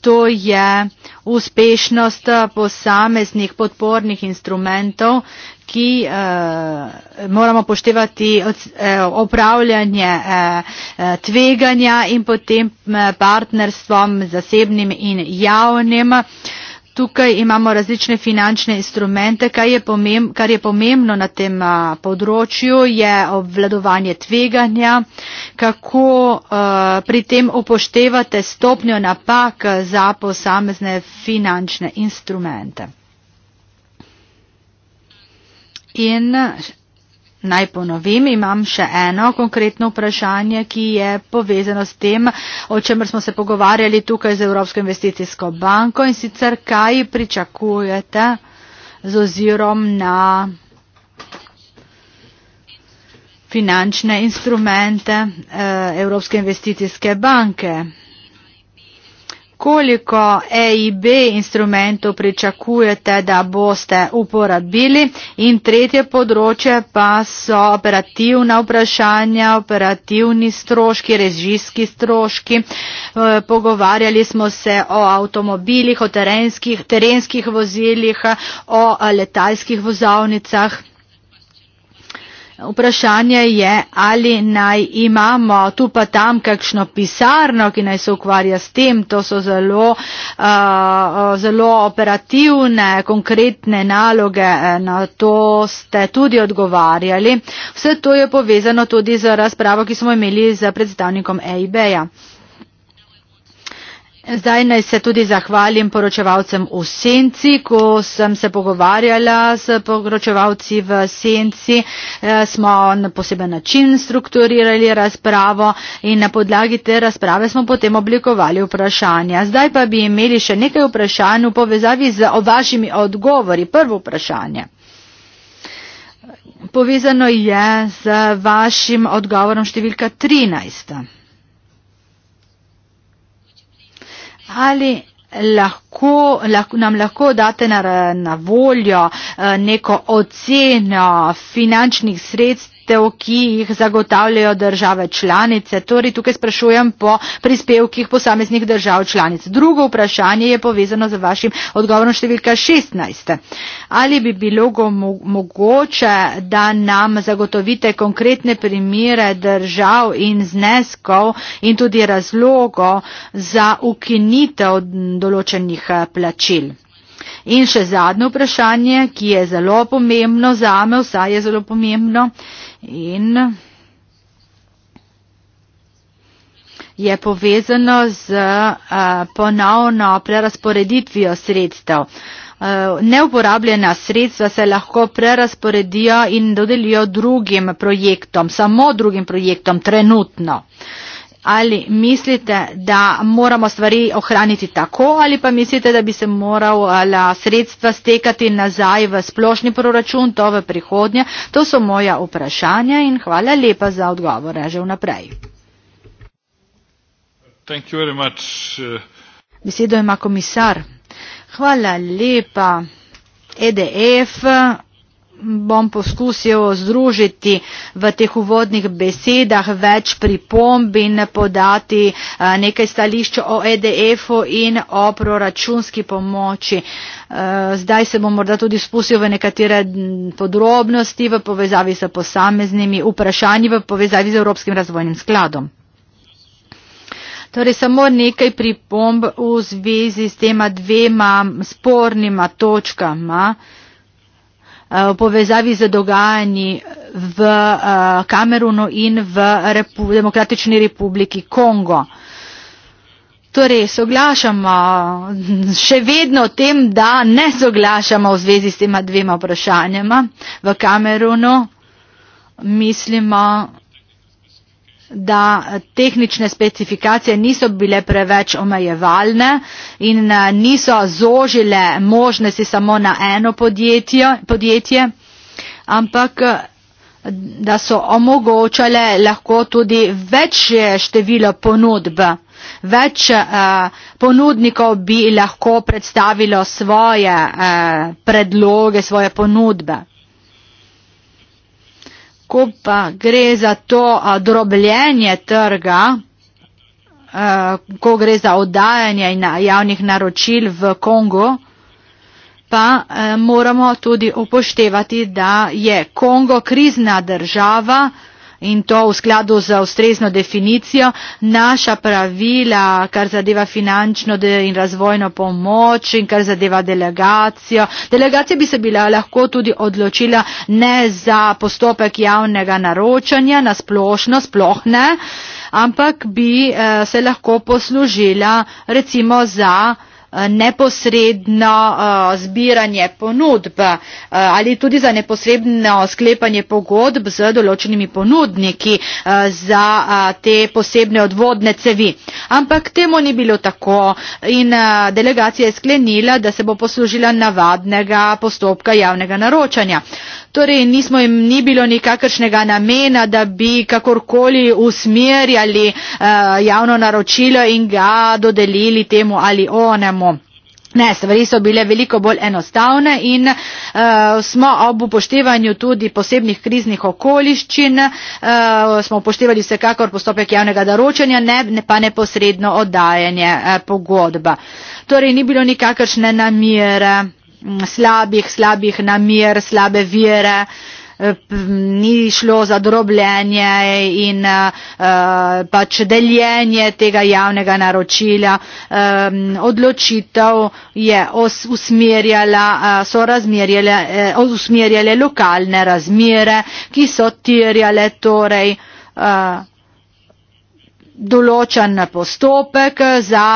to je uspešnost eh, posameznih podpornih instrumentov, ki eh, moramo poštevati eh, opravljanje eh, eh, tveganja in potem partnerstvom zasebnim in javnim. Eh, tukaj imamo različne finančne instrumente, kar je, pomem, kar je pomembno na tem a, področju, je obvladovanje tveganja, kako a, pri tem upoštevate stopnjo napak za posamezne finančne instrumente. In Naj ponovim, imam še eno konkretno vprašanje, ki je povezano s tem, o čemer smo se pogovarjali tukaj z Evropsko investicijsko banko in sicer kaj pričakujete z ozirom na finančne instrumente eh, Evropske investicijske banke koliko EIB instrumentov pričakujete, da boste uporabili in tretje področje pa so operativna vprašanja, operativni stroški, režijski stroški. E, pogovarjali smo se o avtomobilih, o terenskih, terenskih vozilih, o letalskih vozavnicah. Vprašanje je, ali naj imamo tu pa tam kakšno pisarno, ki naj se ukvarja s tem. To so zelo, uh, uh zelo operativne, konkretne naloge. Eh, na to ste tudi odgovarjali. Vse to je povezano tudi z razpravo, ki smo imeli z predstavnikom EIB-ja. Zdaj naj se tudi zahvalim poročevalcem v senci, ko sem se pogovarjala s poročevalci v senci, eh, smo na poseben način strukturirali razpravo in na podlagi te razprave smo potem oblikovali vprašanja. Zdaj pa bi imeli še nekaj vprašanj v povezavi z vašimi odgovori. Prvo vprašanje. Povezano je z vašim odgovorom številka 13. Ali lahko, lahko, nam lahko date na, na voljo eh, neko oceno finančnih sredstev? sredstev, ki jih zagotavljajo države članice. Torej, tukaj sprašujem po prispevkih posameznih držav članic. Drugo vprašanje je povezano z vašim odgovorom številka 16. Ali bi bilo mogoče, da nam zagotovite konkretne primere držav in zneskov in tudi razlogo za ukinitev določenih plačil? In še zadnje vprašanje, ki je zelo pomembno za me, vsaj je zelo pomembno in je povezano z eh, ponovno prerasporeditvijo sredstev. Eh, neuporabljena sredstva se lahko prerasporedijo in dodelijo drugim projektom, samo drugim projektom trenutno ali mislite, da moramo stvari ohraniti tako, ali pa mislite, da bi se morala sredstva stekati nazaj v splošni proračun, to v prihodnje? To so moja vprašanja in hvala lepa za odgovore že vnaprej. Uh, Besedo ima komisar. Hvala lepa. EDF bom poskusil združiti v teh uvodnih besedah več pripomb in podati eh, nekaj stališč o EDF-u in o proračunski pomoči. Eh, zdaj se bom morda tudi spustil v nekatere podrobnosti v povezavi s posameznimi vprašanji v povezavi z Evropskim razvojnim skladom. Torej samo nekaj pripomb v zvezi s tema dvema spornima točkama. Eh, v povezavi z dogajanji v eh, Kamerunu in v Demokratični republiki Kongo. Torej, soglašamo še vedno o tem, da ne soglašamo v zvezi s tema dvema vprašanjama v Kamerunu. Mislimo, da tehnične specifikacije niso bile preveč omejevalne in eh, niso zožile možnosti samo na eno podjetje, podjetje ampak eh, da so omogočale lahko tudi večje število ponudb. Več eh, ponudnikov bi lahko predstavilo svoje eh, predloge, svoje ponudbe ko pa gre za to drobljenje trga, eh, ko gre za oddajanje javnih naročil v Kongo, pa eh, moramo tudi upoštevati, da je Kongo krizna država, in to v skladu z ustrezno definicijo. Naša pravila, kar zadeva finančno in razvojno pomoč in kar zadeva delegacijo. Delegacija bi se bila lahko tudi odločila ne za postopek javnega naročanja na splošno, sploh ne, ampak bi eh, se lahko poslužila recimo za Eh, neposredno eh, zbiranje ponudb eh, ali tudi za neposredno sklepanje pogodb z določenimi ponudniki za te posebne odvodne cevi. Ampak temu ni bilo tako in delegacija je sklenila, da se bo poslužila navadnega postopka javnega naročanja. Torej, nismo jim ni bilo nikakršnega namena, da bi kakorkoli usmerjali uh, javno naročilo in ga dodelili temu ali onemu. Ne, stvari so bile veliko bolj enostavne in uh, smo ob upoštevanju tudi posebnih kriznih okoliščin, uh, smo upoštevali vsekakor postopek javnega daročanja, ne, ne pa neposredno oddajanje eh, pogodba. Torej, ni bilo nikakršne namere, slabih, slabih namer, slabe vire. Uh, ni šlo za drobljenje in eh, eh, pač deljenje tega javnega naročila. Odločitev je usmerjala eh, lokalne razmere, ki so tirjale torej določen postopek za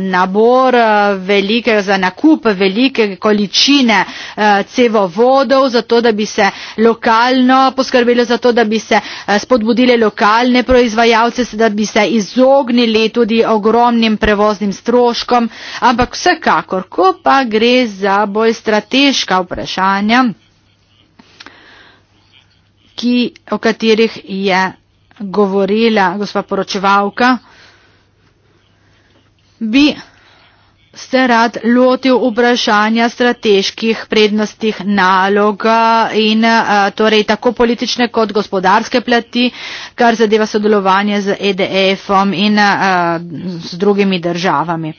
nabor velike, za nakup velike količine cevovodov, zato da bi se lokalno poskrbelo, zato da bi se spodbudile lokalne proizvajalce, da bi se izognili tudi ogromnim prevoznim stroškom. Ampak vsekakor, ko pa gre za bolj strateška vprašanja, ki, o katerih je govorila gospa poročevalka, bi se rad lotil vprašanja strateških prednostih naloga eh, in eh, torej tako politične kot gospodarske plati, kar zadeva sodelovanje z EDF-om in s eh, drugimi državami.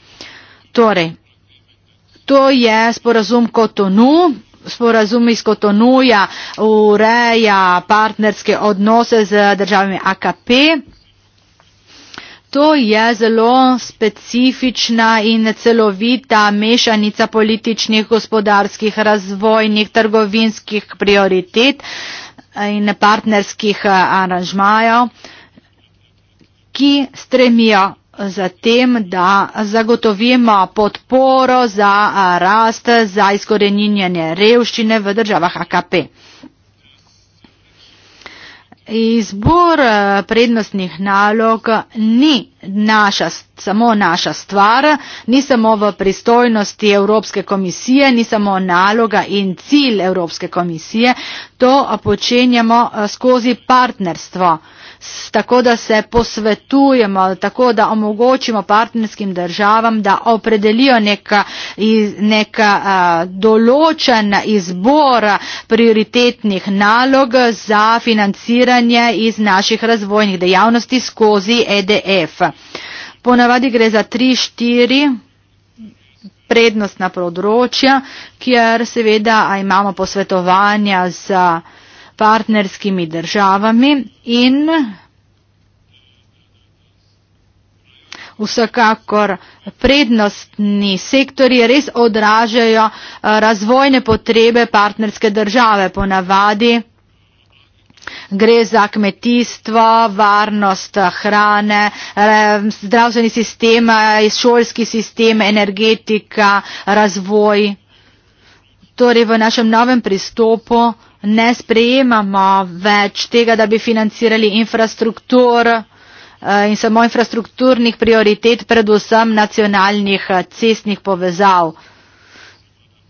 Torej, to je sporazum Kotonu, sporazum iz Kotonuja ureja partnerske odnose z državami AKP. To je zelo specifična in celovita mešanica političnih, gospodarskih, razvojnih, trgovinskih prioritet in partnerskih eh, aranžmajev, ki stremijo za tem, da zagotovimo podporo za rast, za izkoreninjanje revščine v državah AKP. Izbor prednostnih nalog ni naša, samo naša stvar, ni samo v pristojnosti Evropske komisije, ni samo naloga in cilj Evropske komisije, to počenjamo skozi partnerstvo tako da se posvetujemo, tako da omogočimo partnerskim državam, da opredelijo neka, neka določena izbora prioritetnih nalog za financiranje iz naših razvojnih dejavnosti skozi EDF. Ponavadi gre za 3-4 prednostna področja, kjer seveda imamo posvetovanja za partnerskimi državami in vsekakor prednostni sektori res odražajo eh, razvojne potrebe partnerske države po navadi. Gre za kmetijstvo, varnost hrane, eh, zdravstveni sistem, eh, šolski sistem, energetika, razvoj. Torej v našem novem pristopu ne sprejemamo več tega, da bi financirali infrastruktur eh, in samo infrastrukturnih prioritet, predvsem nacionalnih eh, cestnih povezav.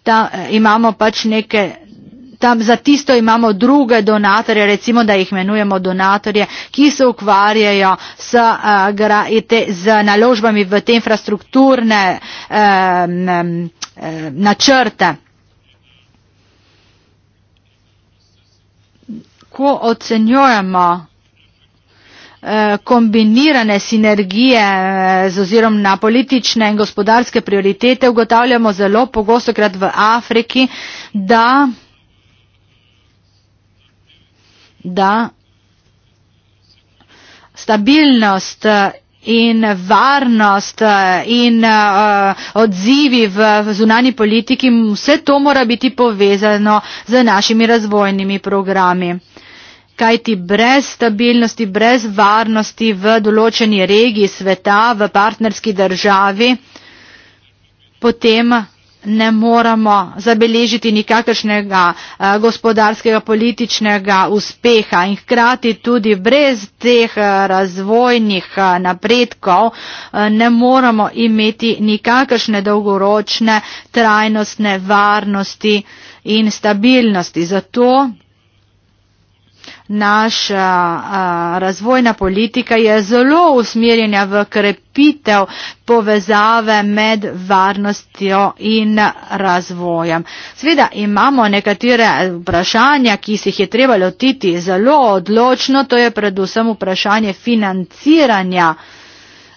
Ta, eh, imamo pač neke. Tam za tisto imamo druge donatorje, recimo da jih imenujemo donatorje, ki se ukvarjajo s, z naložbami v te infrastrukturne načrte. Na lahko ocenjujemo eh, kombinirane sinergije eh, z ozirom na politične in gospodarske prioritete, ugotavljamo zelo pogosto krat v Afriki, da, da stabilnost eh, in varnost in uh, odzivi v, v zunani politiki, vse to mora biti povezano z našimi razvojnimi programi kajti brez stabilnosti, brez varnosti v določeni regiji sveta, v partnerski državi, potem ne moramo zabeležiti nikakršnega eh, gospodarskega, političnega uspeha in hkrati tudi brez teh eh, razvojnih eh, napredkov ne moramo imeti nikakršne dolgoročne, trajnostne varnosti in stabilnosti. Zato naša a, razvojna politika je zelo usmerjena v krepitev povezave med varnostjo in razvojem. Sveda imamo nekatere vprašanja, ki se jih je treba lotiti zelo odločno, to je predvsem vprašanje financiranja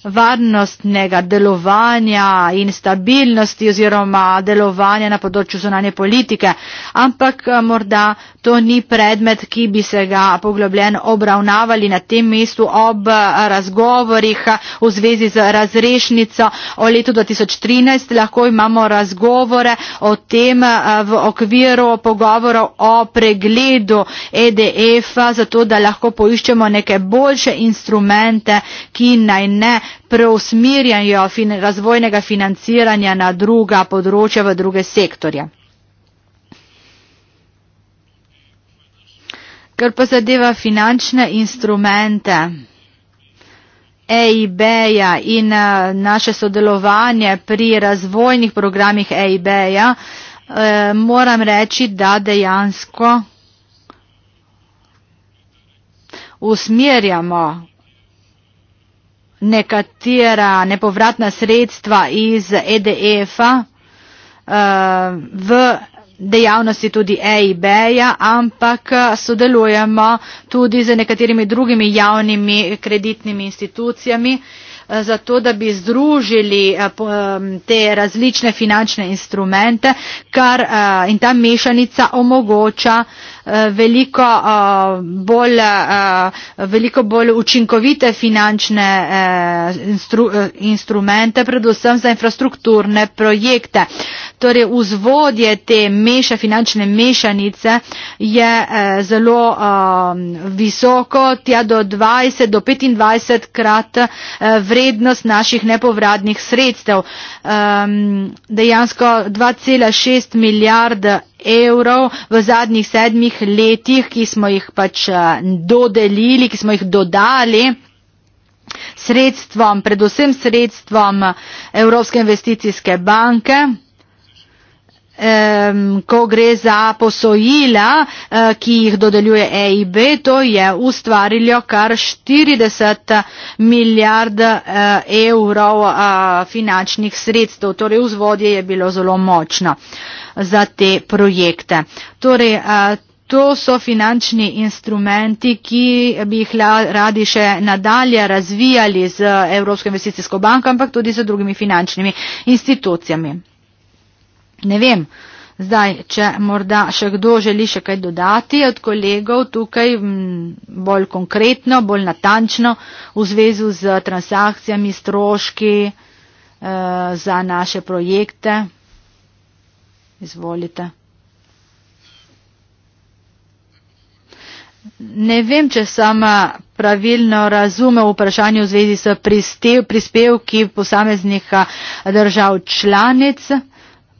varnostnega delovanja in stabilnosti oziroma delovanja na področju zunanje politike, ampak eh, morda to ni predmet, ki bi se ga poglobljen obravnavali na tem mestu ob eh, razgovorih eh, v zvezi z razrešnico o letu 2013. Lahko imamo razgovore o tem v okviru pogovorov o pregledu EDF-a, zato da lahko poiščemo neke boljše instrumente, ki naj ne preusmirjanju fin razvojnega financiranja na druga področja v druge sektorje. Kar pa zadeva finančne instrumente EIB-ja in eh, naše sodelovanje pri razvojnih programih EIB-ja, eh, moram reči, da dejansko usmerjamo nekatera nepovratna sredstva iz EDF-a e eh, v dejavnosti tudi EIB-ja, ampak eh, sodelujemo tudi z nekaterimi drugimi javnimi kreditnimi institucijami, eh, zato da bi združili te različne finančne instrumente, kar in ta mešanica omogoča, veliko eh, bolj, eh, veliko bolj učinkovite finančne eh, instru, instrumente, predvsem za infrastrukturne projekte. Torej, vzvodje te meša, finančne mešanice je zelo visoko, tja do 20 do 25 krat vrednost naših nepovratnih sredstev. Dejansko 2,6 milijarde evrov v zadnjih sedmih letih, ki smo jih pač eh, dodelili, ki smo jih dodali sredstvom, predvsem sredstvom Evropske investicijske banke ko gre za posojila, eh, ki jih dodeljuje EIB, to je ustvarilo kar 40 milijard eh, evrov eh, finančnih sredstev, torej vzvodje je bilo zelo močno za te projekte. Torej, To so finančni instrumenti, ki bi jih radi še nadalje razvijali z Evropsko investicijsko banko, ampak tudi z drugimi finančnimi institucijami ne vem. Zdaj, če morda še kdo želi še kaj dodati od kolegov tukaj bolj konkretno, bolj natančno v zvezi z transakcijami, stroški eh, za naše projekte. Izvolite. Ne vem, če sem eh, pravilno razumel vprašanje v zvezi s prispevki posameznih eh, držav članic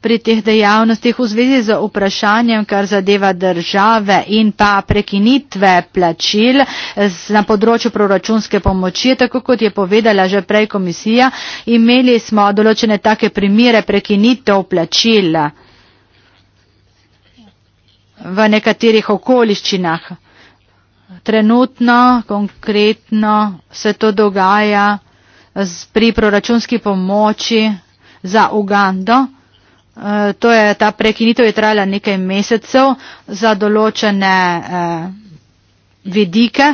pri teh dejavnostih v zvezi z vprašanjem, kar zadeva države in pa prekinitve plačil na področju proračunske pomoči. Tako kot je povedala že prej komisija, imeli smo določene take primere prekinitev plačil v nekaterih okoliščinah. Trenutno, konkretno se to dogaja pri proračunski pomoči za Ugando. Eh, to je, ta prekinitev je trajala nekaj mesecev za določene eh, vidike.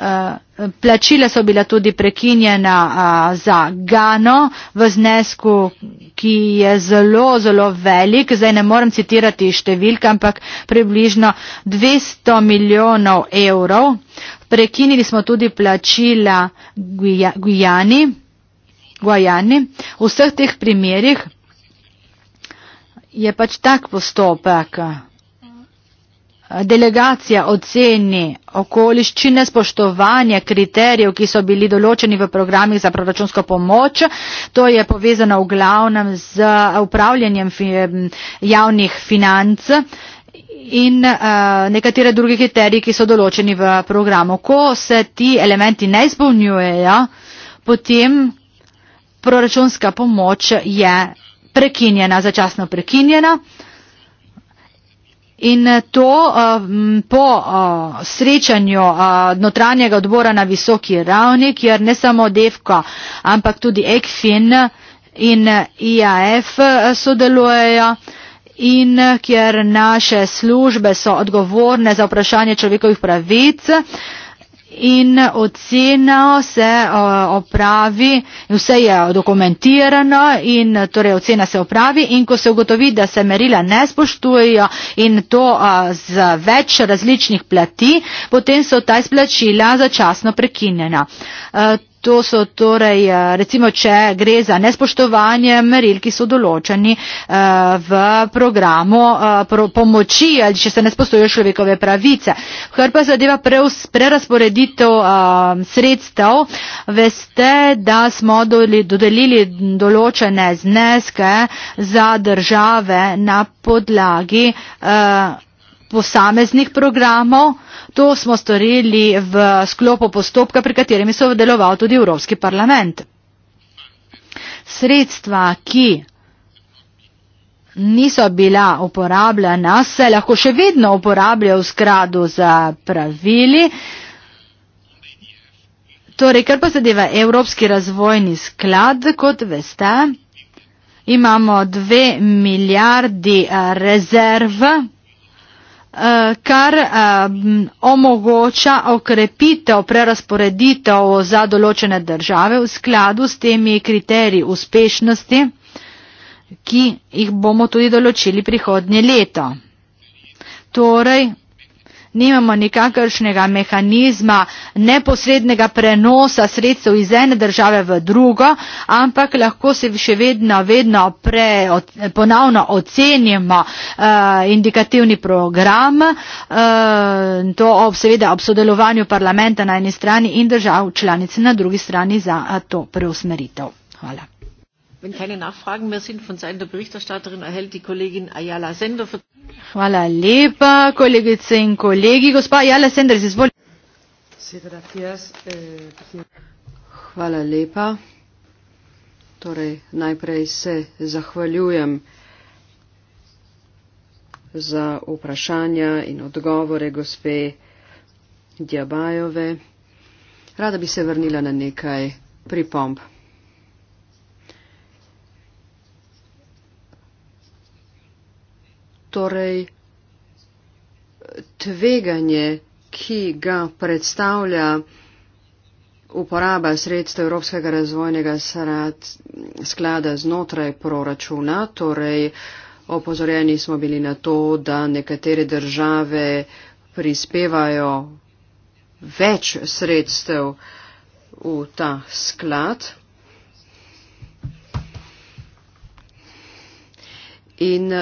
Eh, plačile so bile tudi prekinjena eh, za Gano v znesku, ki je zelo, zelo velik. Zdaj ne morem citirati številka, ampak približno 200 milijonov evrov. Prekinili smo tudi plačila Guajani. Guja, v vseh teh primerjih je pač tak postopek. Delegacija oceni okoliščine spoštovanja kriterijev, ki so bili določeni v programih za proračunsko pomoč. To je povezano v glavnem z upravljanjem javnih financ in uh, nekatere druge kriterije, ki so določeni v programu. Ko se ti elementi ne izpolnjujejo, potem proračunska pomoč je prekinjena, začasno prekinjena. In eh, to eh, po eh, srečanju notranjega odbora na visoki ravni, kjer ne samo DEFKA, ampak tudi ECFIN in IAF sodelujejo in kjer naše službe so odgovorne za vprašanje človekovih pravic in oceno se opravi, vse je dokumentirano in torej ocena se opravi in ko se ugotovi, da se merila ne spoštujejo in to z več različnih plati, potem so ta izplačila začasno prekinjena. To so torej, eh, recimo, če gre za nespoštovanje meril, ki so določeni eh, v programu eh, pomoči ali če se ne spoštujejo človekove pravice. Kar pa zadeva prerasporeditev sredstev, veste, da smo dodelili določene zneske za države na podlagi posameznih programov. To smo storili v sklopu postopka, pri katerem je sodeloval tudi Evropski parlament. Sredstva, ki niso bila uporabljena, se lahko še vedno uporabljajo v skladu z pravili. Torej, kar pa zadeva Evropski razvojni sklad, kot veste, imamo dve milijardi rezerv. Eh, kar eh, omogoča okrepitev, prerasporeditev za določene države v skladu s temi kriteriji uspešnosti, ki jih bomo tudi določili prihodnje leto. Torej, nimamo nikakršnega mehanizma neposrednega prenosa sredstev iz ene države v drugo, ampak lahko se še vedno, vedno pre, od, ponavno ocenimo uh, indikativni program, uh, to ob, seveda ob sodelovanju parlamenta na eni strani in držav članic na drugi strani za eh, to preusmeritev. Hvala. Wenn keine Nachfragen mehr sind von Seiten der Berichterstatterin, erhält die Kollegin Ayala Sende. Für Hvala lepa, kolegice in kolegi. Gospa Jala Sanders, izvolite. Eh, Hvala lepa. Torej, najprej se zahvaljujem za vprašanja in odgovore gospe Djabajove. Rada bi se vrnila na nekaj pripomb. torej tveganje, ki ga predstavlja uporaba sredstev Evropskega razvojnega srat, sklada znotraj proračuna, torej opozorjeni smo bili na to, da nekatere države prispevajo več sredstev v ta sklad. In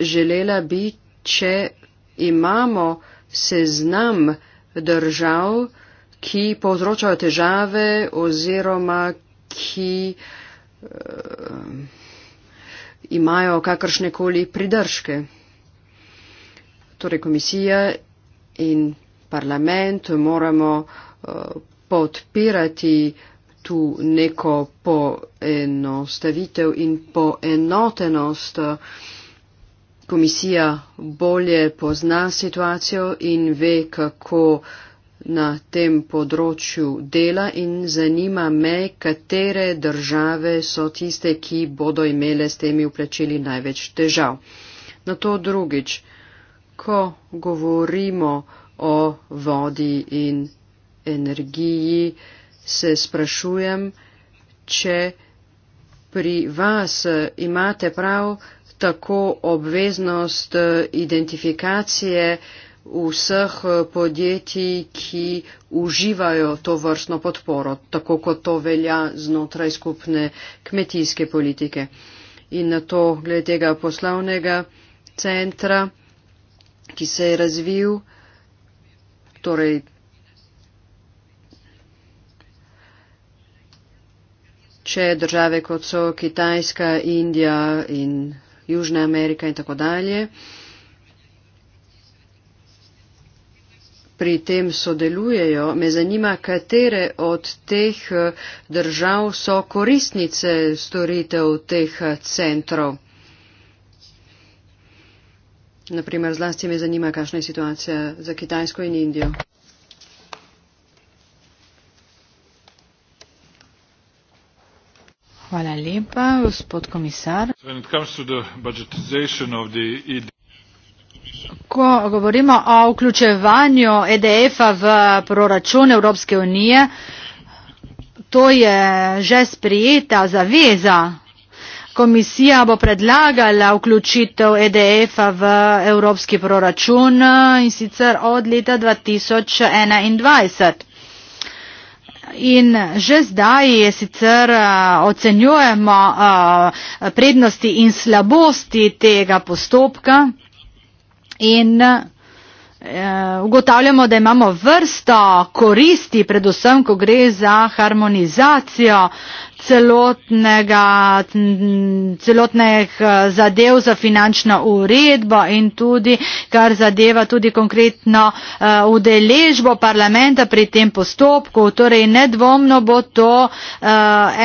želela bi, če imamo seznam držav, ki povzročajo težave oziroma ki uh, imajo kakršnekoli pridržke. Torej komisija in parlament moramo uh, podpirati tu neko poenostavitev in poenotenost. Uh, komisija bolje pozna situacijo in ve, kako na tem področju dela in zanima me, katere države so tiste, ki bodo imele s temi vplačili največ težav. Na to drugič, ko govorimo o vodi in energiji, se sprašujem, če pri vas imate prav, tako obveznost eh, identifikacije vseh eh, podjetij, ki uživajo to vrstno podporo, tako kot to velja znotraj skupne kmetijske politike. In na to glede tega poslovnega centra, ki se je razvil, torej če države kot so Kitajska, Indija in Južna Amerika in tako dalje. Pri tem sodelujejo. Me zanima, katere od teh eh, držav so koristnice storitev teh eh, centrov. Naprimer, zlasti me zanima, kakšna je situacija za Kitajsko in Indijo. Hvala lepa, gospod komisar. E Ko govorimo o vključevanju EDF-a v proračun Evropske unije, to je že sprijeta zaveza. Komisija bo predlagala vključitev EDF-a v evropski proračun in sicer od leta 2021. In že zdaj sicer eh, ocenjujemo eh, prednosti in slabosti tega postopka in Eh, ugotavljamo, da imamo vrsto koristi, predvsem, ko gre za harmonizacijo celotnih eh, zadev za finančno uredbo in tudi, kar zadeva tudi konkretno eh, udeležbo parlamenta pri tem postopku. Torej, nedvomno bo to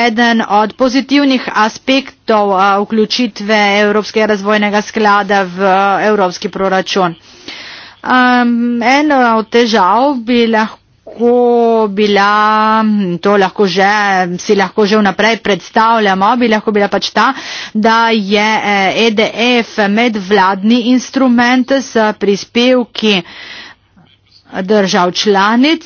eden od pozitivnih aspektov vključitve Evropskega razvojnega sklada v Evropski proračun. Um, ena od težav bi lahko bila, to lahko že, si lahko že vnaprej predstavljamo, bi lahko bila pač ta, da je EDF eh, e medvladni instrument s prispevki držav članic.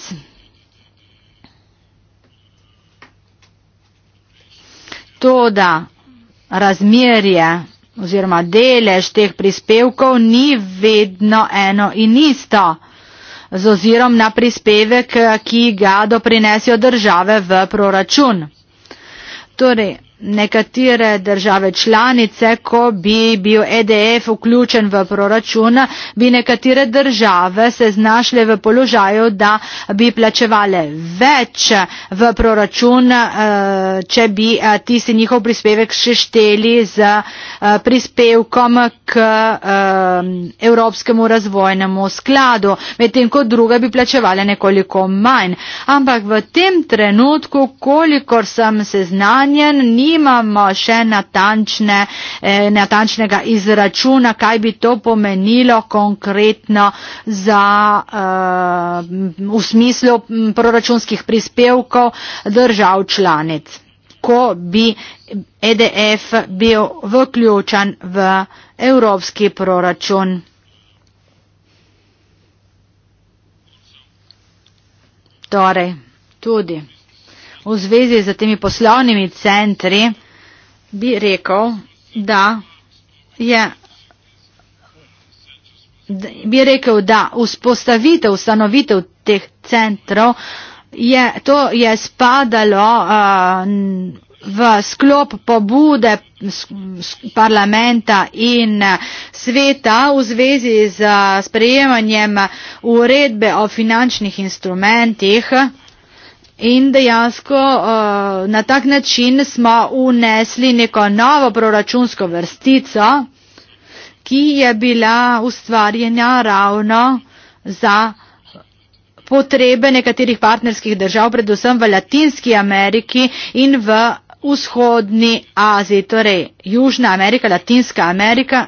To, da razmerje oziroma delež teh prispevkov ni vedno eno in isto z ozirom na prispevek, ki ga doprinesijo države v proračun. Torej, nekatere države članice, ko bi bil EDF vključen v proračun, bi nekatere države se znašle v položaju, da bi plačevale več v proračun, eh, če bi eh, tisti njihov prispevek šešteli z eh, prispevkom k Evropskemu razvojnemu skladu, medtem ko druge bi plačevale nekoliko manj. Ampak v tem trenutku, kolikor sem seznanjen, ni nimamo še natančne, eh, natančnega izračuna, kaj bi to pomenilo konkretno za, eh, v smislu proračunskih prispevkov držav članic, ko bi EDF bil vključen v evropski proračun. Torej, tudi v zvezi z temi poslovnimi centri bi rekel, da je bi rekel, da vzpostavitev, ustanovitev teh centrov je, to je spadalo uh, v sklop pobude parlamenta in sveta v zvezi z sprejemanjem uredbe o finančnih instrumentih. In dejansko uh, na tak način smo unesli neko novo proračunsko vrstico, ki je bila ustvarjena ravno za potrebe nekaterih partnerskih držav, predvsem v Latinski Ameriki in v vzhodni Aziji, torej Južna Amerika, Latinska Amerika.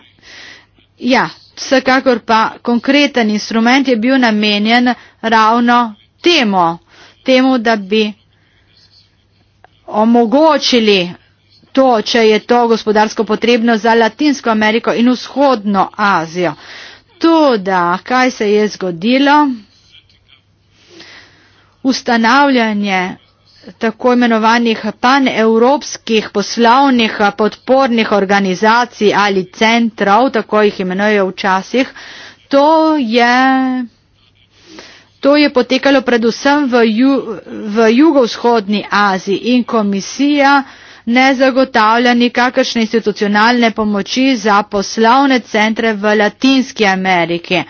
Ja, vsekakor pa konkreten instrument je bil namenjen ravno temu temu, da bi omogočili to, če je to gospodarsko potrebno za Latinsko Ameriko in vzhodno Azijo. Tudi, kaj se je zgodilo? Ustanavljanje tako imenovanih panevropskih poslovnih podpornih organizacij ali centrov, tako jih imenujejo včasih, to je To je potekalo predvsem v, ju, v jugovzhodni Aziji in komisija ne zagotavlja nikakršne institucionalne pomoči za poslovne centre v Latinski Ameriki.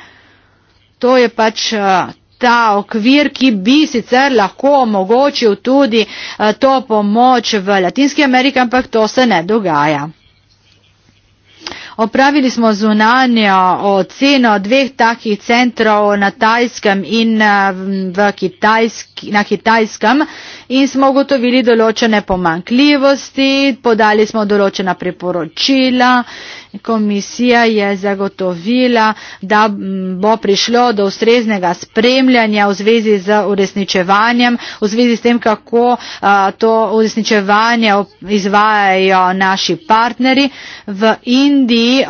To je pač eh, ta okvir, ki bi sicer lahko omogočil tudi eh, to pomoč v Latinski Ameriki, ampak to se ne dogaja. Opravili smo zunanjo oceno dveh takih centrov na Tajskem in eh, v Kitajsk, na Kitajskem in smo ugotovili določene pomankljivosti, podali smo določena priporočila Komisija je zagotovila, da bo prišlo do ustreznega spremljanja v zvezi z uresničevanjem, v zvezi s tem, kako to uresničevanje izvajajo naši partneri. V Indiji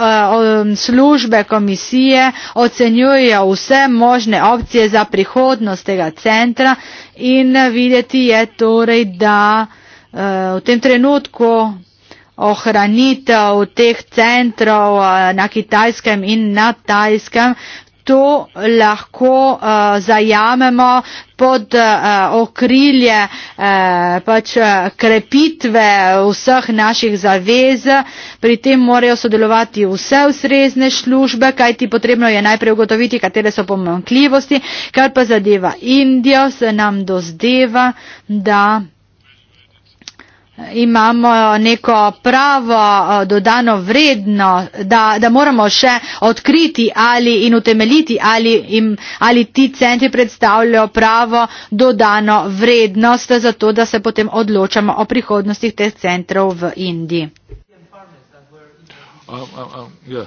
službe komisije ocenjujejo vse možne opcije za prihodnost tega centra in videti je torej, da v tem trenutku ohranitev teh centrov eh, na kitajskem in na tajskem. To lahko uh, zajamemo pod uh, okrilje uh, pač, uh, krepitve vseh naših zavez. Pri tem morajo sodelovati vse ustrezne službe, kajti potrebno je najprej ugotoviti, katere so pomankljivosti. Kar pa zadeva Indijo, se nam dozdeva, da imamo eh, neko pravo eh, dodano vredno, da, da moramo še odkriti ali in utemeljiti, ali, im, ali ti centri predstavljajo pravo dodano vrednost, zato da se potem odločamo o prihodnostih teh centrov v Indiji. Um, um, um, yeah.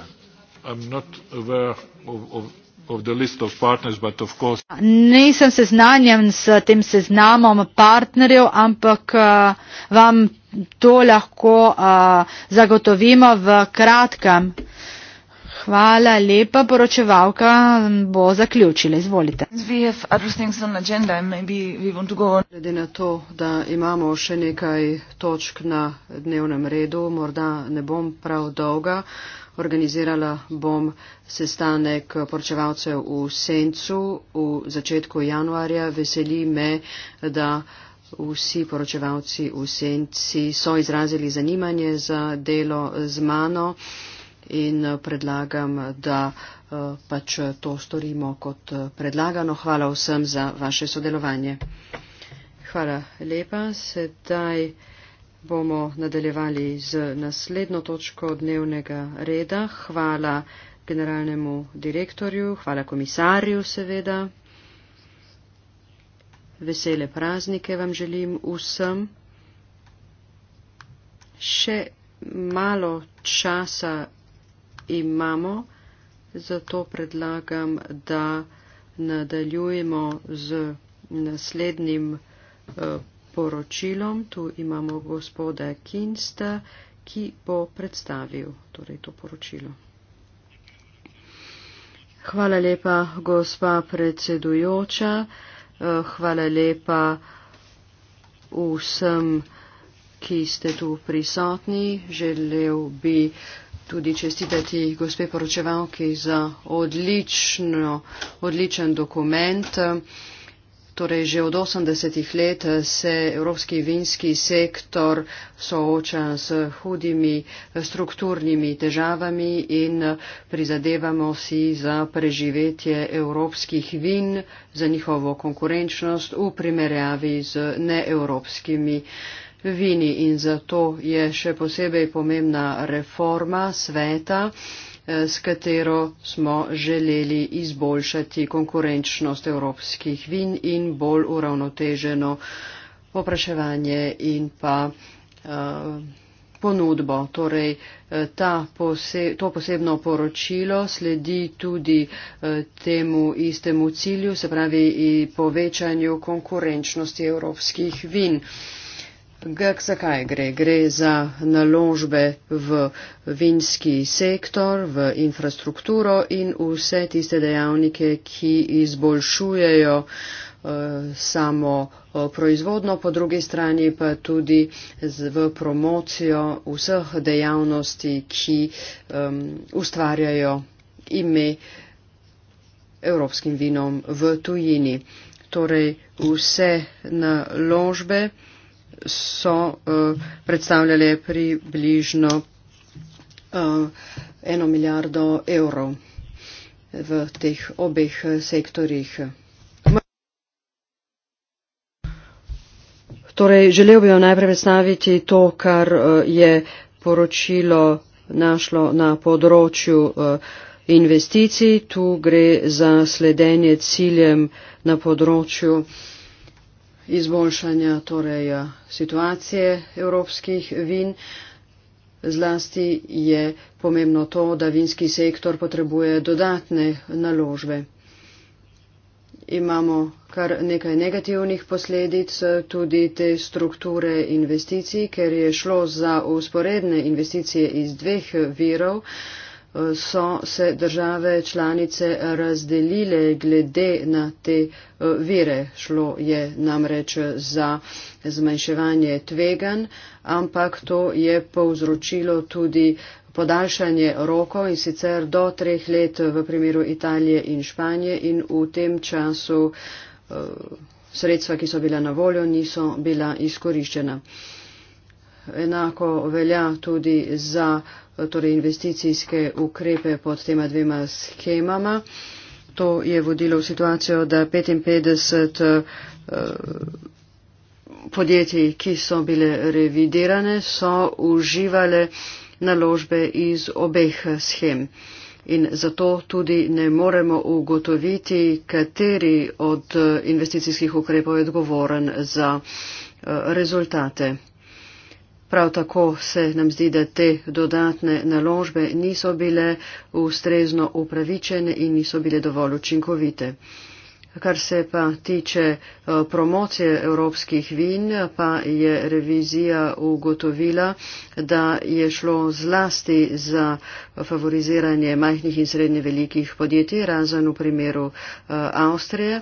Nisem seznanjen s tem seznamom partnerjev, ampak uh, vam to lahko uh, zagotovimo v kratkem. Hvala lepa, poročevalka bo zaključila. Izvolite. Glede na to, da imamo še nekaj točk na dnevnem redu, morda ne bom prav dolga. Uh, Organizirala bom sestanek poročevalcev v Sencu v začetku januarja. Veseli me, da vsi poročevalci v Senci so izrazili zanimanje za delo z mano in predlagam, da eh, pač to storimo kot predlagano. Hvala vsem za vaše sodelovanje. Hvala lepa. Sedaj bomo nadaljevali z naslednjo točko dnevnega reda. Hvala generalnemu direktorju, hvala komisarju seveda. Vesele praznike vam želim vsem. Še malo časa imamo, zato predlagam, da nadaljujemo z naslednjim eh, poročilom. Tu imamo gospoda Kinsta, ki bo predstavil torej to poročilo. Hvala lepa, gospa predsedujoča. Hvala lepa vsem, ki ste tu prisotni. Želel bi tudi čestitati gospe poročevalki za odlično, odličen dokument. Uh, Torej, že od 80-ih let eh, se evropski vinski sektor sooča z hudimi eh, strukturnimi težavami in eh, prizadevamo si za preživetje evropskih vin, za njihovo konkurenčnost v primerjavi z neevropskimi vini. In zato je še posebej pomembna reforma sveta Eh, s katero smo želeli izboljšati konkurenčnost evropskih vin in bolj uravnoteženo popraševanje in pa eh, ponudbo. Torej, eh, ta pose, to posebno poročilo sledi tudi temu istemu cilju, se pravi povečanju konkurenčnosti evropskih vin. Zakaj gre? Gre za naložbe v vinski sektor, v infrastrukturo in vse tiste dejavnike, ki izboljšujejo eh, samo eh, proizvodno, po drugi strani pa tudi v promocijo vseh dejavnosti, ki um, ustvarjajo ime evropskim vinom v tujini. Torej vse naložbe so uh, predstavljale približno uh, eno milijardo evrov v teh obeh eh, sektorjih. Torej, želel bi vam najprej predstaviti to, kar uh, je poročilo našlo na področju uh, investicij. Tu gre za sledenje ciljem na področju uh, izboljšanja torej, eh, situacije evropskih vin. Zlasti je pomembno to, da vinski sektor potrebuje dodatne naložbe. Imamo kar nekaj negativnih posledic eh, tudi te strukture investicij, ker je šlo za usporedne investicije iz dveh virov. Uh, so se države članice razdelile glede na te eh, vire. Šlo je namreč za zmanjševanje tvegan, ampak to je povzročilo tudi podaljšanje rokov in sicer do treh let v primeru Italije in Španije in v tem času eh, sredstva, ki so bila na voljo, niso bila izkoriščena. Enako velja tudi za uh, torej investicijske ukrepe pod tema dvema schemama. To je vodilo v situacijo, da 55 eh, podjetij, ki so bile revidirane, so uživale naložbe iz obeh schem. In zato tudi ne moremo ugotoviti, kateri od investicijskih ukrepov je odgovoren za eh, rezultate. Prav tako se nam zdi, da te dodatne naložbe niso bile ustrezno upravičene in niso bile dovolj učinkovite. Kar se pa tiče eh, promocije evropskih vin, pa je revizija ugotovila, da je šlo zlasti za favoriziranje majhnih in srednje velikih podjetij, razen v primeru eh, Avstrije.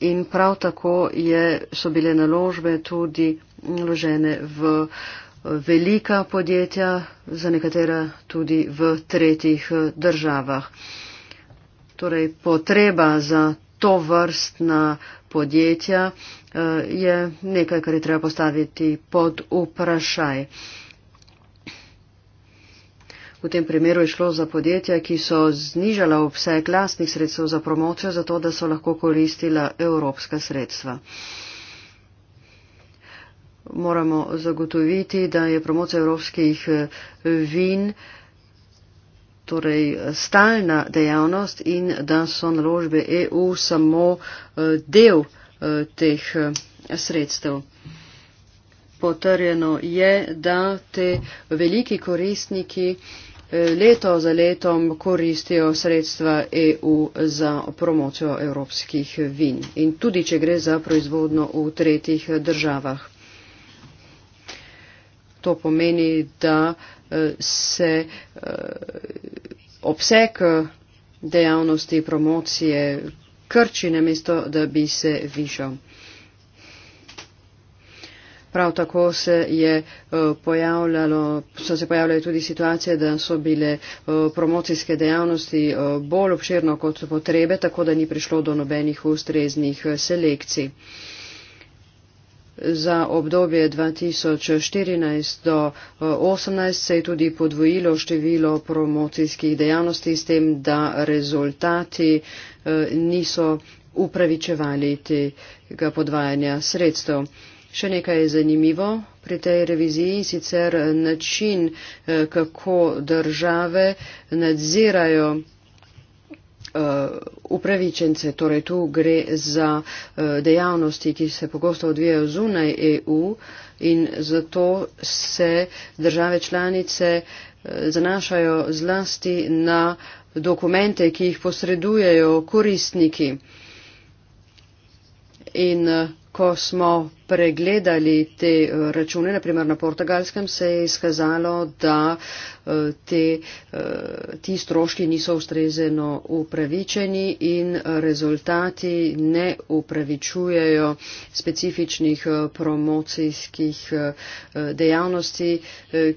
In prav tako je, so bile naložbe tudi vložene v velika podjetja, za nekatera tudi v tretjih državah. Torej, potreba za to vrstna podjetja eh, je nekaj, kar je treba postaviti pod vprašaj. V tem primeru je šlo za podjetja, ki so znižala obseg lastnih sredstev za promocijo, zato da so lahko koristila evropska sredstva. Moramo zagotoviti, da je promocija evropskih eh, vin torej stalna dejavnost in da so naložbe EU samo eh, del eh, teh sredstev. Potrjeno je, da te veliki koristniki uh, leto za letom koristijo sredstva EU za promocijo evropskih vin in tudi, če gre za proizvodno v tretjih državah. To pomeni, da eh, se eh, obseg eh, dejavnosti promocije krči, namesto da bi se višal. Prav tako se je, eh, so se pojavljale tudi situacije, da so bile eh, promocijske dejavnosti eh, bolj obširno kot potrebe, tako da ni prišlo do nobenih ustreznih selekcij. Za obdobje 2014 do 2018 se je tudi podvojilo število promocijskih dejavnosti s tem, da rezultati niso upravičevali tega podvajanja sredstev. Še nekaj je zanimivo pri tej reviziji in sicer eh, način, eh, kako države nadzirajo eh, upravičence, torej tu gre za dejavnosti, ki se pogosto odvijajo zunaj EU in zato se države članice zanašajo zlasti na dokumente, ki jih posredujejo koristniki. In ko smo pregledali te eh, račune, naprimer na portugalskem, se je izkazalo, da eh, te, eh, ti stroški niso ustrezeno upravičeni in rezultati ne upravičujejo specifičnih promocijskih dejavnosti,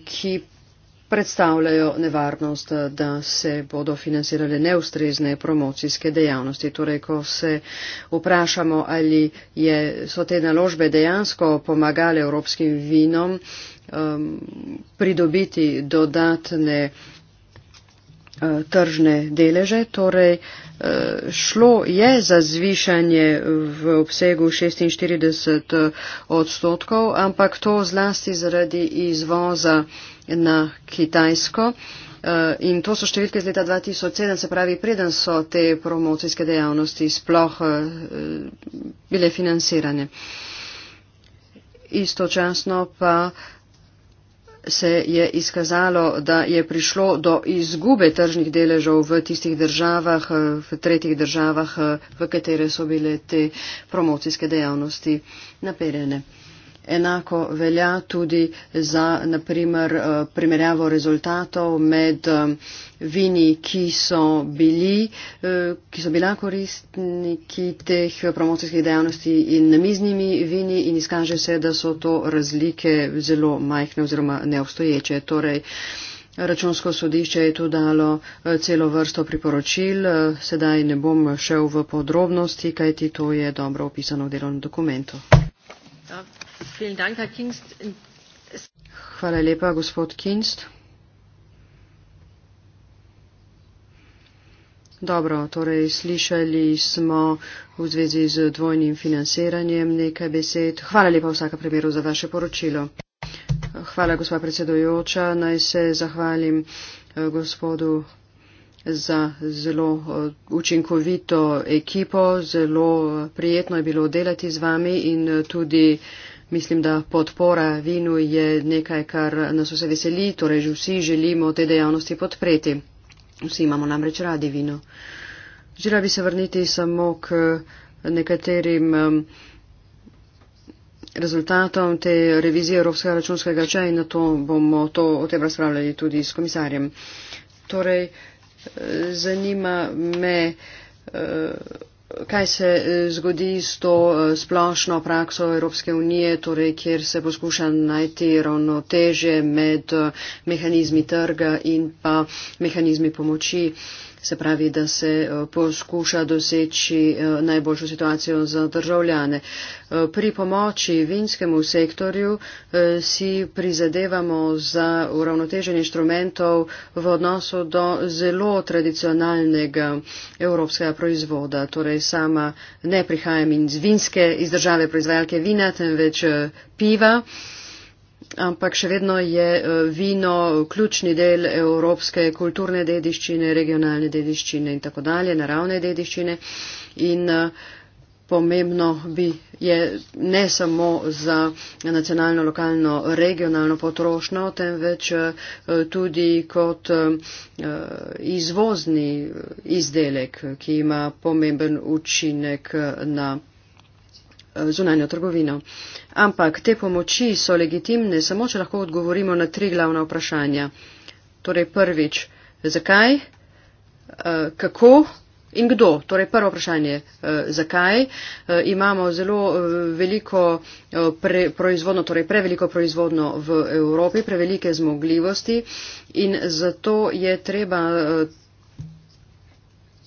ki predstavljajo nevarnost, da se bodo financirale neustrezne promocijske dejavnosti. Torej, ko se vprašamo, ali je, so te naložbe dejansko pomagale evropskim vinom um, pridobiti dodatne Eh, tržne deleže, torej eh, šlo je za zvišanje v obsegu 46 eh, odstotkov, ampak to zlasti zaradi izvoza na Kitajsko. In to so številke z leta 2007, se pravi, preden so te promocijske dejavnosti sploh bile financirane. Istočasno pa uh, se je izkazalo, da je prišlo do izgube tržnih deležev v tistih državah, eh, v tretjih državah, eh, v katere so bile te promocijske dejavnosti naperjene. Enako velja tudi za, naprimer, eh, primerjavo rezultatov med eh, vini, ki so, bili, eh, ki so bila koristniki teh promocijskih dejavnosti in namiznimi vini in izkaže se, da so to razlike zelo majhne oziroma neobstoječe. Torej, Računsko sodišče je tu dalo celo vrsto priporočil, sedaj ne bom šel v podrobnosti, kajti to je dobro opisano v delovnem dokumentu. Ja. Hvala lepa, gospod Kinst. Dobro, torej slišali smo v zvezi z dvojnim financiranjem nekaj besed. Hvala lepa v vsakem primeru za vaše poročilo. Hvala, gospa predsedojoča. Naj se zahvalim eh, gospodu za zelo eh, učinkovito ekipo. Zelo eh, prijetno je bilo delati z vami in tudi. Mislim, da podpora vinu je nekaj, kar nas vse veseli, torej že vsi želimo te dejavnosti podpreti. Vsi imamo namreč radi vino. Želela bi se vrniti samo k nekaterim um, rezultatom te revizije Evropskega računskega čaja in na to bomo to, o tem razpravljali tudi s komisarjem. Torej, eh, zanima me. Uh, kaj se e, zgodi s to e, splošno prakso Evropske unije, torej kjer se poskuša najti ravnoteže med e, mehanizmi trga in pa mehanizmi pomoči. Se pravi, da se eh, poskuša doseči eh, najboljšo situacijo za državljane. Eh, pri pomoči vinskemu sektorju si prizadevamo za uravnoteženje inštrumentov v odnosu do zelo tradicionalnega evropskega proizvoda. Torej sama ne prihajam iz vinske, iz države proizvajalke vina, temveč piva ampak še vedno je e, vino ključni del evropske kulturne dediščine, regionalne dediščine in tako dalje, naravne dediščine. In e, pomembno bi je ne samo za nacionalno, lokalno, regionalno potrošnjo, temveč e, tudi kot izvozni izdelek, ki ima pomemben učinek na zunanjo trgovino. Uh, Ampak te pomoči so legitimne, samo če lahko odgovorimo na tri glavna vprašanja. Torej prvič, zakaj, eh, kako in kdo. Torej prvo vprašanje, eh, zakaj eh, imamo zelo veliko pre, proizvodno, torej preveliko proizvodno v Evropi, prevelike zmogljivosti in zato je treba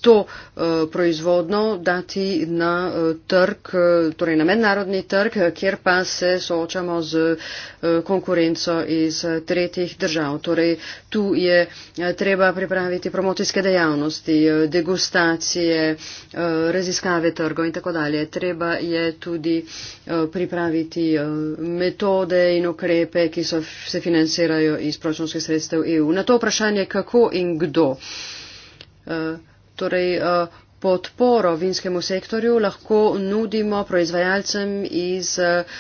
to eh, proizvodno dati na eh, trg, eh, torej na mednarodni trg, kjer pa se soočamo z konkurenco iz tretjih držav. Torej, tu je treba pripraviti promocijske dejavnosti, degustacije, raziskave trgov in tako dalje. Treba je tudi pripraviti metode in okrepe, ki so, se financirajo iz proračunskih sredstev EU. Na to vprašanje, kako in kdo. Uh, torej eh, podporo vinskemu sektorju lahko nudimo proizvajalcem iz eh,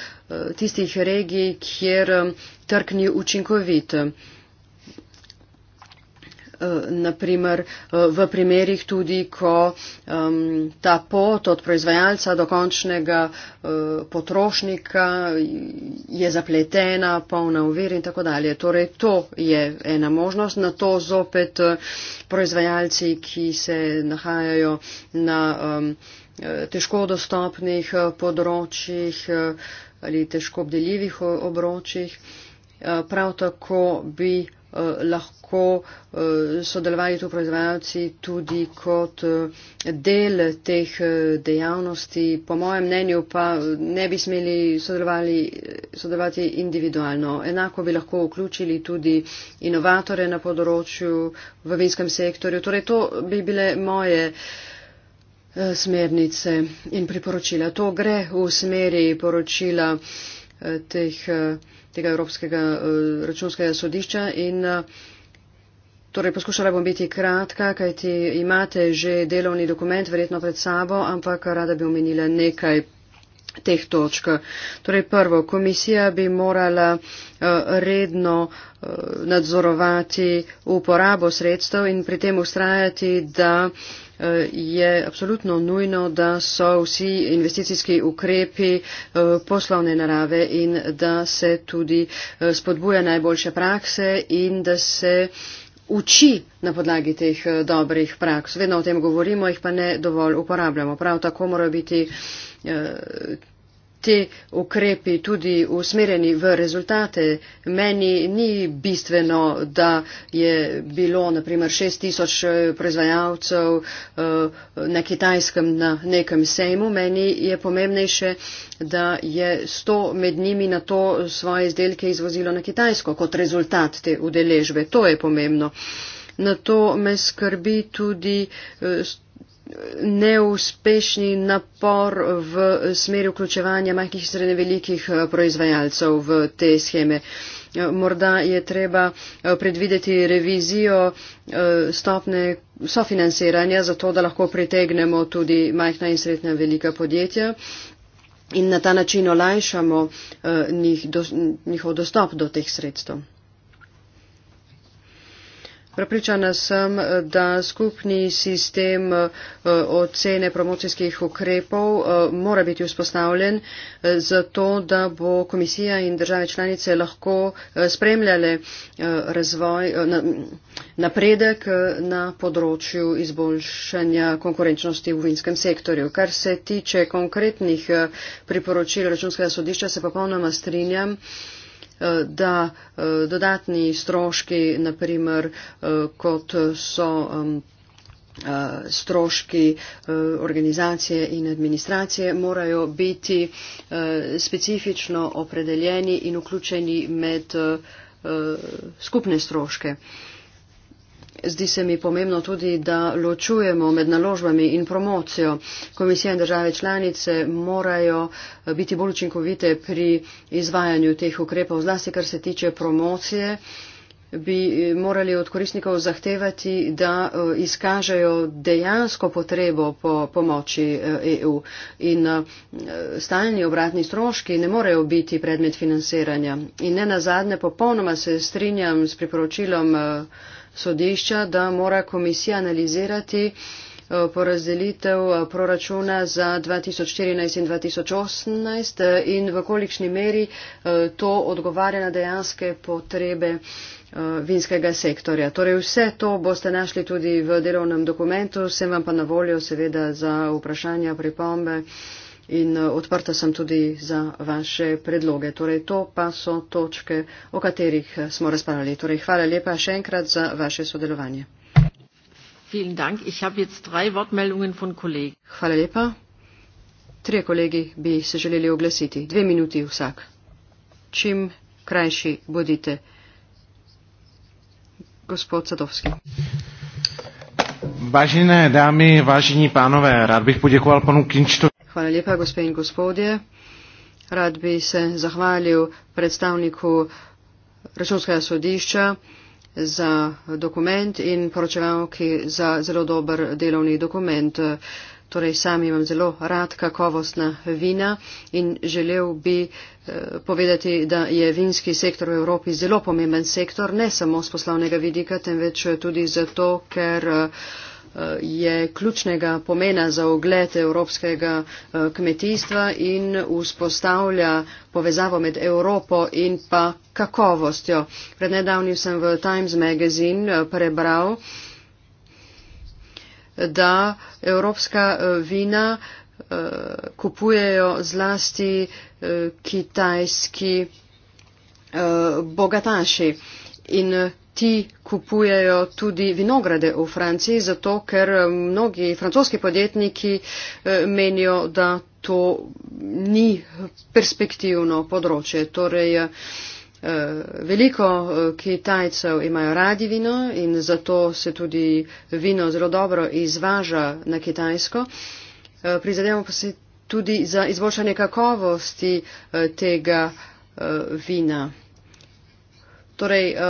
tistih regij, kjer eh, trg ni učinkovit. Eh, naprimer eh, v primerih tudi, ko um, ta pot od proizvajalca do končnega uh, potrošnika je zapletena, polna uvir in tako dalje. Torej, to je ena možnost. Na to zopet proizvajalci, ki se nahajajo na um, težko dostopnih področjih ali težko obdeljivih obročjih, prav tako bi Eh, lahko eh, sodelovali tu proizvajalci tudi kot eh, del teh dejavnosti. Po mojem mnenju pa ne bi smeli sodelovati individualno. Enako bi lahko vključili tudi inovatore na področju v vinskem sektorju. Torej, to bi bile moje smernice in priporočila. To gre v smeri poročila Eh, teh, eh, tega Evropskega eh, računskega sodišča in torej poskušala bom biti kratka, kajti imate že delovni dokument verjetno pred sabo, ampak rada bi omenila nekaj teh točk. Torej prvo, komisija bi morala redno nadzorovati uporabo sredstev in pri tem ustrajati, da uh, Eh, je absolutno nujno, da so vsi investicijski ukrepi eh, poslovne narave in da se tudi eh, spodbuja najboljše prakse in da se uči na podlagi teh dobrih praks. Vedno o tem govorimo, jih pa ne dovolj uporabljamo. Prav tako morajo biti te ukrepi tudi usmereni v rezultate. Meni ni bistveno, da je bilo naprimer 6000 eh, proizvajalcev eh, na kitajskem na nekem sejmu. Meni je pomembnejše, da je 100 med njimi na to svoje izdelke izvozilo na kitajsko kot rezultat te udeležbe. To je pomembno. Na to me skrbi tudi eh, neuspešni napor v smeri vključevanja majhnih in srednje velikih eh, proizvajalcev v te scheme. Eh, morda je treba eh, predvideti revizijo stopne sofinanciranja, zato da lahko pritegnemo tudi majhna in srednja velika podjetja in na ta način olajšamo njihov dostop do teh sredstev. Prepričana sem, da skupni sistem eh, ocene promocijskih ukrepov eh, mora biti vzpostavljen eh, zato, da bo komisija in države članice lahko spremljale razvoj, napredek na področju izboljšanja konkurenčnosti v vinskem sektorju. Kar se tiče konkretnih priporočil računskega sodišča, se popolnoma strinjam. Eh, da eh, dodatni stroški, naprimer, eh, kot so stroški organizacije in administracije morajo biti specifično opredeljeni in vključeni med skupne stroške. Zdi se mi pomembno tudi, da ločujemo med naložbami in promocijo. Komisija in države članice morajo eh, biti bolj učinkovite pri izvajanju teh ukrepov, zlasti kar se tiče promocije bi eh, morali od koristnikov zahtevati, da eh, izkažejo dejansko potrebo po pomoči EU. E in stalni obratni stroški ne morejo biti predmet financiranja. In ne nazadnje, popolnoma se strinjam s priporočilom sodišča, da mora komisija analizirati eh, porazdelitev eh, proračuna za 2014 in 2018 eh, in v kolikšni meri to odgovarja na dejanske potrebe vinskega sektorja. Torej vse to boste našli tudi v delovnem dokumentu, sem vam pa na voljo seveda za vprašanja, pripombe in eh, odprta sem tudi za vaše predloge. Torej, to pa so točke, o katerih eh, smo razpravljali. Torej, hvala lepa še enkrat za vaše sodelovanje. Hvala lepa. Tri kolegi bi se želeli oglasiti. Dve minuti vsak. Čim krajši bodite. Gospod Sadovski. Vážené dámy, vážení pánové, rád bych poděkoval panu Kinčtovi. Hvala lepa, gospe in gospodje. Rad bi se zahvalil predstavniku računskega sodišča za dokument in poročevalki za zelo dober delovni dokument. Torej, sam imam zelo rad kakovostna vina in želel bi eh, povedati, da je vinski sektor v Evropi zelo pomemben sektor, ne samo z poslovnega vidika, temveč tudi zato, ker eh, je ključnega pomena za ogled evropskega eh, kmetijstva in vzpostavlja povezavo med Evropo in pa kakovostjo. Pred nedavnim sem v Times Magazine eh, prebral, da evropska eh, vina kupujejo zlasti kitajski bogataši. In ti kupujejo tudi vinograde v Franciji, zato ker eh, mnogi francoski podjetniki eh, menijo, da to ni perspektivno področje. Torej, eh, veliko Kitajcev imajo radi vino in zato se tudi vino zelo dobro izvaža na Kitajsko. Prizadevamo pa se tudi za izboljšanje kakovosti tega vina. Torej, eh,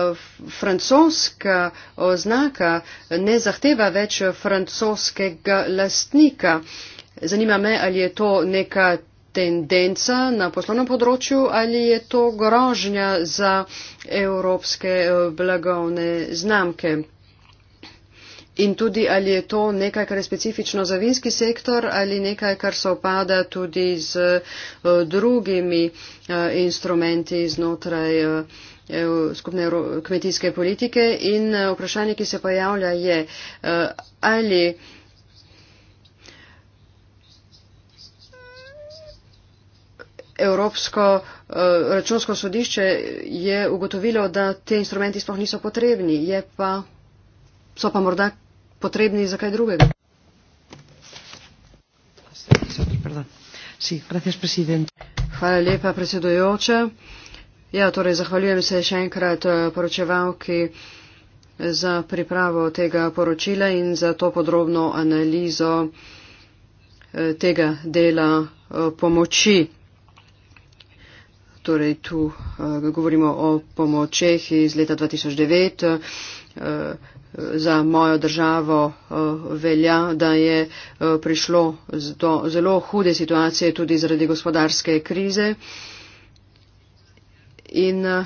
francoska eh, oznaka ne zahteva več eh, francoskega lastnika. Zanima me, ali je to neka tendenca na poslovnem področju ali je to grožnja za evropske blagovne znamke. In tudi, ali je to nekaj, kar je specifično za vinski sektor ali nekaj, kar se opada tudi z drugimi instrumenti znotraj skupne kmetijske politike in eh, vprašanje, ki se pojavlja, je, eh, ali Evropsko eh, računsko sodišče je ugotovilo, da te instrumenti sploh niso potrebni, pa, so pa morda potrebni za kaj drugega. Hvala lepa, predsedujoča. Ja, torej zahvaljujem se še enkrat eh, poročevalki za pripravo tega poročila in za to podrobno analizo eh, tega dela eh, pomoči. Torej tu govorimo o pomočeh iz leta 2009. Za mojo državo velja, da je prišlo do zelo hude situacije tudi zaradi gospodarske krize. In eh,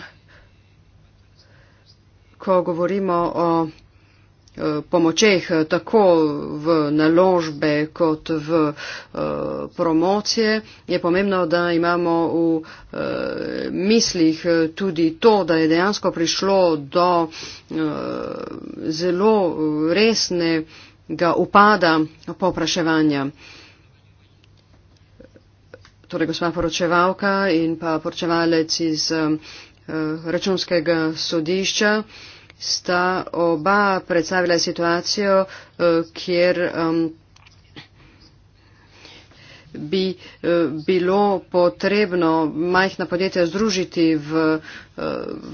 ko govorimo o eh, pomočeh eh, tako v naložbe kot v promocije, je pomembno, da imamo v mislih tudi to, da je dejansko prišlo do zelo resnega upada popraševanja torej gospa poročevalka in pa poročevalec iz eh, računskega sodišča, sta oba predstavila situacijo, eh, kjer bi eh, bilo potrebno majhna podjetja združiti v,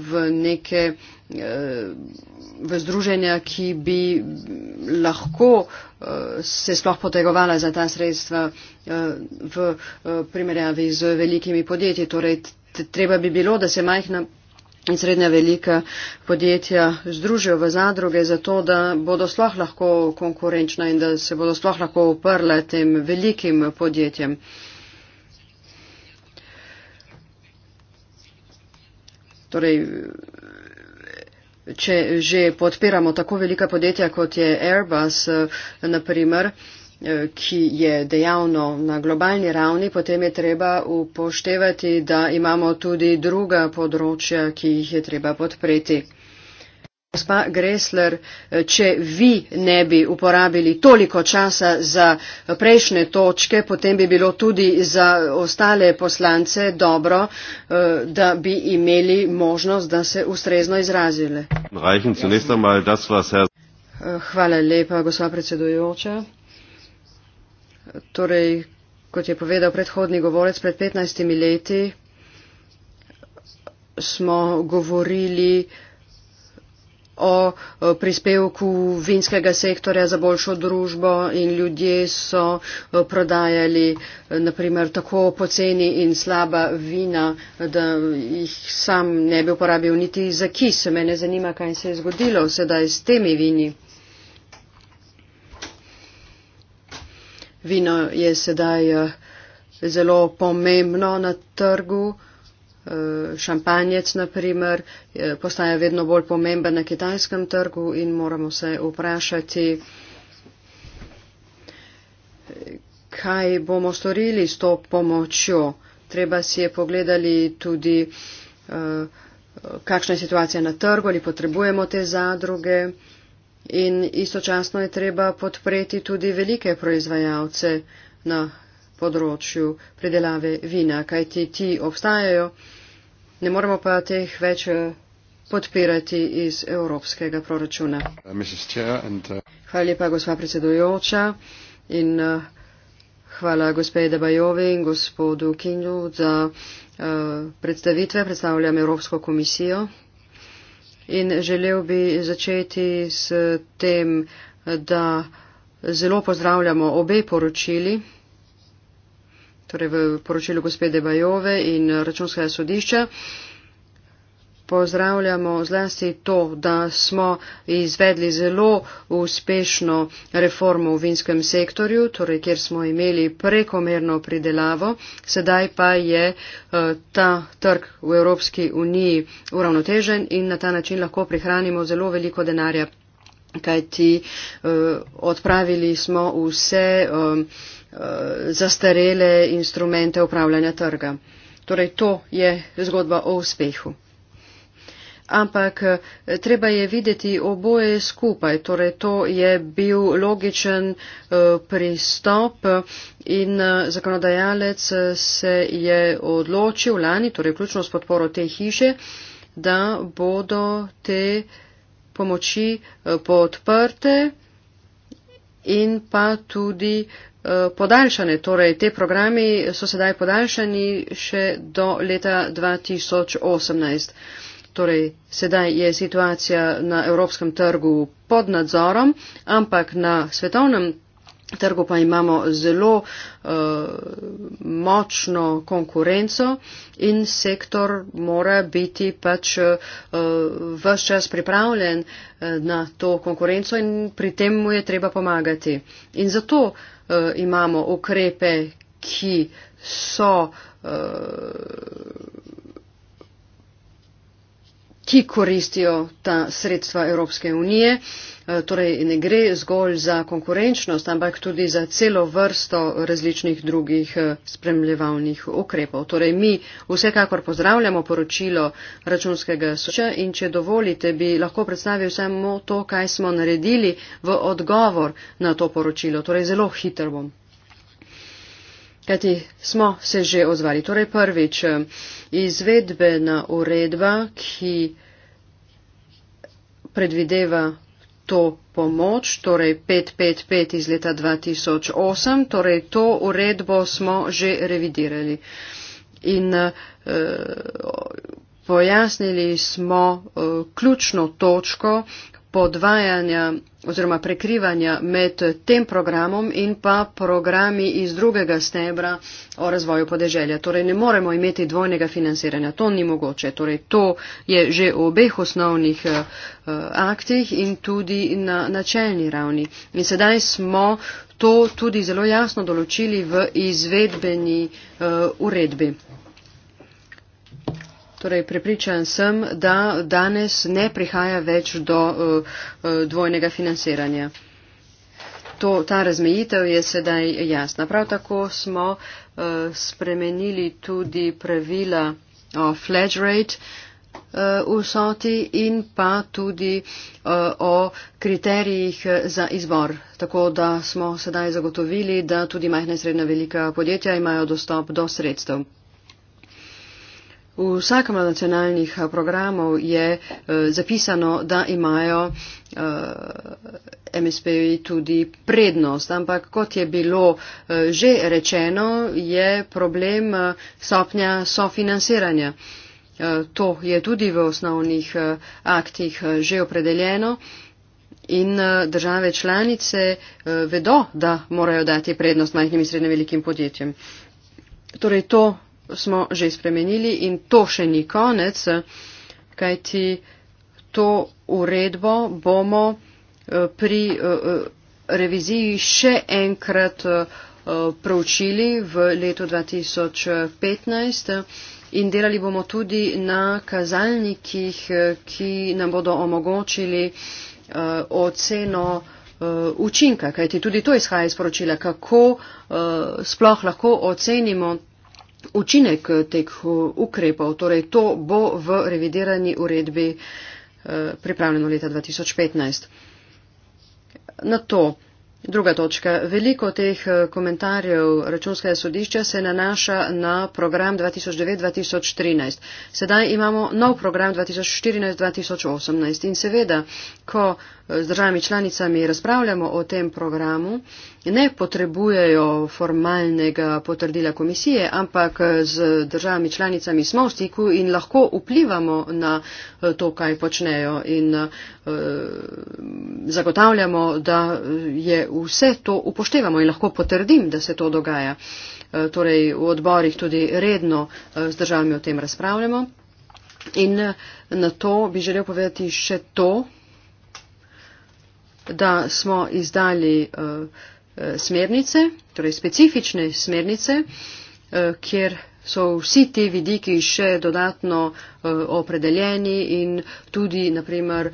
v neke Eh, v združenja, ki bi lahko eh, se sploh potegovala za ta sredstva eh, v primerjavi z velikimi podjetji. Torej, treba bi bilo, da se majhna in srednja velika podjetja združijo v zadruge, zato da bodo sploh lahko konkurenčna in da se bodo sploh lahko uprle tem velikim podjetjem. Torej, če že podpiramo tako velika podjetja, kot je Airbus, eh, naprimer, eh, ki je dejavno na globalni ravni, potem je treba upoštevati, da imamo tudi druga področja, ki jih je treba podpreti. Gospa Gresler, eh, če vi ne bi uporabili toliko časa za prejšnje točke, potem bi bilo tudi za ostale poslance dobro, eh, da bi imeli možnost, da se ustrezno izrazile. Eh, hvala lepa, gospa predsedujoča. Torej, kot je povedal predhodni govorec, pred 15 leti smo govorili, o prispevku vinskega sektorja za boljšo družbo in ljudje so prodajali e, naprimer tako poceni in slaba vina, da jih sam ne bi uporabil niti za kis. Mene zanima, kaj se je zgodilo sedaj s temi vini. Vino je sedaj e, zelo pomembno na trgu. Eh, šampanjec naprimer postaja vedno bolj pomemben na kitajskem trgu in moramo se vprašati, kaj bomo storili s to pomočjo. Treba si je pogledali tudi, eh, kakšna je situacija na trgu, ali potrebujemo te zadruge. In istočasno je treba podpreti tudi velike proizvajalce na področju predelave vina, kajti ti obstajajo, ne moremo pa teh več eh, podpirati iz evropskega proračuna. Uh, uh, hvala lepa, gospa predsedujoča in eh, hvala gospej Debajovi in gospodu Kinju za eh, predstavitve. Predstavljam Evropsko komisijo in želel bi začeti s tem, da zelo pozdravljamo obe poročili torej v poročilu gospede Bajove in računskega sodišča. Pozdravljamo zlasti to, da smo izvedli zelo uspešno reformo v vinskem sektorju, torej kjer smo imeli prekomerno pridelavo, sedaj pa je eh, ta trg v Evropski uniji uravnotežen in na ta način lahko prihranimo zelo veliko denarja, kajti eh, odpravili smo vse. Um, Eh, zastarele instrumente upravljanja trga. Torej, to je zgodba o uspehu. Ampak eh, treba je videti oboje skupaj, torej to je bil logičen uh, pristop in uh, zakonodajalec se je odločil lani, torej ključno s podporo te hiše, da bodo te pomoči uh, podprte in pa tudi uh, podaljšane, torej te programi so sedaj podaljšani še do leta 2018. Torej, sedaj je situacija na evropskem trgu pod nadzorom, ampak na svetovnem trgu pa imamo zelo uh, močno konkurenco in sektor mora biti pač uh, eh, vse čas pripravljen uh, na to konkurenco in pri tem mu je treba pomagati. In zato uh, Eh, imamo ukrepe, ki so eh, ki koristijo ta sredstva Evropske unije. E, torej ne gre zgolj za konkurenčnost, ampak tudi za celo vrsto različnih drugih e, spremljevalnih ukrepov. Torej mi vsekakor pozdravljamo poročilo računskega sodišča in če dovolite, bi lahko predstavil samo to, kaj smo naredili v odgovor na to poročilo. Torej zelo hitro bom. Kajti smo se že ozvali. Torej prvič, eh, izvedbena uredba, ki predvideva to pomoč, torej 555 iz leta 2008, torej to uredbo smo že revidirali. In eh, pojasnili smo eh, ključno točko, podvajanja oziroma prekrivanja med tem programom in pa programi iz drugega stebra o razvoju podeželja. Torej ne moremo imeti dvojnega financiranja, to ni mogoče. Torej to je že v obeh osnovnih uh, aktih in tudi na načelni ravni. In sedaj smo to tudi zelo jasno določili v izvedbeni uh, uredbi. Torej, prepričan sem, da danes ne prihaja več do eh, eh, dvojnega financiranja. To, ta razmejitev je sedaj jasna. Prav tako smo eh, spremenili tudi pravila o flat rate v soti in pa tudi o kriterijih za izbor. Tako da smo sedaj zagotovili, da tudi majhna in srednja velika podjetja imajo dostop do sredstev. V vsakem od nacionalnih eh, programov je eh, zapisano, da imajo eh, MSP-ji tudi prednost, ampak kot je bilo že rečeno, je problem stopnja sofinansiranja. To je tudi v osnovnih aktih že opredeljeno in države članice vedo, da morajo dati prednost majhnim in srednje velikim podjetjem. Torej, to smo že spremenili in to še ni konec, kajti to uredbo bomo eh, pri eh, eh, reviziji še enkrat proučili v letu 2015. In delali bomo tudi na kazalnikih, ki nam bodo omogočili uh, oceno uh, učinka, kajti tudi to izhaja iz poročila, kako uh, sploh lahko ocenimo učinek eh, teh eh, ukrepov, torej to bo v revidirani uredbi eh, pripravljeno leta 2015. Na to druga točka. Veliko teh komentarjev računskega sodišča se nanaša na program 2009-2013. Sedaj imamo nov program 2014-2018 in seveda, ko z državami članicami razpravljamo o tem programu, ne potrebujejo formalnega potrdila komisije, ampak z državami članicami smo v stiku in lahko vplivamo na eh, to, kaj počnejo in eh, zagotavljamo, da eh, je vse to upoštevamo in lahko potrdim, da se to dogaja. Torej v odborih tudi redno z državami o tem razpravljamo. In na to bi želel povedati še to, da smo izdali eh, eh, smernice, torej specifične smernice, eh, kjer so vsi ti vidiki še dodatno opredeljeni in tudi, naprimer,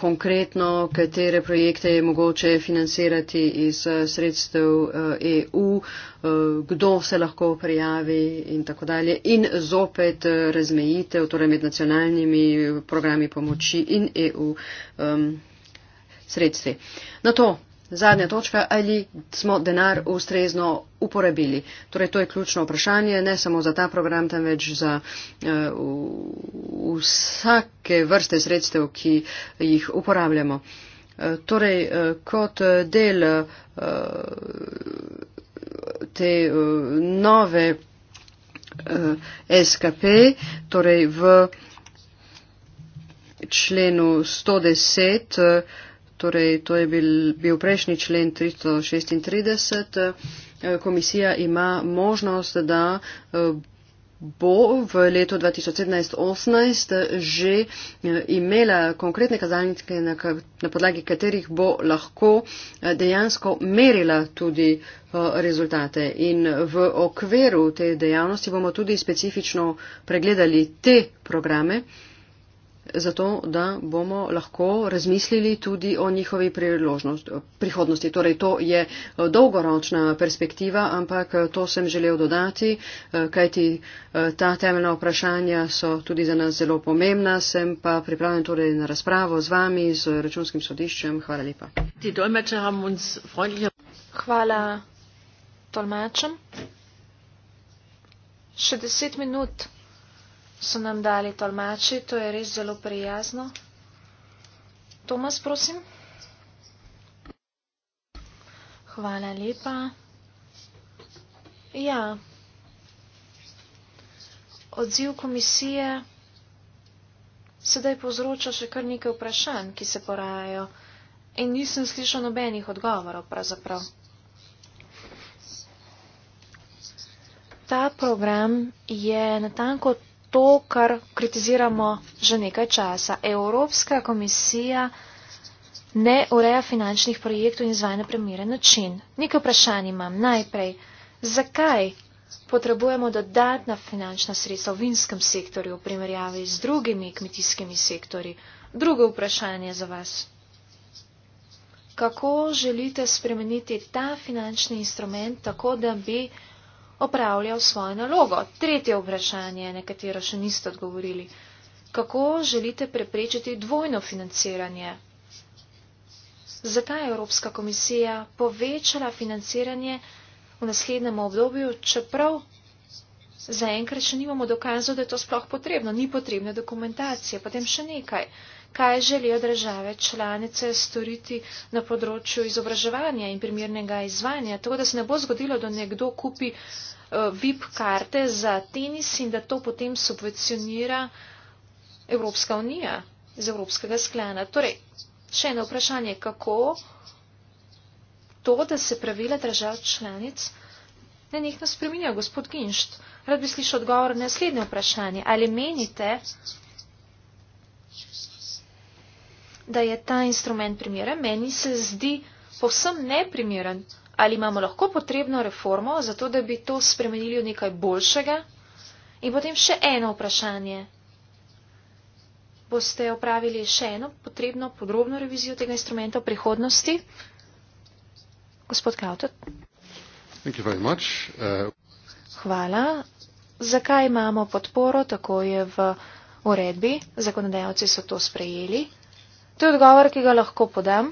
konkretno, katere projekte je mogoče financirati iz sredstev EU, e kdo se lahko prijavi in tako dalje. In zopet razmejitev, torej med nacionalnimi programi pomoči in EU. Um, sredstvi. Na to zadnja točka, ali smo denar ustrezno uporabili. Torej, to je ključno vprašanje, ne samo za ta program, temveč za uh, vsake vrste sredstev, ki jih uporabljamo. Eh, torej, eh, kot del te nove SKP, torej v členu 110, Torej, to je bil, bil prejšnji člen 336. Eh, komisija ima možnost, da eh, bo v letu 2017-2018 eh, že imela konkretne kazalnike, na, na podlagi katerih bo lahko dejansko merila tudi rezultate. In v okviru te dejavnosti bomo tudi specifično pregledali te programe zato, da bomo lahko razmislili tudi o njihovi prihodnosti. Torej, to je eh, dolgoročna perspektiva, ampak eh, to sem želel dodati, eh, kajti ta temeljna vprašanja so tudi za nas zelo pomembna. Sem pa pripravljen torej na razpravo z vami, z računskim sodiščem. Hvala lepa. Hvala tolmačem. Še deset minut so nam dali tolmači, to je res zelo prijazno. Tomas, prosim. Hvala lepa. Ja, odziv komisije sedaj povzroča še kar nekaj vprašanj, ki se porajajo in nisem slišal nobenih odgovorov pravzaprav. Ta program je natanko to, kar kritiziramo že nekaj časa. Evropska komisija ne ureja finančnih projektov in izvaja na primeren način. Nekaj vprašanj imam najprej. Zakaj potrebujemo dodatna finančna sredstva v vinskem sektorju v primerjavi z drugimi kmetijskimi sektori? Drugo vprašanje za vas. Kako želite spremeniti ta finančni instrument tako, da bi opravljal svojo nalogo. Tretje vprašanje, nekatero še niste odgovorili. Kako želite preprečiti dvojno financiranje? Zakaj je Evropska komisija povečala financiranje v naslednjem obdobju, čeprav zaenkrat še nimamo dokazov, da je to sploh potrebno, ni potrebne dokumentacije, potem še nekaj kaj želijo države članice storiti na področju izobraževanja in primernega izvanja, tako da se ne bo zgodilo, da nekdo kupi eh, VIP karte za tenis in da to potem subvencionira Evropska unija iz Evropskega sklana. Torej, še eno vprašanje, kako to, da se pravila držav članic ne njih nas spreminja, gospod Ginšt. Rad bi slišal odgovor na naslednje vprašanje. Ali menite, da je ta instrument primeren, meni se zdi povsem neprimeren. Ali imamo lahko potrebno reformo, zato da bi to spremenili v nekaj boljšega? In potem še eno vprašanje. Boste opravili še eno potrebno podrobno revizijo tega instrumenta v prihodnosti? Gospod Kautot. Uh, Hvala. Zakaj imamo podporo, tako je v uredbi, zakonodajalci so to sprejeli. To je odgovor, ki ga lahko podam.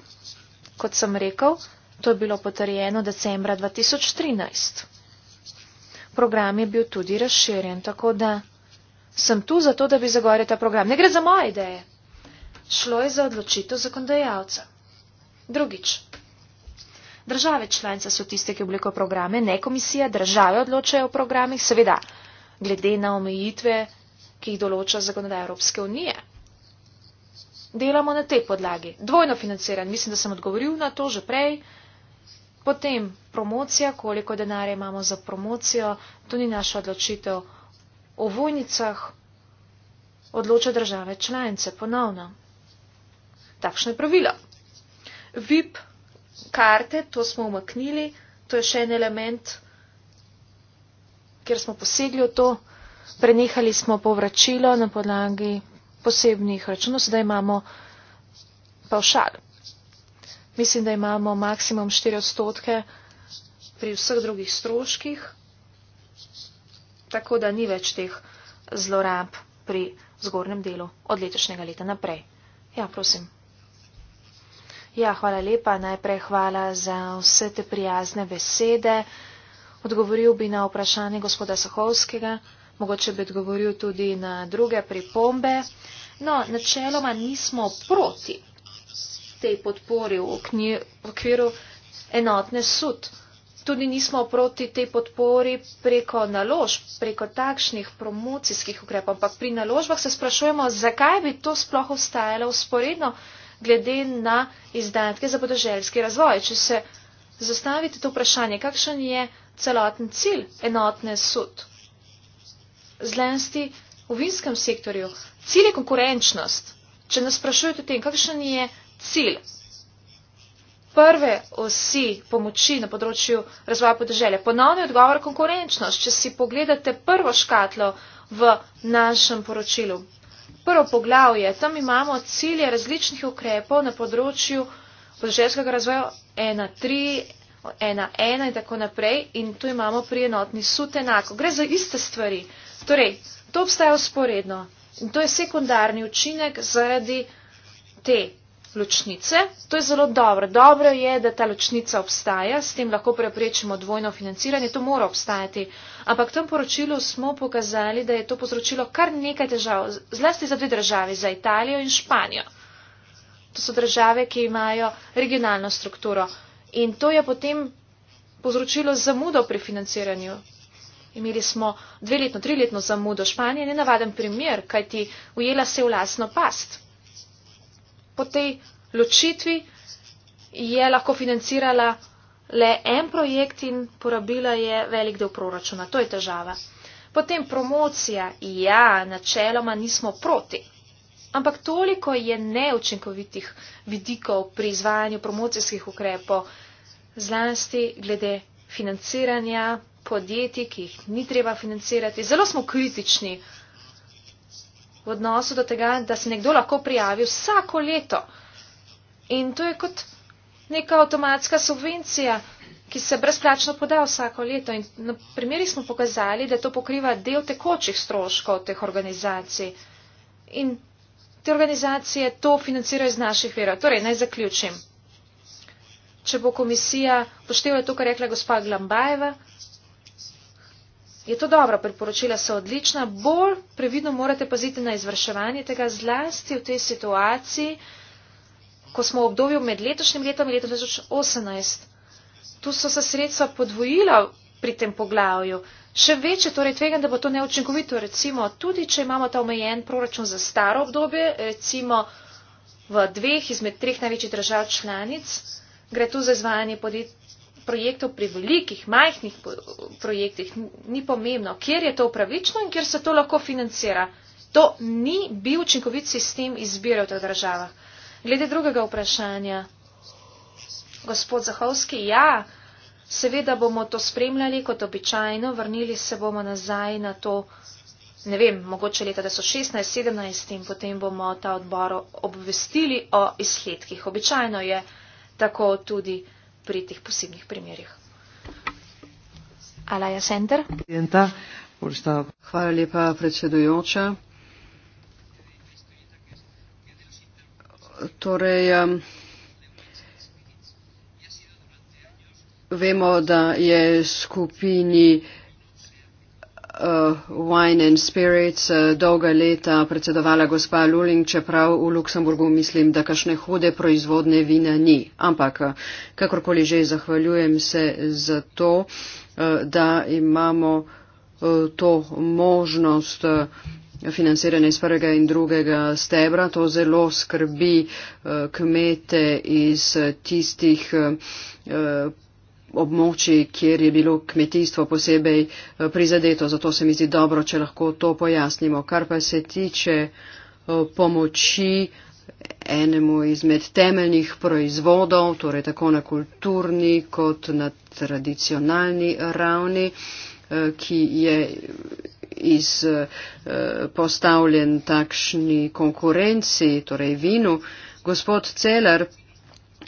Kot sem rekel, to je bilo potrjeno decembra 2013. Program je bil tudi razširjen, tako da sem tu zato, da bi zagovarjal ta program. Ne gre za moje ideje. Šlo je za odločitev zakondajalca. Drugič. Države članice so tiste, ki oblikujejo programe, ne komisija, države odločajo o programih, seveda, glede na omejitve, ki jih določa zakonodaja Evropske unije delamo na tej podlagi. Dvojno financiran, mislim, da sem odgovoril na to že prej. Potem promocija, koliko denarja imamo za promocijo, to ni naša odločitev. O vojnicah odloča države članice, ponovno. Takšno je pravilo. VIP karte, to smo umaknili, to je še en element, kjer smo posegli v to, prenehali smo povračilo na podlagi posebnih računov, sedaj imamo pavšal. Mislim, da imamo maksimum 4 odstotke pri vseh drugih stroških, tako da ni več teh zlorab pri zgornjem delu od letošnjega leta naprej. Ja, prosim. Ja, hvala lepa. Najprej hvala za vse te prijazne besede. Odgovoril bi na vprašanje gospoda Sahovskega. Mogoče bi odgovoril tudi na druge pripombe. No, načeloma nismo proti tej podpori v, knje, v okviru enotne sud. Tudi nismo proti tej podpori preko naložb, preko takšnih promocijskih ukrepov, ampak pri naložbah se sprašujemo, zakaj bi to sploh ostajalo usporedno glede na izdatke za podeželjski razvoj. Če se zastavite to vprašanje, kakšen je celoten cilj enotne sud? zlasti v vinskem sektorju. Cilj je konkurenčnost. Če nas sprašujete o tem, kakšen je cilj prve osi pomoči na področju razvoja podeželja, ponovni odgovor konkurenčnost. Če si pogledate prvo škatlo v našem poročilu, prvo poglavje, tam imamo cilje različnih ukrepov na področju podeželjskega razvoja 1.3. 1.1 in tako naprej in tu imamo pri enotni sut enako. Gre za iste stvari. Torej, to obstaja usporedno in to je sekundarni učinek zaradi te ločnice. To je zelo dobro. Dobro je, da ta ločnica obstaja, s tem lahko preprečimo dvojno financiranje, to mora obstajati. Ampak v tem poročilu smo pokazali, da je to povzročilo kar nekaj težav, zlasti za dve države, za Italijo in Španijo. To so države, ki imajo regionalno strukturo. In to je potem povzročilo zamudo pri financiranju Imeli smo dveletno, triletno zamudo Španije, nenavaden primer, kajti ujela se je v lasno past. Po tej ločitvi je lahko financirala le en projekt in porabila je velik del proračuna. To je težava. Potem promocija, ja, načeloma nismo proti. Ampak toliko je neučinkovitih vidikov pri izvajanju promocijskih ukrepov, zlasti glede financiranja, podjetij, ki jih ni treba financirati. Zelo smo kritični v odnosu do tega, da se nekdo lahko prijavi vsako leto. In to je kot neka avtomatska subvencija, ki se brezplačno poda vsako leto. In na primerih smo pokazali, da to pokriva del tekočih stroškov teh organizacij. In te organizacije to financirajo iz naših verov. Torej, naj zaključim. Če bo komisija poštevala to, kar je rekla gospa Glambajeva, je to dobro, priporočila so odlična, bolj previdno morate paziti na izvrševanje tega, zlasti v tej situaciji, ko smo v obdobju med letošnjim letom in letom 2018. Tu so se sredstva podvojila pri tem poglavju. Še večje torej tvegam, da bo to neučinkovito, recimo tudi, če imamo ta omejen proračun za staro obdobje, recimo v dveh izmed treh največjih držav članic, gre tu za izvajanje podjetij projektov, pri velikih, majhnih projektih, ni pomembno, kjer je to upravično in kjer se to lahko financira. To ni bil učinkovit sistem izbire v teh državah. Glede drugega vprašanja, gospod Zahovski, ja, seveda bomo to spremljali kot običajno, vrnili se bomo nazaj na to, ne vem, mogoče leta 2016, 17 in potem bomo ta odbor obvestili o izsledkih. Običajno je tako tudi pri teh posebnih primerjih. Alaja Center. Hvala lepa, predsedujoča. Torej, vemo, da je skupini uh, Wine and Spirits uh, dolga leta predsedovala gospa Luling, čeprav v Luksemburgu mislim, da kašne hude proizvodne vina ni. Ampak eh, kakorkoli že zahvaljujem se za to, uh, da imamo uh, to možnost. Uh, financiranje iz prvega in drugega stebra. To zelo skrbi kmete iz tistih območij, kjer je bilo kmetijstvo posebej eh, prizadeto. Zato se mi zdi dobro, če lahko to pojasnimo. Kar pa se tiče eh, pomoči enemu izmed temeljnih proizvodov, torej tako na kulturni kot na tradicionalni ravni, eh, ki je izpostavljen takšni konkurenci, torej vinu. Gospod Celar,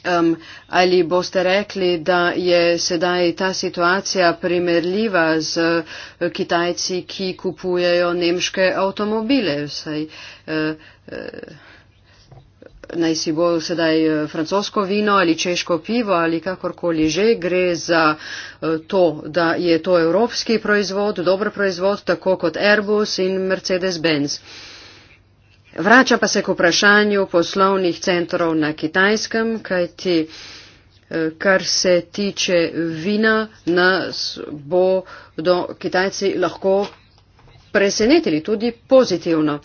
Um, ali boste rekli, da je sedaj ta situacija primerljiva z eh, Kitajci, ki kupujejo nemške avtomobile? Vsaj, uh, eh, uh, eh, naj si bo sedaj francosko vino ali češko pivo ali kakorkoli že, gre za uh, to, da je to evropski proizvod, dober proizvod, tako kot Airbus in Mercedes-Benz. Uh, Vrača pa se k vprašanju poslovnih centrov na kitajskem, kajti eh, kar se tiče vina, nas bodo kitajci lahko presenetili tudi pozitivno.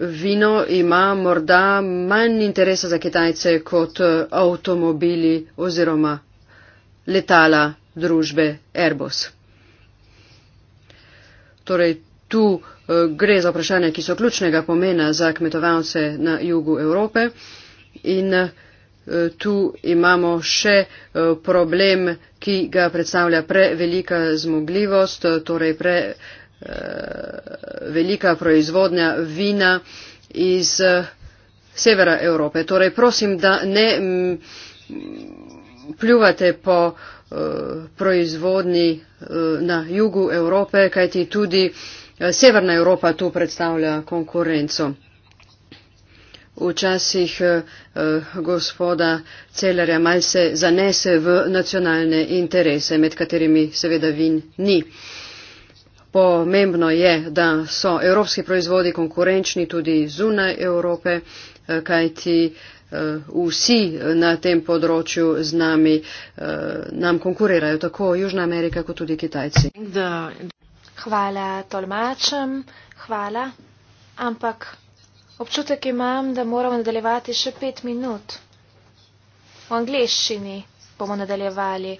Vino ima morda manj interesa za kitajce kot eh, avtomobili oziroma letala družbe Airbus. Torej, tu uh, gre za vprašanja, ki so ključnega pomena za kmetovalce na jugu Evrope. In uh, tu imamo še uh, problem, ki ga predstavlja prevelika zmogljivost, torej prevelika uh, proizvodnja vina iz uh, severa Evrope. Torej, prosim, da ne. Mm, pljuvate po uh, eh, proizvodni uh, eh, na jugu Evrope, kajti tudi uh, Severna Evropa tu predstavlja konkurenco. Včasih eh, gospoda Celerja mal se zanese v nacionalne interese, med katerimi seveda vin ni. Pomembno je, da so evropski proizvodi konkurenčni tudi zunaj Evrope, eh, kajti eh, Eh, vsi na tem področju z nami, eh, nam konkurirajo, tako Južna Amerika, kot tudi Kitajci. Hvala tolmačem, hvala, ampak občutek imam, da moramo nadaljevati še pet minut. V angliščini bomo nadaljevali.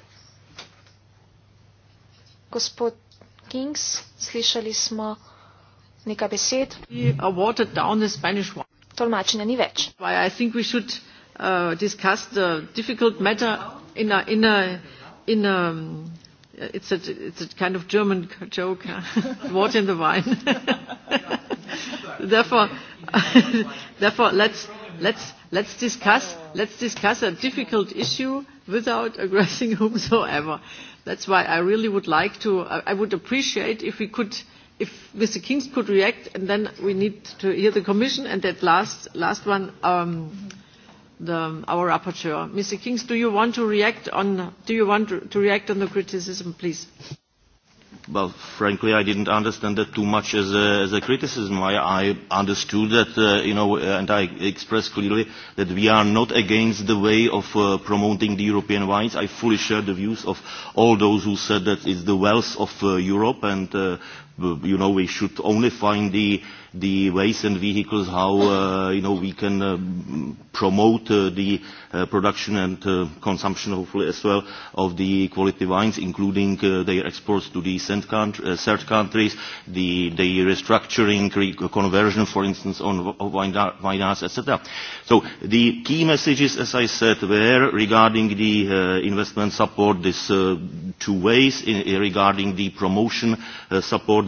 Gospod Kings, slišali smo nekaj besed tolmačenja ni več. Uh, it's a, it's a kind of German joke, huh? [LAUGHS] water in the wine. [LAUGHS] therefore, [LAUGHS] therefore let's, let's, let's, discuss, let's discuss a difficult issue without aggressing whomsoever. That's why I really would like to, I would appreciate if we could if Mr. Kings could react, and then we need to hear the Commission, and that last, last one, um, the, our rapporteur. Mr. Kings, do you want to react on, do you want to react on the criticism, please? Well, frankly, I didn't understand that too much as a, as a criticism. I, I understood that, uh, you know, and I expressed clearly that we are not against the way of uh, promoting the European wines. I fully share the views of all those who said that it's the wealth of uh, Europe and uh, you know, we should only find the, the ways and vehicles how, uh, you know, we can uh, promote uh, the uh, production and uh, consumption, hopefully, as well, of the quality wines, including uh, their exports to the third, country, uh, third countries, the, the restructuring, conversion, for instance, on of wine arts, etc. So the key messages, as I said, were regarding the uh, investment support, these uh, two ways, in, regarding the promotion uh, support,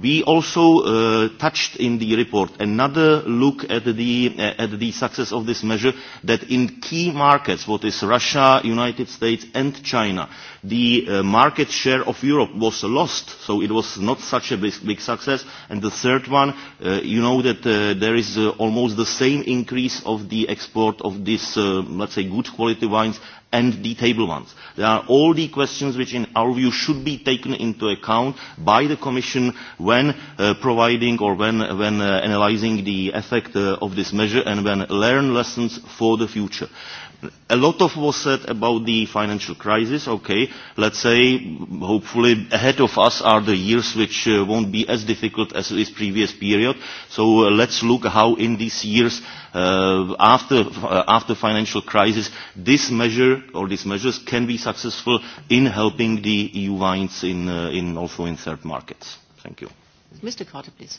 We also uh, touched in the report another look at the, uh, at the success of this measure that in key markets, what is Russia, United States and China, the uh, market share of Europe was lost, so it was not such a big, big success. And the third one, uh, you know that uh, there is uh, almost the same increase of the export of these, uh, let's say, good quality wines and the table ones. They are all the questions which in our view should be taken into account by the Commission when uh, providing or when, when uh, analysing the effect uh, of this measure and when learn lessons for the future a lot of was said about the financial crisis. Okay, let's say hopefully ahead of us are the years which uh, won't be as difficult as this previous period. So uh, let's look how in these years uh, after, uh, after financial crisis this measure or these measures can be successful in helping the EU vines in, uh, in also in third markets. Thank you. Mr. Carter, please.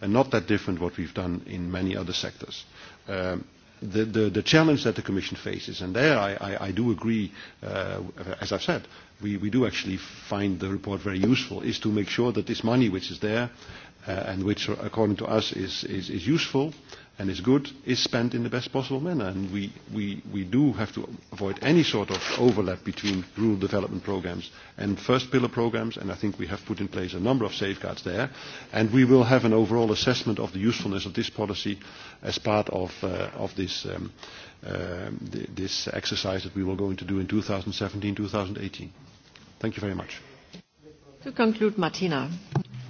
and not that different what we've done in many other sectors. Um, the, the, the challenge that the Commission faces, and there I, I, I do agree, uh, as I've said, we, we do actually find the report very useful, is to make sure that this money which is there uh, and which, according to us, is, is, is useful, uh, and is good is spent in the best possible manner. And we, we, we do have to avoid any sort of overlap between rural development programs and first pillar programs, and I think we have put in place a number of safeguards there. And we will have an overall assessment of the usefulness of this policy as part of, uh, of this, um, uh, th- this exercise that we will going to do in 2017-2018. Thank you very much. To conclude, Martina.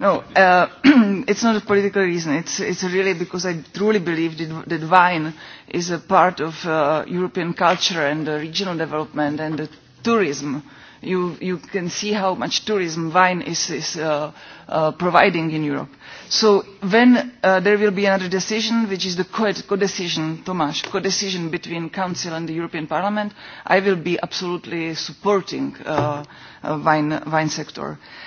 No, uh, [CLEARS THROAT] it's not a political reason. It's, it's really because I truly believe that, that wine is a part of uh, European culture and uh, regional development and uh, tourism. You, you can see how much tourism wine is, is uh, uh, providing in Europe. So when uh, there will be another decision, which is the co-decision, co Tomas, co-decision between Council and the European Parliament, I will be absolutely supporting the uh, uh, wine, wine sector. Uh,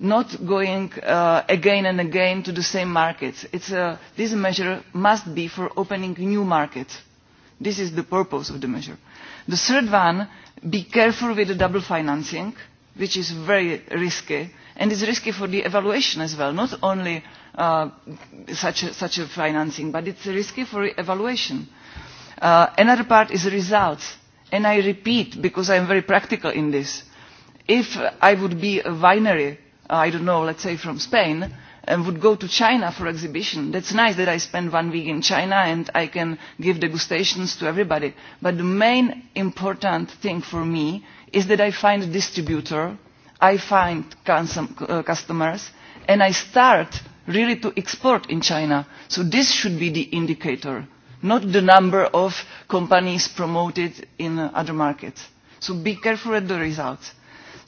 not going uh, again and again to the same markets. It's a, this measure must be for opening new markets. This is the purpose of the measure. The third one, be careful with the double financing, which is very risky, and it's risky for the evaluation as well, not only uh, such, a, such a financing, but it's risky for evaluation. Uh, another part is the results. And I repeat, because I'm very practical in this, if I would be a winery i do not know let us say from spain and would go to china for an exhibition it is nice that i spent one week in china and i can give degustations to everybody but the main important thing for me is that i find a distributor i find uh, customers and i start really to export in china so this should be the indicator not the number of companies promoted in other markets. so be careful with the results